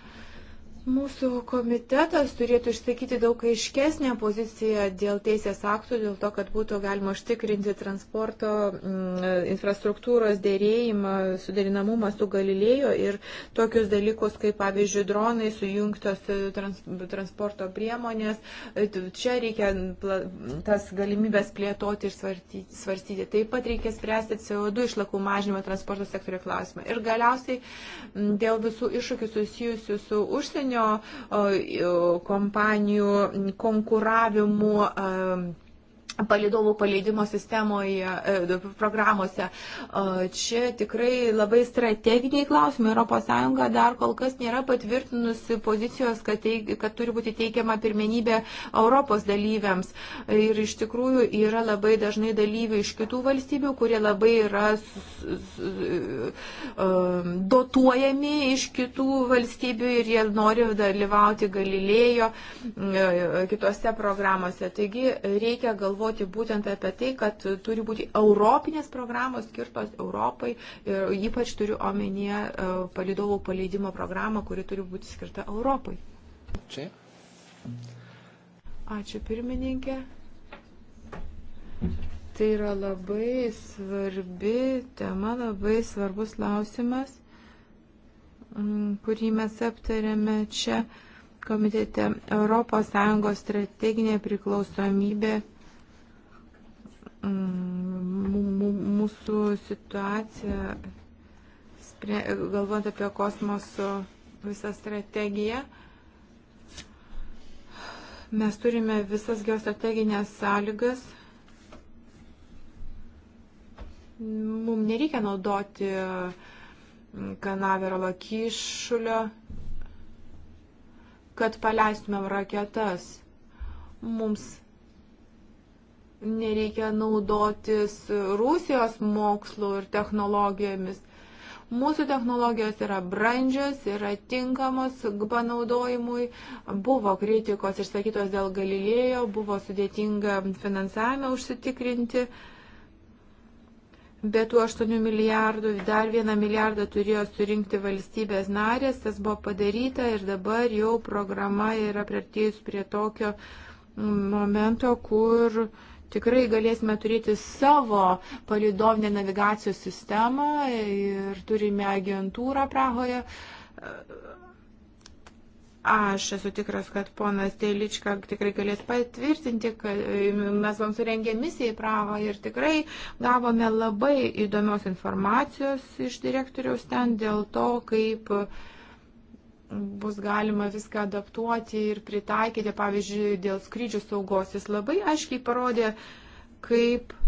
Mūsų komitetas turėtų išsakyti daug aiškesnę poziciją dėl teisės aktų, dėl to, kad būtų galima užtikrinti transporto mm, infrastruktūros dėrėjimą, suderinamumą su Galilėjo ir tokius dalykus, kaip pavyzdžiui, dronai, sujungtos e, trans, transporto priemonės. E, čia reikia tas galimybės plėtoti ir svarstyti. Taip pat reikia spręsti CO2 išlakų mažinimo transporto sektorio klausimą. Ir galiausiai dėl visų iššūkių susijusių su užsienio užsienio kompanijų konkuravimu palidovų paleidimo sistemoje, e, programuose. Čia tikrai labai strateginiai klausimai. ES dar kol kas nėra patvirtinusi pozicijos, kad, teik, kad turi būti teikiama pirmenybė Europos dalyviams. Ir iš tikrųjų yra labai dažnai dalyvių iš kitų valstybių, kurie labai yra e, dotuojami iš kitų valstybių ir jie nori dalyvauti Galilėjo e, kitose programuose. Taigi reikia galvoti galvoti būtent apie tai, kad turi būti europinės programos skirtos Europai ir ypač turiu omenyje e, palidovų paleidimo programą, kuri turi būti skirta Europai. Čia. Ačiū pirmininkė. Tai yra labai svarbi tema, labai svarbus klausimas, kurį mes aptarėme čia komitete Europos Sąjungos strateginė priklausomybė Mm, mūsų situacija, galvojant apie kosmoso visą strategiją, mes turime visas geostrateginės sąlygas. Mums nereikia naudoti kanavero lakyšulio, kad paleistumėm raketas. Mums nereikia naudotis Rusijos mokslu ir technologijomis. Mūsų technologijos yra brandžios, yra tinkamos panaudojimui. Buvo kritikos išsakytos dėl Galilėjo, buvo sudėtinga finansavimą užsitikrinti. Be tų 8 milijardų dar 1 milijardą turėjo surinkti valstybės narės, tas buvo padaryta ir dabar jau programa yra prieartėjus prie tokio momento, kur uh, tikrai galėsime turėti savo palidovinę navigacijos sistemą ir turime agentūrą Prahoje. Aš esu tikras, kad ponas Telička tikrai galės patvirtinti, kad mes buvom surengę misiją į Pravą ir tikrai gavome labai įdomios informacijos iš direktoriaus ten dėl to, kaip uh, bus galima viską adaptuoti ir pritaikyti, pavyzdžiui, dėl skrydžių saugos. Jis labai aiškiai parodė, kaip e,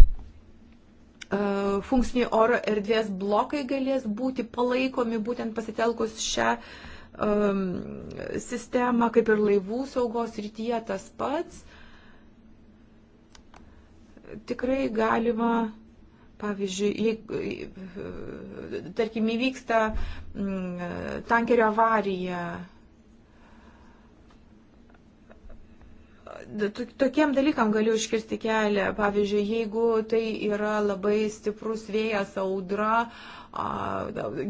funkciniai oro erdvės blokai galės būti palaikomi būtent pasitelkus šią um, sistemą, kaip ir laivų saugos rytyje tas pats. Tikrai galima. Mm Pavyzdžiui, jei, tarkim, įvyksta mm, tankerio avarija, tokiem dalykam galiu iškirsti kelią. Pavyzdžiui, jeigu tai yra labai stiprus vėjas, audra,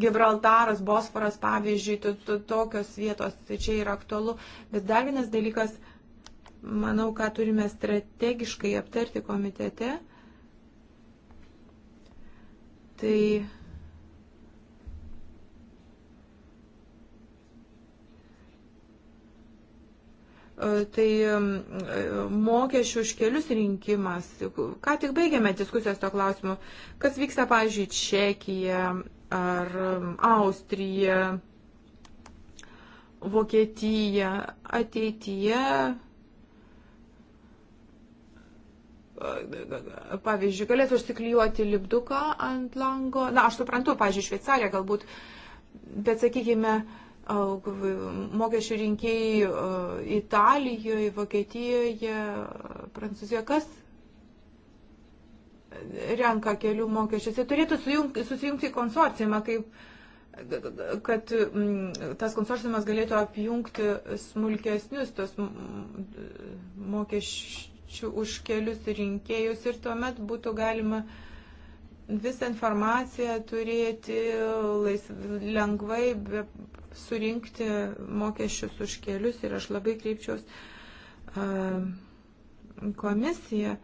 Gibraltaras, Bosforas, pavyzdžiui, to, to, tokios vietos, tai čia yra aktualu. Bet dar vienas dalykas, manau, ką turime strategiškai aptarti komitete. Tai e, tai e, mokesčių už kelius rinkimas. Ką tik baigėme diskusijos to klausimu, kas vyksta, pavyzdžiui, Čekija ar Austrija, Vokietija ateityje pavyzdžiui, galėtų užsiklijuoti lipduką ant lango. Na, aš suprantu, pavyzdžiui, Šveicarija galbūt, bet sakykime, mokesčių rinkėjai Italijoje, Vokietijoje, Prancūzijoje, kas renka kelių mokesčius. Jie tai turėtų sujungti, susijungti į konsorciumą, kaip, kad tas konsorciumas galėtų apjungti smulkesnius tos mokesčių mokesčių už kelius rinkėjus ir tuomet būtų galima visą informaciją turėti laisv, lengvai be, surinkti mokesčius už kelius ir aš labai kreipčiaus uh, komisiją.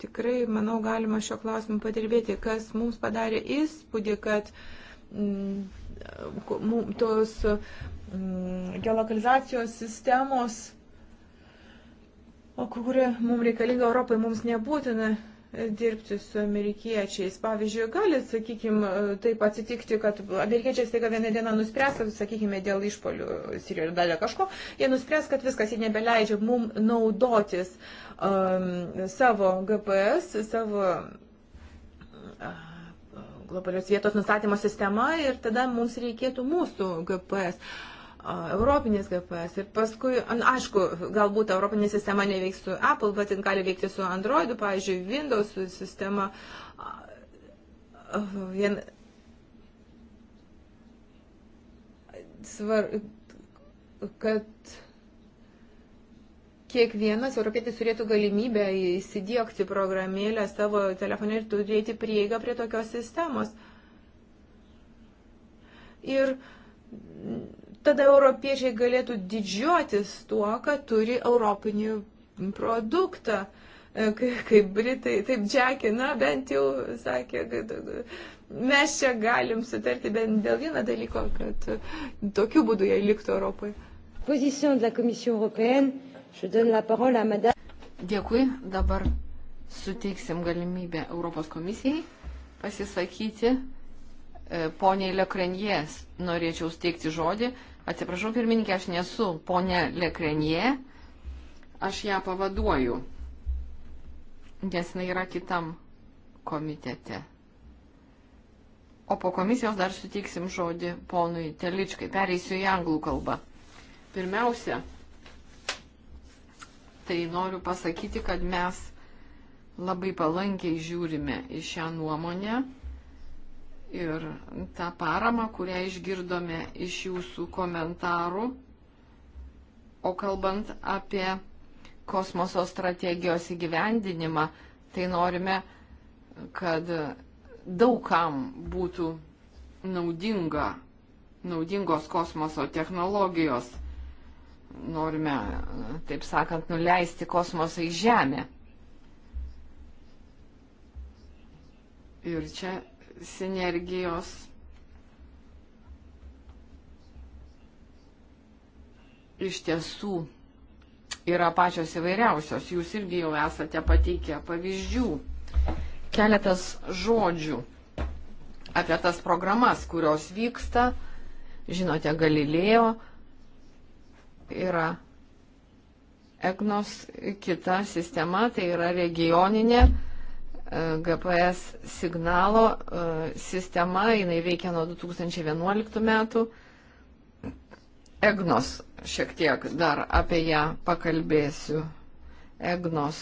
Tikrai, manau, galima šio klausimu padirbėti, kas mums padarė įspūdį, kad mm, tos mm, geolokalizacijos sistemos o kuri mums reikalinga Europai, mums nebūtina e, dirbti su amerikiečiais. Pavyzdžiui, gali, sakykime, taip atsitikti, kad amerikiečiai staiga vieną dieną nuspręs, kad, sakykime, dėl išpolių Sirijoje ir dalio kažko, jie nuspręs, kad viskas jie nebeleidžia mum naudotis um, savo GPS, savo uh, globalios vietos nustatymo sistema ir tada mums reikėtų mūsų GPS. Uh, Europinis GPS ir paskui, aišku, galbūt Europinė sistema neveiks su Apple, bet jin gali veikti su Androidu, pavyzdžiui, Windows sistema. Vien... Svar... kad kiekvienas europietis turėtų galimybę įsidėkti programėlę savo telefoną ir turėti prieigą prie tokios sistemos. Ir tada europiečiai galėtų didžiuotis tuo, kad turi europinį produktą. E, kaip, kaip Britai, taip Džekė, na bent jau sakė, kad mes čia galim sutarti bent dėl vieno dalyko, kad tokiu būdu jie liktų Europoje. Pozicija de la Komisija Européenne, je donne la parole à madame. Dėkui, dabar suteiksim galimybę Europos komisijai pasisakyti e, poniai Lekrenies norėčiau steigti žodį, Atsiprašau, pirmininkė, aš nesu ponė Lekrenie, aš ją pavaduoju, nes jinai yra kitam komitete. O po komisijos dar sutiksim žodį ponui Teličkai. Pereisiu į anglų kalbą. Pirmiausia, tai noriu pasakyti, kad mes labai palankiai žiūrime į šią nuomonę ir tą paramą, kurią išgirdome iš jūsų komentarų. O kalbant apie kosmoso strategijos įgyvendinimą, tai norime, kad daugam būtų naudinga, naudingos kosmoso technologijos. Norime, taip sakant, nuleisti kosmosą į Žemę. Ir čia sinergijos. Iš tiesų yra pačios įvairiausios. Jūs irgi jau esate pateikę pavyzdžių. Keletas žodžių apie tas programas, kurios vyksta. Žinote, Galilėjo yra EGNOS kita sistema, tai yra regioninė GPS signalo e, sistema, jinai veikia nuo 2011 metų. EGNOS, šiek tiek dar apie ją pakalbėsiu. EGNOS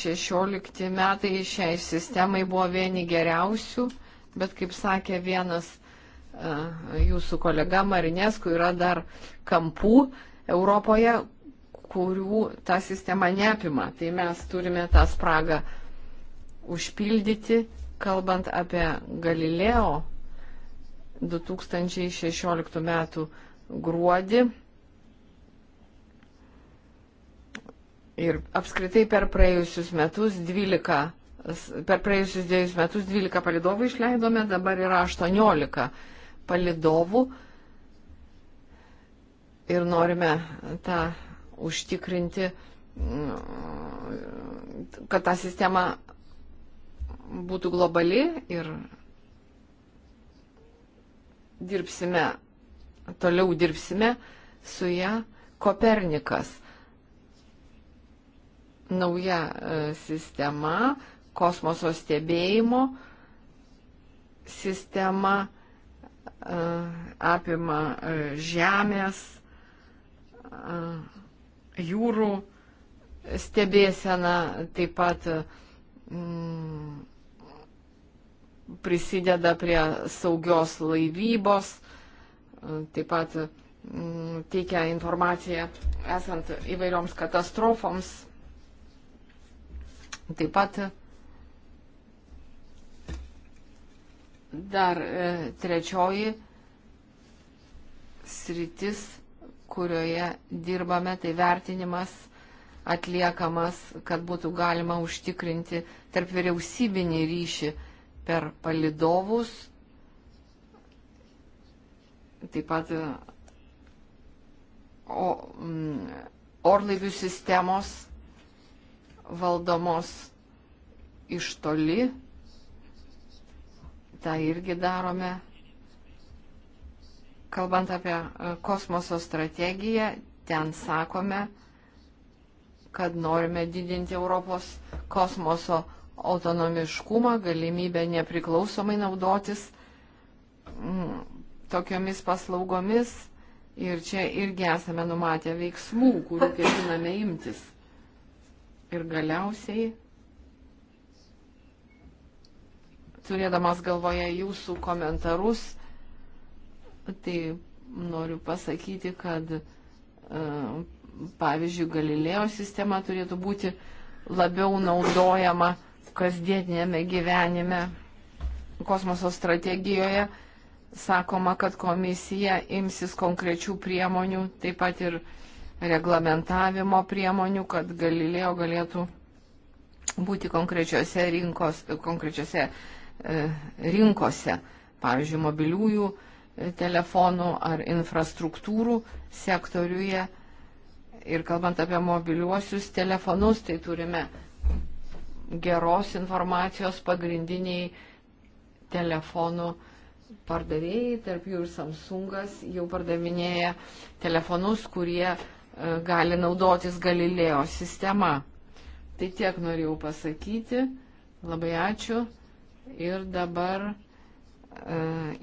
16 metai šiai sistemai buvo vieni geriausių, bet kaip sakė vienas e, jūsų kolega Marinesku, yra dar kampų Europoje, kurių ta sistema neapima. Tai mes turime tą spragą užpildyti, kalbant apie Galileo 2016 m. gruodį. Ir apskritai per praėjusius metus 12, per praėjusius dviejus metus 12 palidovų išleidome, dabar yra 18 palidovų. Ir norime tą užtikrinti, mm, kad tą sistemą būtų globali ir dirbsime, toliau dirbsime su ją Kopernikas. Nauja e, sistema, kosmoso stebėjimo sistema e, apima e, Žemės, jūrų stebėseną, taip pat mm, prisideda prie saugios laivybos, taip pat mm, teikia informaciją esant įvairioms katastrofoms. Taip pat dar e, trečioji sritis, kurioje dirbame, tai vertinimas atliekamas, kad būtų galima užtikrinti tarp vyriausybinį ryšį per palidovus. Taip pat o, mm, orlaivių sistemos valdomos iš toli. Ta irgi darome. Kalbant apie e, kosmoso strategiją, ten sakome, kad norime didinti Europos kosmoso strategiją autonomiškumą, galimybę nepriklausomai naudotis m, mm, tokiomis paslaugomis. Ir čia irgi esame numatę veiksmų, kurių ketiname imtis. Ir galiausiai, turėdamas galvoje jūsų komentarus, tai noriu pasakyti, kad e, pavyzdžiui, Galilėjo sistema turėtų būti labiau naudojama kasdienėme gyvenime kosmoso strategijoje sakoma, kad komisija imsis konkrečių priemonių, taip pat ir reglamentavimo priemonių, kad Galilėjo galėtų būti konkrečiose, rinkos, konkrečiose e, rinkose, pavyzdžiui, mobiliųjų e, telefonų ar infrastruktūrų sektoriuje. Ir kalbant apie mobiliuosius telefonus, tai turime geros informacijos pagrindiniai telefonų pardavėjai, tarp jų ir Samsungas, jau pardavinėja telefonus, kurie e, gali naudotis Galilėjo sistema. Tai tiek norėjau pasakyti. Labai ačiū. Ir dabar e,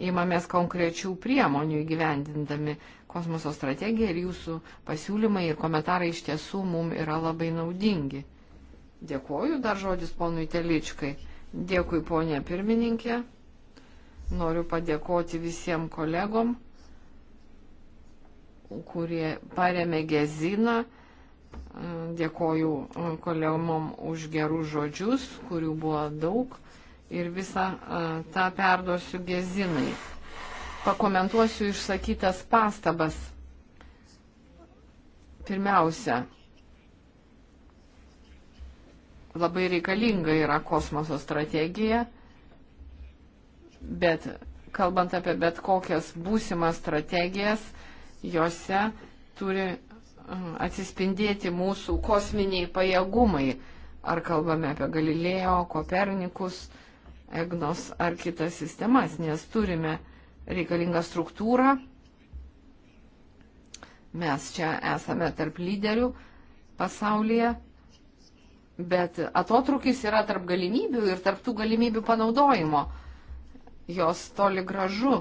įmamės konkrečių priemonių įgyvendindami kosmoso strategiją ir jūsų pasiūlymai ir komentarai iš tiesų mums yra labai naudingi. Dėkuoju dar žodis ponui Teličkai. Dėkui ponė pirmininkė. Noriu padėkoti visiems kolegom, kurie paremė Geziną. Dėkoju e, kolegom už gerus žodžius, kurių buvo daug. Ir visą e, tą perduosiu Gezinai. Pakomentuosiu išsakytas pastabas. Pirmiausia, labai reikalinga yra kosmoso strategija, bet kalbant apie bet kokias būsimas strategijas, jose turi um, atsispindėti mūsų kosminiai pajėgumai. Ar kalbame apie Galilėjo, Kopernikus, Egnos ar kitas sistemas, nes turime reikalingą struktūrą. Mes čia esame tarp lyderių pasaulyje Bet atotrukis yra tarp galimybių ir tarp tų galimybių panaudojimo. Jos toli gražu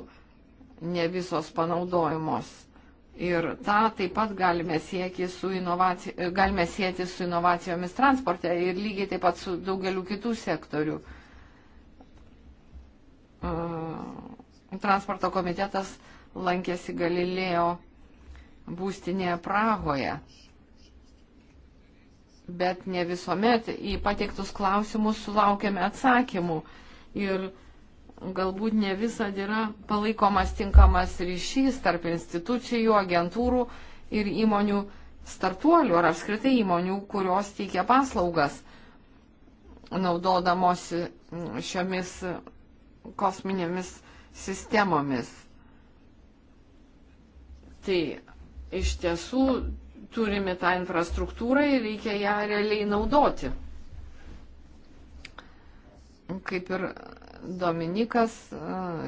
ne visos panaudojimos. Ir tą taip pat galime, su inovaci... galime sieti su inovacijomis transporte ir lygiai taip pat su daugeliu kitų sektorių. E, transporto komitetas lankėsi Galilėjo būstinėje Prahoje bet ne visuomet į pateiktus klausimus sulaukiame atsakymų. Ir galbūt ne visad yra palaikomas tinkamas ryšys tarp institucijų, agentūrų ir įmonių startuolių ar apskritai įmonių, kurios teikia paslaugas, naudodamos mm, šiomis kosminėmis sistemomis. Tai iš tiesų turime tą infrastruktūrą ir reikia ją realiai naudoti. Kaip ir Dominikas e,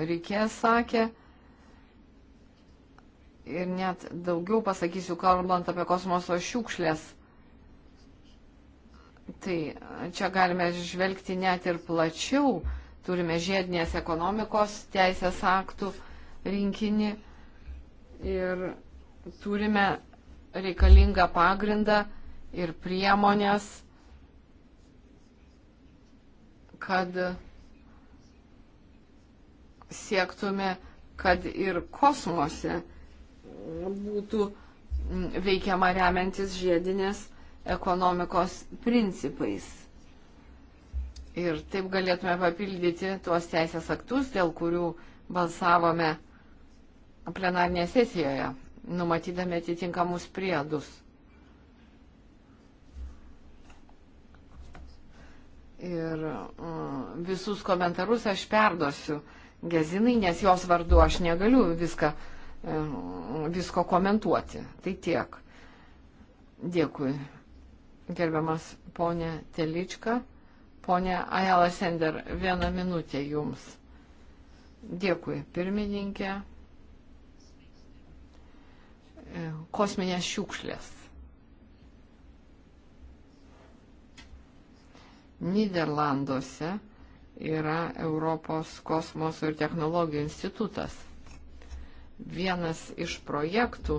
Rikės sakė, ir net daugiau pasakysiu, kalbant apie kosmoso šiukšlės. Tai čia galime žvelgti net ir plačiau. Turime žiedinės ekonomikos teisės aktų rinkinį ir turime reikalingą pagrindą ir priemonės, kad siektume, kad ir kosmose būtų veikiama remiantis žiedinės ekonomikos principais. Ir taip galėtume papildyti tuos teisės aktus, dėl kurių balsavome plenarnėje sesijoje numatydami atitinkamus priedus. Ir uh, visus komentarus aš perduosiu Gezinai, nes jos vardu aš negaliu viską, uh, visko komentuoti. Tai tiek. Dėkui. Gerbiamas ponė Telička. Pone Ajala Sender, vieną minutę jums. Dėkui, pirmininkė kosminės šiukšlės. Niderlanduose yra Europos kosmoso ir technologijų institutas. Vienas iš projektų,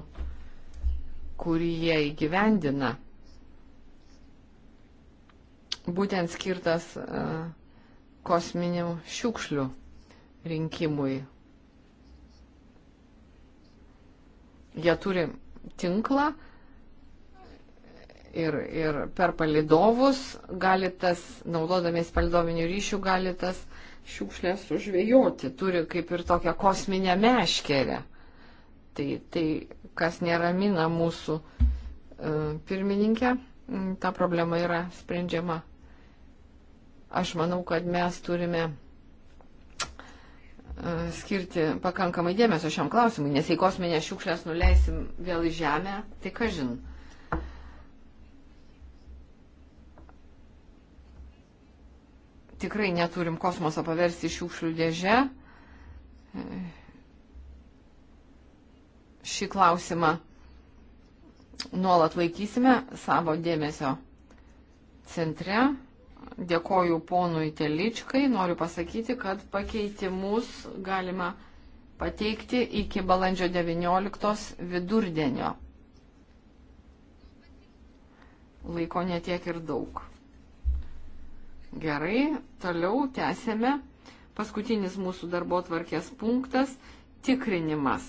kurį jie įgyvendina, būtent skirtas e, kosminių šiukšlių rinkimui Jie turi tinklą ir, ir per palidovus gali tas, naudodamės palidovinių ryšių, gali tas šiukšlės užvėjoti. Turi kaip ir tokią kosminę meškerę. Tai, tai kas neramina mūsų e, pirmininkę, ta problema yra sprendžiama. Aš manau, kad mes turime E, skirti pakankamai dėmesio šiam klausimui, nes jei kosminės šiukšlės nuleisim vėl į žemę, tai ką žin. Tikrai neturim kosmoso paversti šiukšlių dėžę. E, šį klausimą nuolat laikysime savo dėmesio centre dėkoju ponui Teličkai, noriu pasakyti, kad pakeitimus galima pateikti iki balandžio 19 vidurdienio. Laiko netiek ir daug. Gerai, toliau tęsėme. Paskutinis mūsų darbo tvarkės punktas - tikrinimas.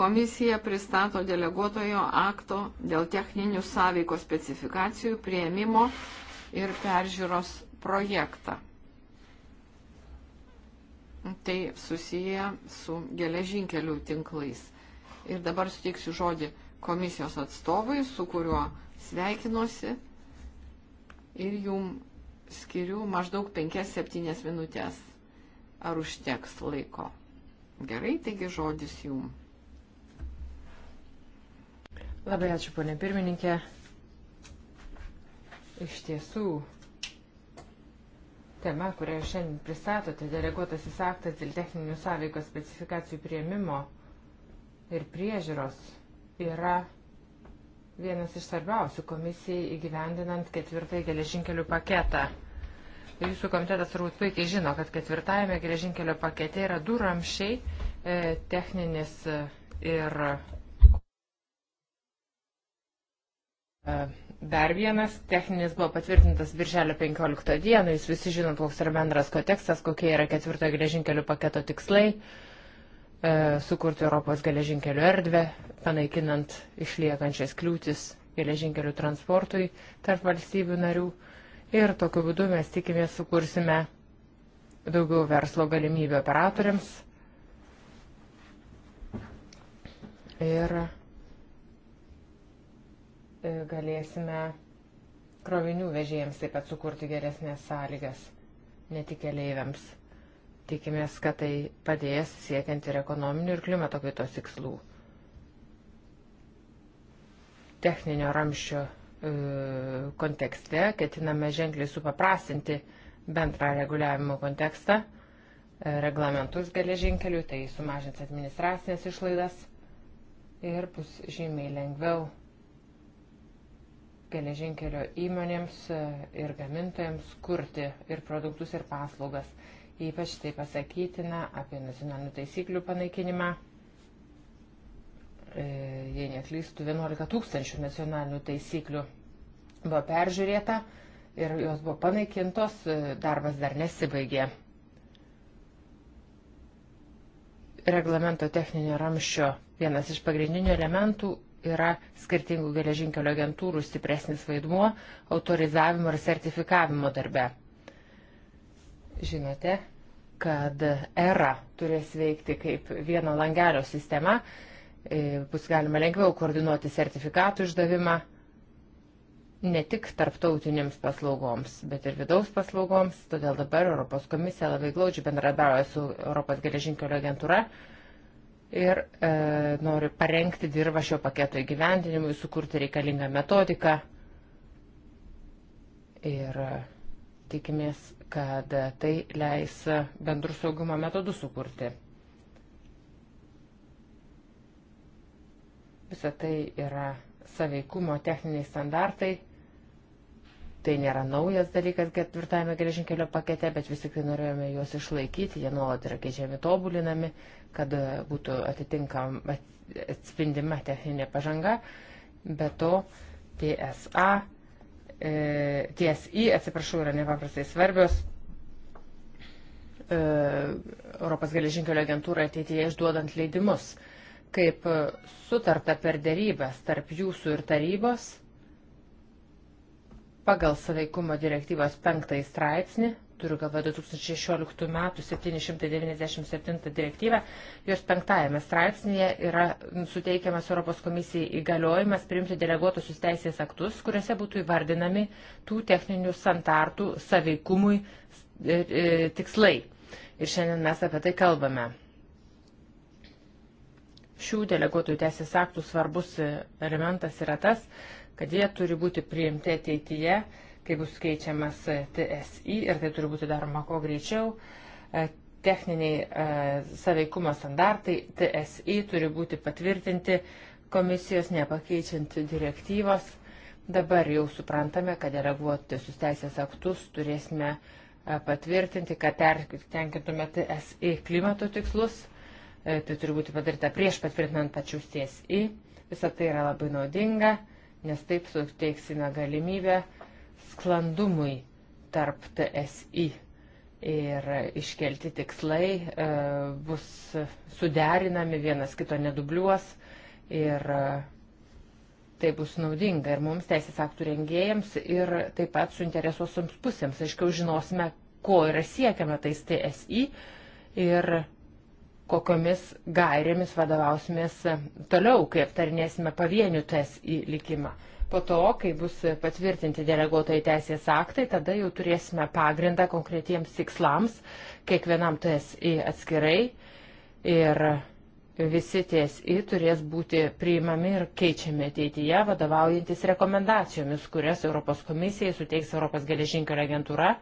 Komisija pristato deleguotojo akto dėl techninių sąveikos specifikacijų prieimimo ir peržiūros projektą. Tai susiję su geležinkelių tinklais. Ir dabar suteiksiu žodį komisijos atstovui, su kuriuo sveikinuosi ir jum skiriu maždaug 5-7 minutės. Ar užteks laiko? Gerai, taigi žodis jum. Labai ačiū, ponė pirmininkė. Iš tiesų, tema, kurią šiandien pristatote, deleguotasis aktas dėl techninių sąveikos specifikacijų prieimimo ir priežiūros, yra vienas iš svarbiausių komisijai įgyvendinant ketvirtąjį geležinkelių paketą. Jūsų komitetas turbūt puikiai žino, kad ketvirtajame geležinkelio pakete yra du ramšiai e, techninis e, ir e, Dar vienas techninis buvo patvirtintas birželio 15 dieną, jūs visi žinot, koks yra bendras kontekstas, kokie yra ketvirtojo geležinkelių paketo tikslai, e, sukurti Europos geležinkelių erdvę, panaikinant išliekančias kliūtis geležinkelių transportui tarp valstybių narių. Ir tokiu būdu mes tikimės sukursime daugiau verslo galimybių operatoriams. Ir E, galėsime krovinių vežėjams taip pat sukurti geresnės sąlygas, ne tik keleiviams. Tikimės, kad tai padės siekiant ir ekonominių, ir klimato kaitos tikslų. Techninio ramščio e, kontekste ketiname ženkliai supaprastinti bendrą reguliavimo kontekstą, e, reglamentus geležinkelių, tai sumažins administracinės išlaidas ir bus žymiai lengviau geležinkelio įmonėms e, ir gamintojams kurti ir produktus, ir paslaugas. Ypač tai pasakytina apie nacionalinių taisyklių panaikinimą. E, jei neklystų, 11 tūkstančių nacionalinių taisyklių buvo peržiūrėta ir jos buvo panaikintos, e, darbas dar nesibaigė. Reglamento techninio ramščio vienas iš pagrindinių elementų yra skirtingų geležinkelio agentūrų stipresnis vaidmuo autorizavimo ir sertifikavimo darbe. Žinote, kad ERA turės veikti kaip vieno langelio sistema, e, bus galima lengviau koordinuoti sertifikatų išdavimą ne tik tarptautinėms paslaugoms, bet ir vidaus paslaugoms. Todėl dabar Europos komisija labai glaudžiai bendradarbiauja su Europos geležinkelio agentūra ir e, noriu parengti dirbą šio paketo įgyvendinimui, sukurti reikalingą metodiką. Ir e, tikimės, kad tai leis bendrų saugumo metodų sukurti. Visą tai yra saveikumo techniniai standartai Tai nėra naujas dalykas ketvirtame geležinkelio pakete, bet vis tik tai norėjome juos išlaikyti, jie nuolat yra keičiami, tobulinami, kad e, būtų atitinkam atspindima techninė pažanga. Be to, TSA, e, TSI, atsiprašau, yra nepaprastai svarbios. E, Europos geležinkelio agentūra ateityje išduodant leidimus, kaip e, sutarta per dėrybęs tarp jūsų ir tarybos pagal saveikumo direktyvos penktąjį straipsnį, turiu galvą 2016 metų 797 direktyvą, jos penktajame straipsnėje yra suteikiamas Europos komisijai įgaliojimas priimti deleguotusius teisės aktus, kuriuose būtų įvardinami tų techninių standartų saveikumui e, e, tikslai. Ir šiandien mes apie tai kalbame. Šių deleguotų teisės aktų svarbus elementas yra tas, kad jie turi būti priimti ateityje, kai bus keičiamas e, TSI ir tai turi būti daroma kuo greičiau. E, techniniai e, saveikumo standartai TSI turi būti patvirtinti komisijos nepakeičiant direktyvos. Dabar jau suprantame, kad reaguotis teisės aktus turėsime patvirtinti, kad tenkintume TSI klimato tikslus. Tai turi būti padaryta prieš patvirtinant pačius TSI. Visą tai yra labai naudinga nes taip suteiksime galimybę sklandumui tarp TSI ir iškelti tikslai e, bus suderinami, vienas kito nedubliuos ir e, tai bus naudinga ir mums teisės aktų rengėjams ir taip pat suinteresuosiams pusėms. Aiškiau žinosime, ko yra siekiama tais TSI ir kokiomis gairėmis vadovausimės toliau, kai aptarinėsime pavienių TSI likimą. Po to, kai bus patvirtinti deleguotojai teisės aktai, tada jau turėsime pagrindą konkretiems tikslams, kiekvienam TSI atskirai ir visi TSI turės būti priimami ir keičiami ateityje, vadovaujantis rekomendacijomis, kurias Europos komisijai suteiks Europos geležinkelio agentūra.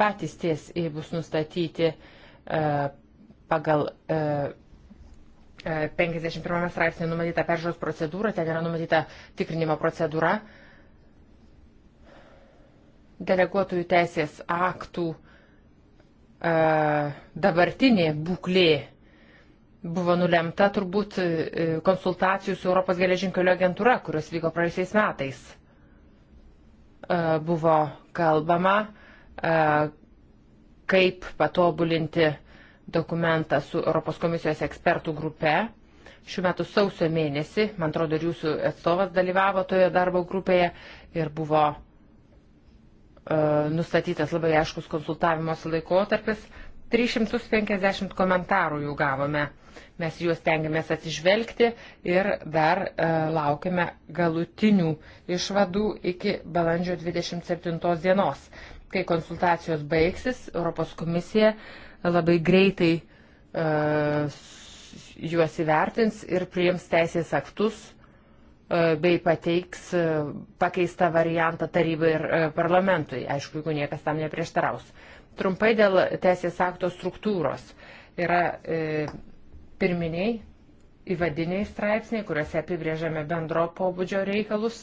Patys TSI bus nustatyti uh, pagal 51 e, e, straipsnį numatyta peržiūros procedūra, ten yra numatyta tikrinimo procedūra. Deleguotojų teisės aktų e, dabartinė būklė buvo nulemta turbūt konsultacijų su Europos geležinkelio agentūra, kurios vyko praėjusiais metais. Buvo kalbama, kaip patobulinti uh, dokumentą su Europos komisijos ekspertų grupe. Šiuo metu sausio mėnesį, man atrodo, ir jūsų atstovas dalyvavo toje darbo grupėje ir buvo e, nustatytas labai aiškus konsultavimos laikotarpis. 350 komentarų jau gavome. Mes juos tengiamės atsižvelgti ir dar e, laukime galutinių išvadų iki balandžio 27 dienos. Kai konsultacijos baigsis, Europos komisija e, labai greitai uh, juos įvertins ir priims teisės aktus uh, bei pateiks uh, pakeistą variantą tarybai ir uh, parlamentui, aišku, jeigu niekas tam neprieštaraus. Trumpai dėl teisės akto struktūros. Yra e, pirminiai įvadiniai straipsniai, kuriuose apibrėžiame bendro pobūdžio reikalus,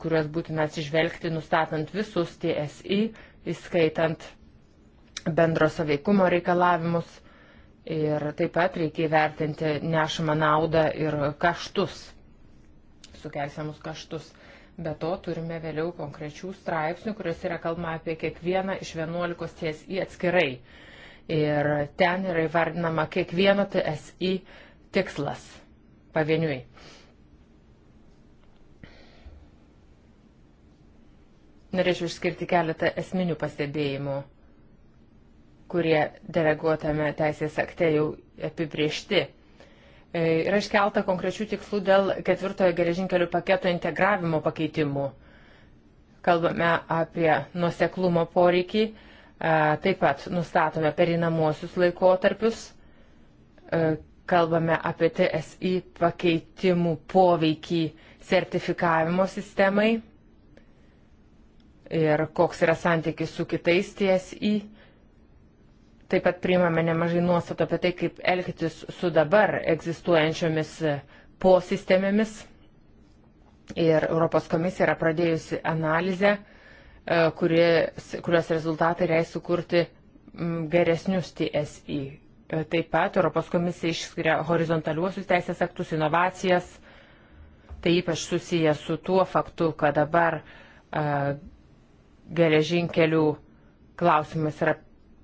kuriuos būtina atsižvelgti, nustatant visus TSI, įskaitant e, bendro saveikumo reikalavimus ir taip pat reikia įvertinti nešamą naudą ir kaštus, sukelsiamus kaštus. Be to turime vėliau konkrečių straipsnių, kuriuose yra kalbama apie kiekvieną iš 11 TSI atskirai. Ir ten yra įvardinama kiekvieno TSI tikslas pavieniui. Norėčiau išskirti keletą esminių pastebėjimų kurie deleguotame teisės akte jau apibriešti. E, yra iškelta konkrečių tikslų dėl ketvirtojo geležinkelių paketo integravimo pakeitimų. Kalbame apie nuseklumo poreikį, e, taip pat nustatome perinamuosius laikotarpius, e, kalbame apie TSI pakeitimų poveikį sertifikavimo sistemai ir koks yra santykis su kitais TSI Taip pat priimame nemažai nuostatų apie tai, kaip elgtis su dabar egzistuojančiomis posistemėmis. Ir Europos komisija yra pradėjusi analizę, e, kurie, kurios rezultatai leis sukurti geresnius TSI. E, taip pat Europos komisija išskiria horizontaliuosius teisės aktus, inovacijas. Tai ypač susiję su tuo faktu, kad dabar a, e, geležinkelių klausimas yra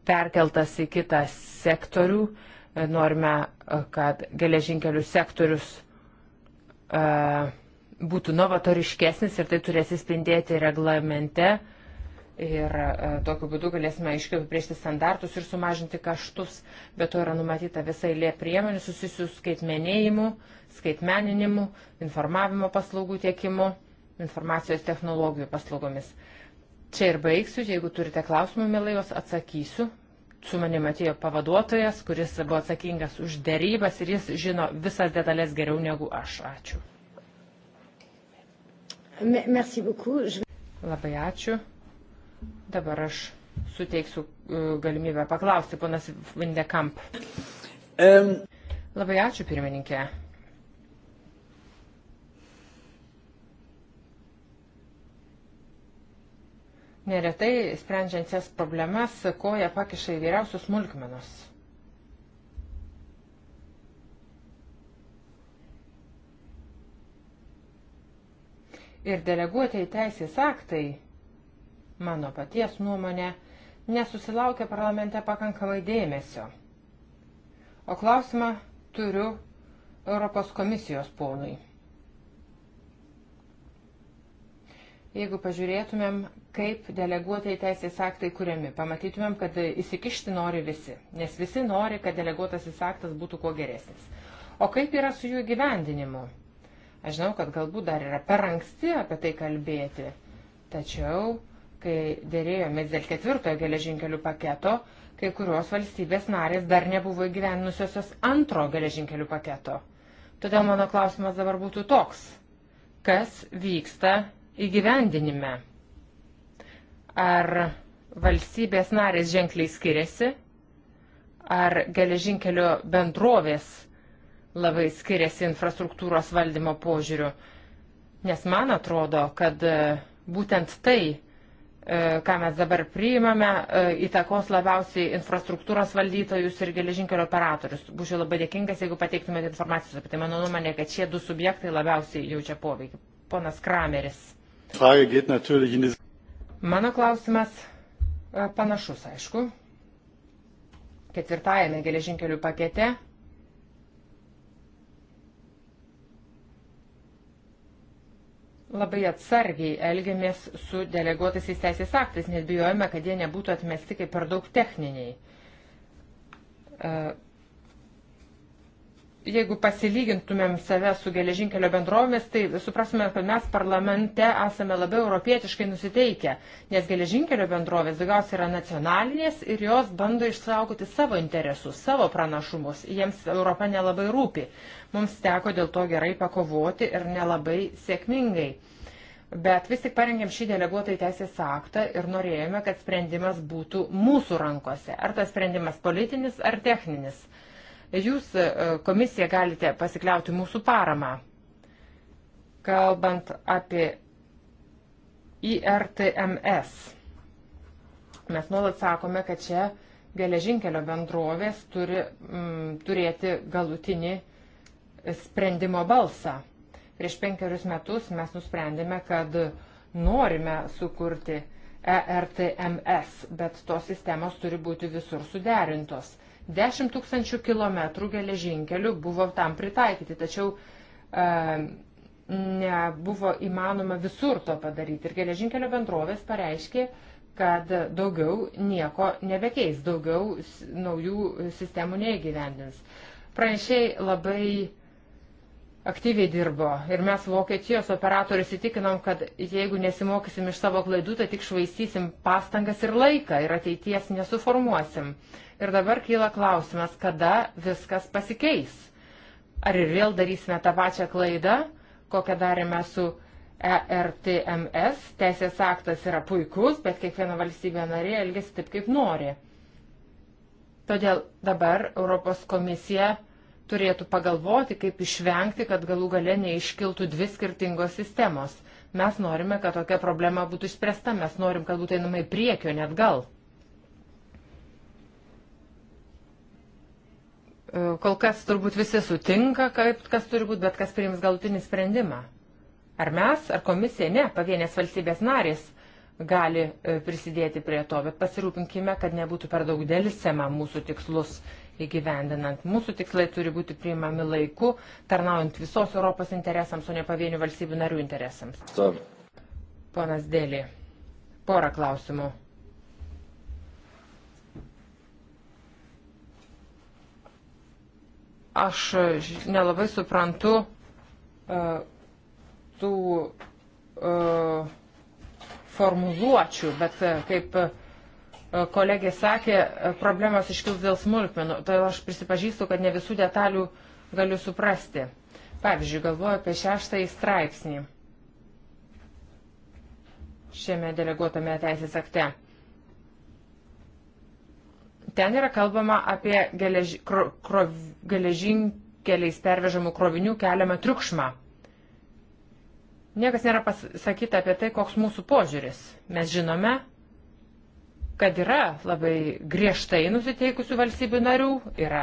perkeltas į kitą sektorių. E, norime, e, kad geležinkelių sektorius e, būtų novatoriškesnis ir tai turės įspindėti reglamente. Ir tokiu būdu galėsime aiškiau apibriežti standartus ir sumažinti kaštus. Be to yra numatyta visa eilė priemonių susijusių skaitmenėjimu, skaitmeninimu, informavimo paslaugų tiekimu, informacijos technologijų paslaugomis. Čia ir baigsiu, jeigu turite klausimų, mielai juos atsakysiu. Su manimi atėjo pavaduotojas, kuris buvo atsakingas už dėrybas ir jis žino visas detalės geriau negu aš. Ačiū. Merci beaucoup. Labai ačiū. Dabar aš suteiksiu e, galimybę paklausti, ponas Vindekamp. Um. Labai ačiū, pirmininkė. Neretai, sprendžiant jas problemas, koja pakiša įvairiausius smulkmenus. Ir deleguotieji teisės aktai, mano paties nuomonė, nesusilaukia parlamente pakankamai dėmesio. O klausimą turiu Europos komisijos ponui. Jeigu pažiūrėtumėm, kaip deleguotai teisės aktai kuriami. Pamatytumėm, kad įsikišti nori visi, nes visi nori, kad deleguotasis aktas būtų kuo geresnis. O kaip yra su jų gyvendinimu? Aš žinau, kad galbūt dar yra per anksti apie tai kalbėti, tačiau, kai dėrėjomės dėl ketvirtojo geležinkelių paketo, kai kurios valstybės narės dar nebuvo įgyvendinusios antro geležinkelių paketo. Todėl mano klausimas dabar būtų toks. Kas vyksta įgyvendinime? Ar valstybės narės ženkliai skiriasi? Ar geležinkelio bendrovės labai skiriasi infrastruktūros valdymo požiūriu? Nes man atrodo, kad e, būtent tai, e, ką mes dabar priimame, e, įtakos labiausiai infrastruktūros valdytojus ir geležinkelio operatorius. Būčiau labai dėkingas, jeigu pateiktumėte informacijos apie tai. Mano nuomonė, kad šie du subjektai labiausiai jaučia poveikį. Ponas Krameris. Mano klausimas e, panašus, aišku. Ketvirtajame geležinkelių pakete labai atsargiai elgiamės su deleguotaisiais teisės aktais, nes bijojame, kad jie nebūtų atmesti kaip per daug techniniai. E, jeigu pasilygintumėm save su geležinkelio bendrovėmis, tai suprasime, kad mes parlamente esame labiau europietiškai nusiteikę, nes geležinkelio bendrovės daugiausiai yra nacionalinės ir jos bando išsaugoti savo interesus, savo pranašumus. Jiems Europa nelabai rūpi. Mums teko dėl to gerai pakovoti ir nelabai sėkmingai. Bet vis tik parengėm šį deleguotą į teisės aktą ir norėjome, kad sprendimas būtų mūsų rankose. Ar tas sprendimas politinis, ar techninis Jūs e, komisija galite pasikliauti mūsų paramą. Kalbant apie IRTMS. Mes nuolat sakome, kad čia geležinkelio bendrovės turi mm, turėti galutinį sprendimo balsą. Prieš penkerius metus mes nusprendėme, kad norime sukurti ERTMS, bet tos sistemos turi būti visur suderintos. 10 tūkstančių kilometrų geležinkelių buvo tam pritaikyti, tačiau e, nebuvo įmanoma visur to padaryti. Ir geležinkelio bendrovės pareiškė, kad daugiau nieko nebekeis, daugiau naujų sistemų neįgyvendins. Pranešiai labai aktyviai dirbo. Ir mes Vokietijos operatorius įtikinom, kad jeigu nesimokysim iš savo klaidų, tai tik švaistysim pastangas ir laiką ir ateities nesuformuosim. Ir dabar kyla klausimas, kada viskas pasikeis. Ar ir vėl darysime tą pačią klaidą, kokią darėme su ERTMS. Teisės aktas yra puikus, bet kiekviena valstybė narė elgesi taip, kaip nori. Todėl dabar Europos komisija turėtų pagalvoti, kaip išvengti, kad galų gale neiškiltų dvi skirtingos sistemos. Mes norime, kad tokia problema būtų išspręsta, mes norim, kad būtų einama į priekį, o net gal. E, kol kas turbūt visi sutinka, kaip, kas turi būti, bet kas priims galutinį sprendimą. Ar mes, ar komisija, ne, pavienės valstybės narės gali e, prisidėti prie to, bet pasirūpinkime, kad nebūtų per daug dėlisema mūsų tikslus įgyvendinant. Mūsų tikslai turi būti priimami laiku, tarnaujant visos Europos interesams, o ne pavienių valstybių narių interesams. Tom. Ponas Dėlį, porą klausimų. Aš nelabai suprantu uh, tų uh, formuluočių, bet uh, kaip uh, kolegė sakė, problemos iškils dėl smulkmenų, todėl tai aš prisipažįstu, kad ne visų detalių galiu suprasti. Pavyzdžiui, galvoju apie šeštąjį straipsnį šiame deleguotame teisės akte. Ten yra kalbama apie geleži, kro, kro, geležinkeliais pervežamų krovinių keliamą triukšmą. Niekas nėra pasakyta apie tai, koks mūsų požiūris. Mes žinome, kad yra labai griežtai nusiteikusių valstybių narių, yra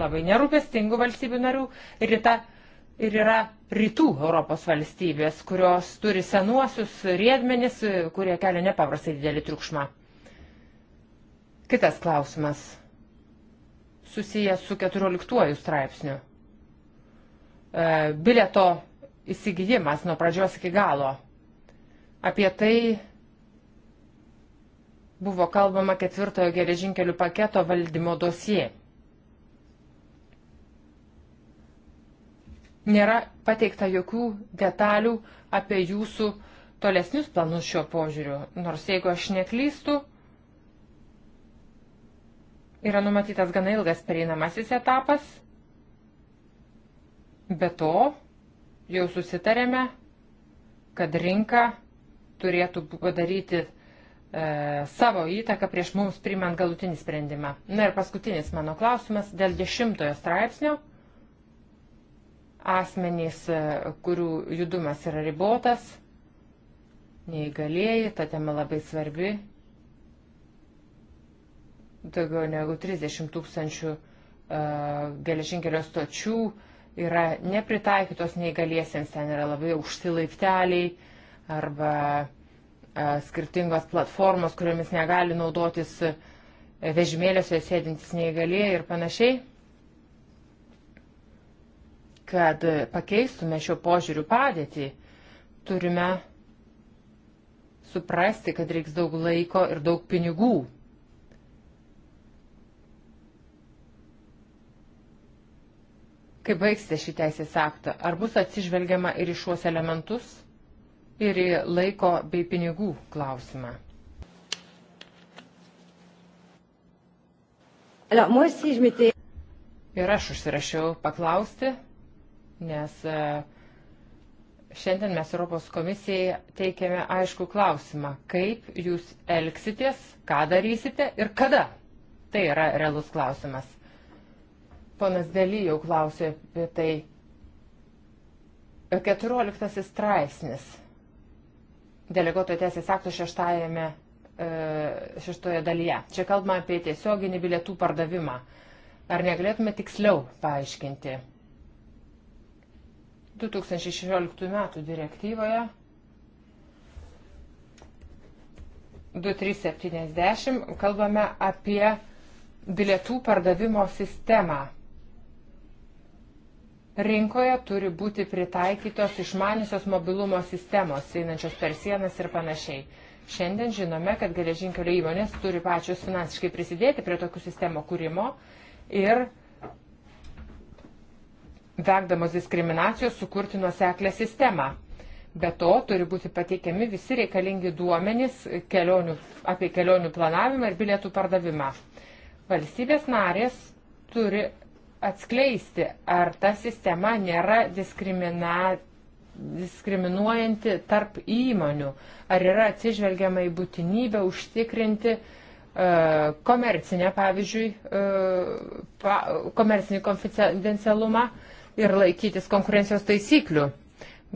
labai nerūpestingų valstybių narių ir, ta, ir yra rytų Europos valstybės, kurios turi senuosius riedmenis, kurie kelia nepaprastai didelį triukšmą. Kitas klausimas susijęs su 14 straipsniu. E, Bileto įsigijimas nuo pradžios iki galo. Apie tai buvo kalbama ketvirtojo geležinkelių paketo valdymo dosie. Nėra pateikta jokių detalių apie jūsų tolesnius planus šiuo požiūriu, nors jeigu aš neklystu, yra numatytas gana ilgas pereinamasis etapas. Be to, jau susitarėme, kad rinka turėtų padaryti E, savo įtaką prieš mums primant galutinį sprendimą. Na ir paskutinis mano klausimas dėl dešimtojo straipsnio. Asmenys, e, kurių judumas yra ribotas, neįgalėjai, ta tema labai svarbi. Daugiau negu 30 tūkstančių e, geležinkelio stočių yra nepritaikytos neįgaliesiems, ten yra labai aukšti laipteliai arba uh, E, skirtingos platformos, kuriomis negali naudotis e, vežimėliuose sėdintis neįgalėjai ir panašiai. Kad e, pakeistume šio požiūrių padėtį, turime suprasti, kad reiks daug laiko ir daug pinigų. Kai baigsite šį teisės aktą, ar bus atsižvelgiama ir į šiuos elementus? ir į laiko bei pinigų klausimą. Ir aš užsirašiau paklausti, nes e, šiandien mes Europos komisijai teikėme aišku klausimą, kaip jūs elgsitės, ką darysite ir kada. Tai yra realus klausimas. Ponas Dely jau klausė apie tai. 14 straipsnis deleguoto teisės akto šeštajame, e, šeštoje dalyje. Čia kalbama apie tiesioginį bilietų pardavimą. Ar negalėtume tiksliau paaiškinti? 2016 m. direktyvoje 2370 kalbame apie bilietų pardavimo sistemą rinkoje turi būti pritaikytos išmanusios mobilumo sistemos, einančios per sienas ir panašiai. Šiandien žinome, kad geležinkelio įmonės turi pačios finansiškai prisidėti prie tokių sistemų kūrimo ir vengdamos diskriminacijos sukurti nuoseklę sistemą. Be to turi būti pateikiami visi reikalingi duomenys kelionių, apie kelionių planavimą ir bilietų pardavimą. Valstybės narės turi atskleisti, ar ta sistema nėra diskrimina, diskriminuojanti tarp įmonių, ar yra atsižvelgiama į būtinybę užtikrinti uh, komercinę, pavyzdžiui, uh, pa, komercinį konfidencialumą ir laikytis konkurencijos taisyklių.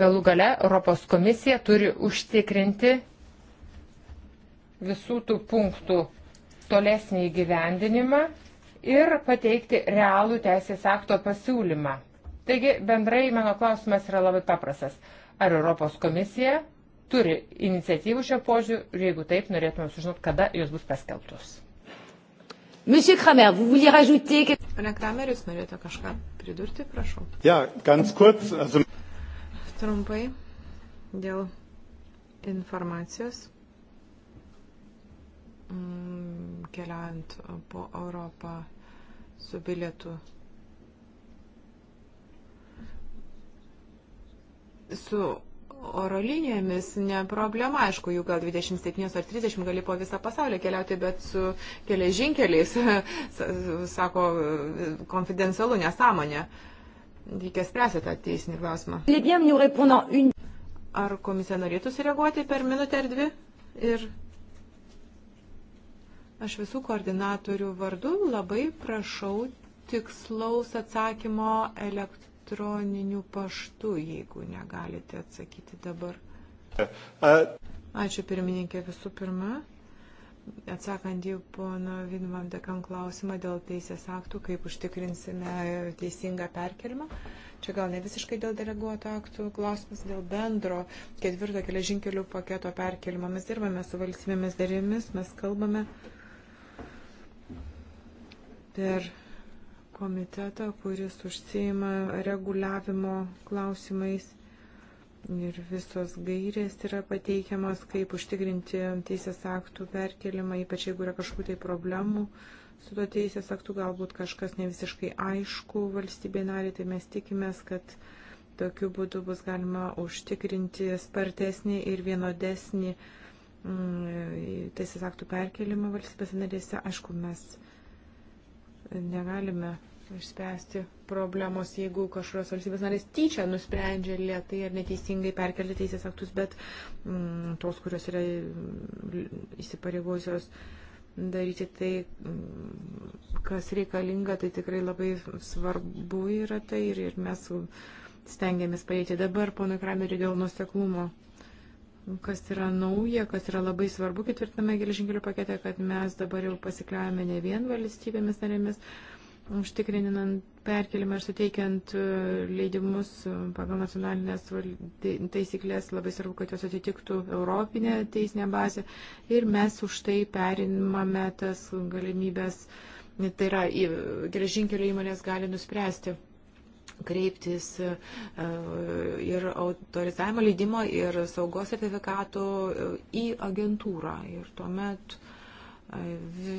Galų gale Europos komisija turi užtikrinti visų tų punktų tolesnį įgyvendinimą ir pateikti realų teisės akto pasiūlymą. Taigi bendrai mano klausimas yra labai paprastas. Ar Europos komisija turi iniciatyvų šio požiūriu ir jeigu taip, norėtume sužinoti, kada jos bus paskelbtos. Monsieur Kramer, vous vouliez rajouter quelque chose? Pane Kramer, jūs norėjote kažką pridurti, prašau. Ja, ganz kurz. Also... Trumpai dėl informacijos mm, keliaujant po Europą su bilietu. Su oro linijomis ne problema, aišku, jų gal 27 ar 30 gali po visą pasaulį keliauti, bet su keležinkeliais, sako, konfidencialu nesąmonė. Reikia spręsti tą teisinį klausimą. Ar komisija norėtų sureaguoti per minutę ar dvi? Ir Aš visų koordinatorių vardu labai prašau tikslaus atsakymo elektroniniu paštu, jeigu negalite atsakyti dabar. Ačiū pirmininkė visų pirma. Atsakant į pono Vidmam Dekan klausimą dėl teisės aktų, kaip užtikrinsime teisingą perkelimą. Čia gal ne visiškai dėl deleguoto aktų klausimas, dėl bendro ketvirto geležinkelių paketo perkelimo. Mes dirbame su valstybėmis dėrėmis, mes kalbame. Uh, per komitetą, kuris užsieima reguliavimo klausimais ir visos gairės yra pateikiamas, kaip užtikrinti teisės aktų perkelimą, ypač jeigu yra kažkokių tai problemų su to teisės aktu, galbūt kažkas ne visiškai aišku valstybė narė, tai mes tikimės, kad tokiu būdu bus galima užtikrinti spartesnį ir vienodesnį mm, teisės aktų perkelimą valstybės narėse. Aišku, mes negalime išspręsti problemos, jeigu kažkurios valstybės narės tyčia nusprendžia lietai ar neteisingai perkelti teisės aktus, bet mm, tos, kurios yra mm, įsipareigojusios daryti tai, mm, kas reikalinga, tai tikrai labai svarbu yra tai ir, ir mes stengiamės paėti dabar, ponai Krameri, dėl nuseklumo kas yra nauja, kas yra labai svarbu ketvirtame geležinkelių pakete, kad mes dabar jau pasikliavame ne vien valstybėmis narėmis, užtikrininant perkelimą ir suteikiant e, leidimus e, pagal nacionalinės taisyklės, labai svarbu, kad jos atitiktų Europinę teisinę bazę ir mes už tai perimame tas galimybės, tai yra geležinkelio įmonės gali nuspręsti kreiptis e, ir autorizavimo leidimo ir saugos sertifikatų e, į agentūrą. Ir tuomet e,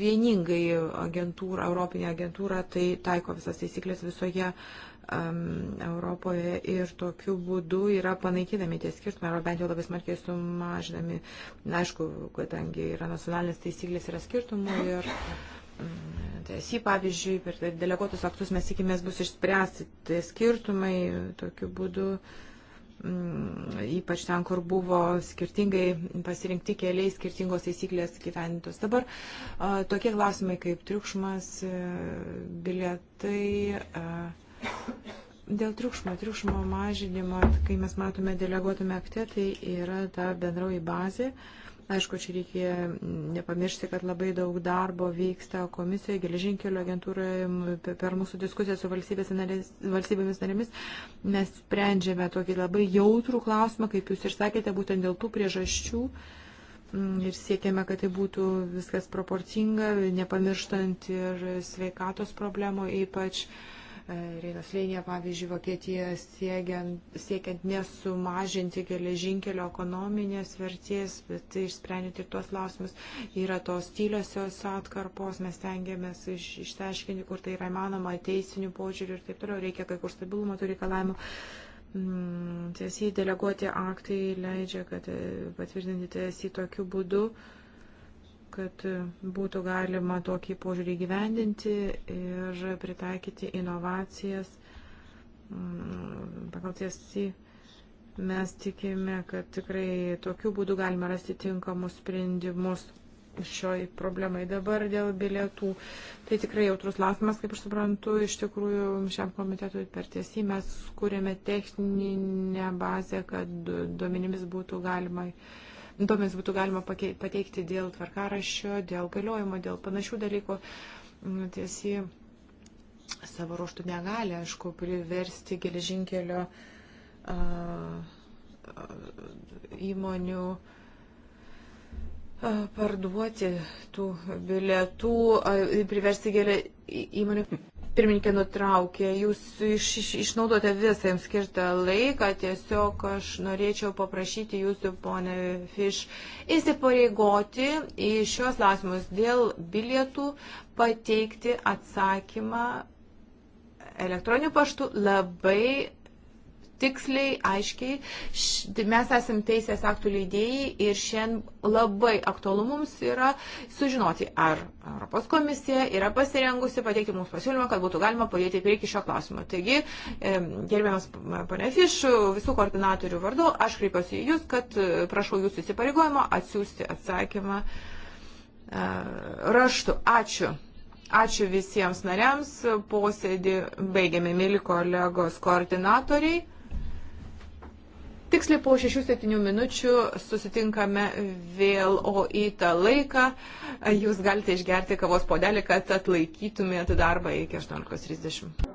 vieningai agentūra, Europinė agentūra tai taiko visas teisiklės visoje um, Europoje ir tokiu būdu yra panaikinami tie skirtumai, arba bent jau labai smarkiai sumažinami. Na, aišku, kadangi yra nacionalinės taisyklės, yra skirtumų ir TSI pavyzdžiui, per tai deleguotus aktus mes tikimės bus išspręsti tai skirtumai tokiu būdu, mm, ypač ten, kur buvo skirtingai pasirinkti keliai, skirtingos taisyklės gyvenintos. Dabar tokie klausimai kaip triukšmas, e, bilietai. Dėl triukšmo, triukšmo mažinimo, kai mes matome deleguotume akte, tai yra ta bendrauji bazė. Uh, Aišku, čia reikia nepamiršti, kad labai daug darbo vyksta komisijoje, geležinkelio agentūroje, per mūsų diskusiją su narės, valstybėmis narėmis. Mes sprendžiame tokį labai jautrų klausimą, kaip jūs ir sakėte, būtent dėl tų priežasčių. Mm, ir siekiame, kad tai būtų viskas proporcinga, nepamirštant ir sveikatos problemų, ypač uh, E, Reinas Lėnė, pavyzdžiui, Vokietija siekiant, siekiant nesumažinti geležinkelio ekonominės vertės, bet išsprendinti ir tuos lausimus. Yra tos tyliosios atkarpos, mes tengiamės iš, išteiškinti, kur tai yra įmanoma, teisinių požiūrių ir taip toliau. Reikia kai kur stabilumo tų reikalavimų. Mm, tiesiai deleguoti aktai leidžia, kad e, patvirtinti tiesiai tokiu būdu. Uh, kad būtų galima tokį požiūrį gyvendinti ir pritaikyti inovacijas mm, pagal tiesi. Mes tikime, kad tikrai tokiu būdu galima rasti tinkamus sprendimus šioj problemai. Dabar dėl bilietų. Tai tikrai jautrus klausimas, kaip aš suprantu, iš tikrųjų šiam komitetui per tiesį mes kūrėme techninę bazę, kad duomenimis būtų galima duomenys būtų galima pateikti dėl tvarkaraščio, dėl galiojimo, dėl panašių dalykų. Mm, Tiesi savo ruoštų negali, aišku, priversti geležinkelio įmonių parduoti tų bilietų, priversti gėlę įmonių Pirmininkė nutraukė, jūs iš, iš, išnaudote visą jums skirtą laiką, tiesiog aš norėčiau paprašyti jūsų, ponė Fiš, įsipareigoti į šios klausimus dėl bilietų pateikti atsakymą elektroniniu paštu labai tiksliai, aiškiai. Tai mes esame teisės aktų leidėjai ir šiandien labai aktualu mums yra sužinoti, ar Europos komisija yra pasirengusi pateikti mums pasiūlymą, kad būtų galima padėti prieki šio klausimo. Taigi, gerbiamas pane Fiš, visų koordinatorių vardu, aš kreipiuosi į Jūs, kad e, prašau Jūsų įsipareigojimo atsiųsti atsakymą e, raštu. Ačiū. Ačiū visiems nariams. Posėdį baigiame, mėly kolegos koordinatoriai. Tiksliai po 6-7 minučių susitinkame vėl, o į tą laiką e, jūs galite išgerti kavos podelį, kad atlaikytumėte darbą iki 18.30.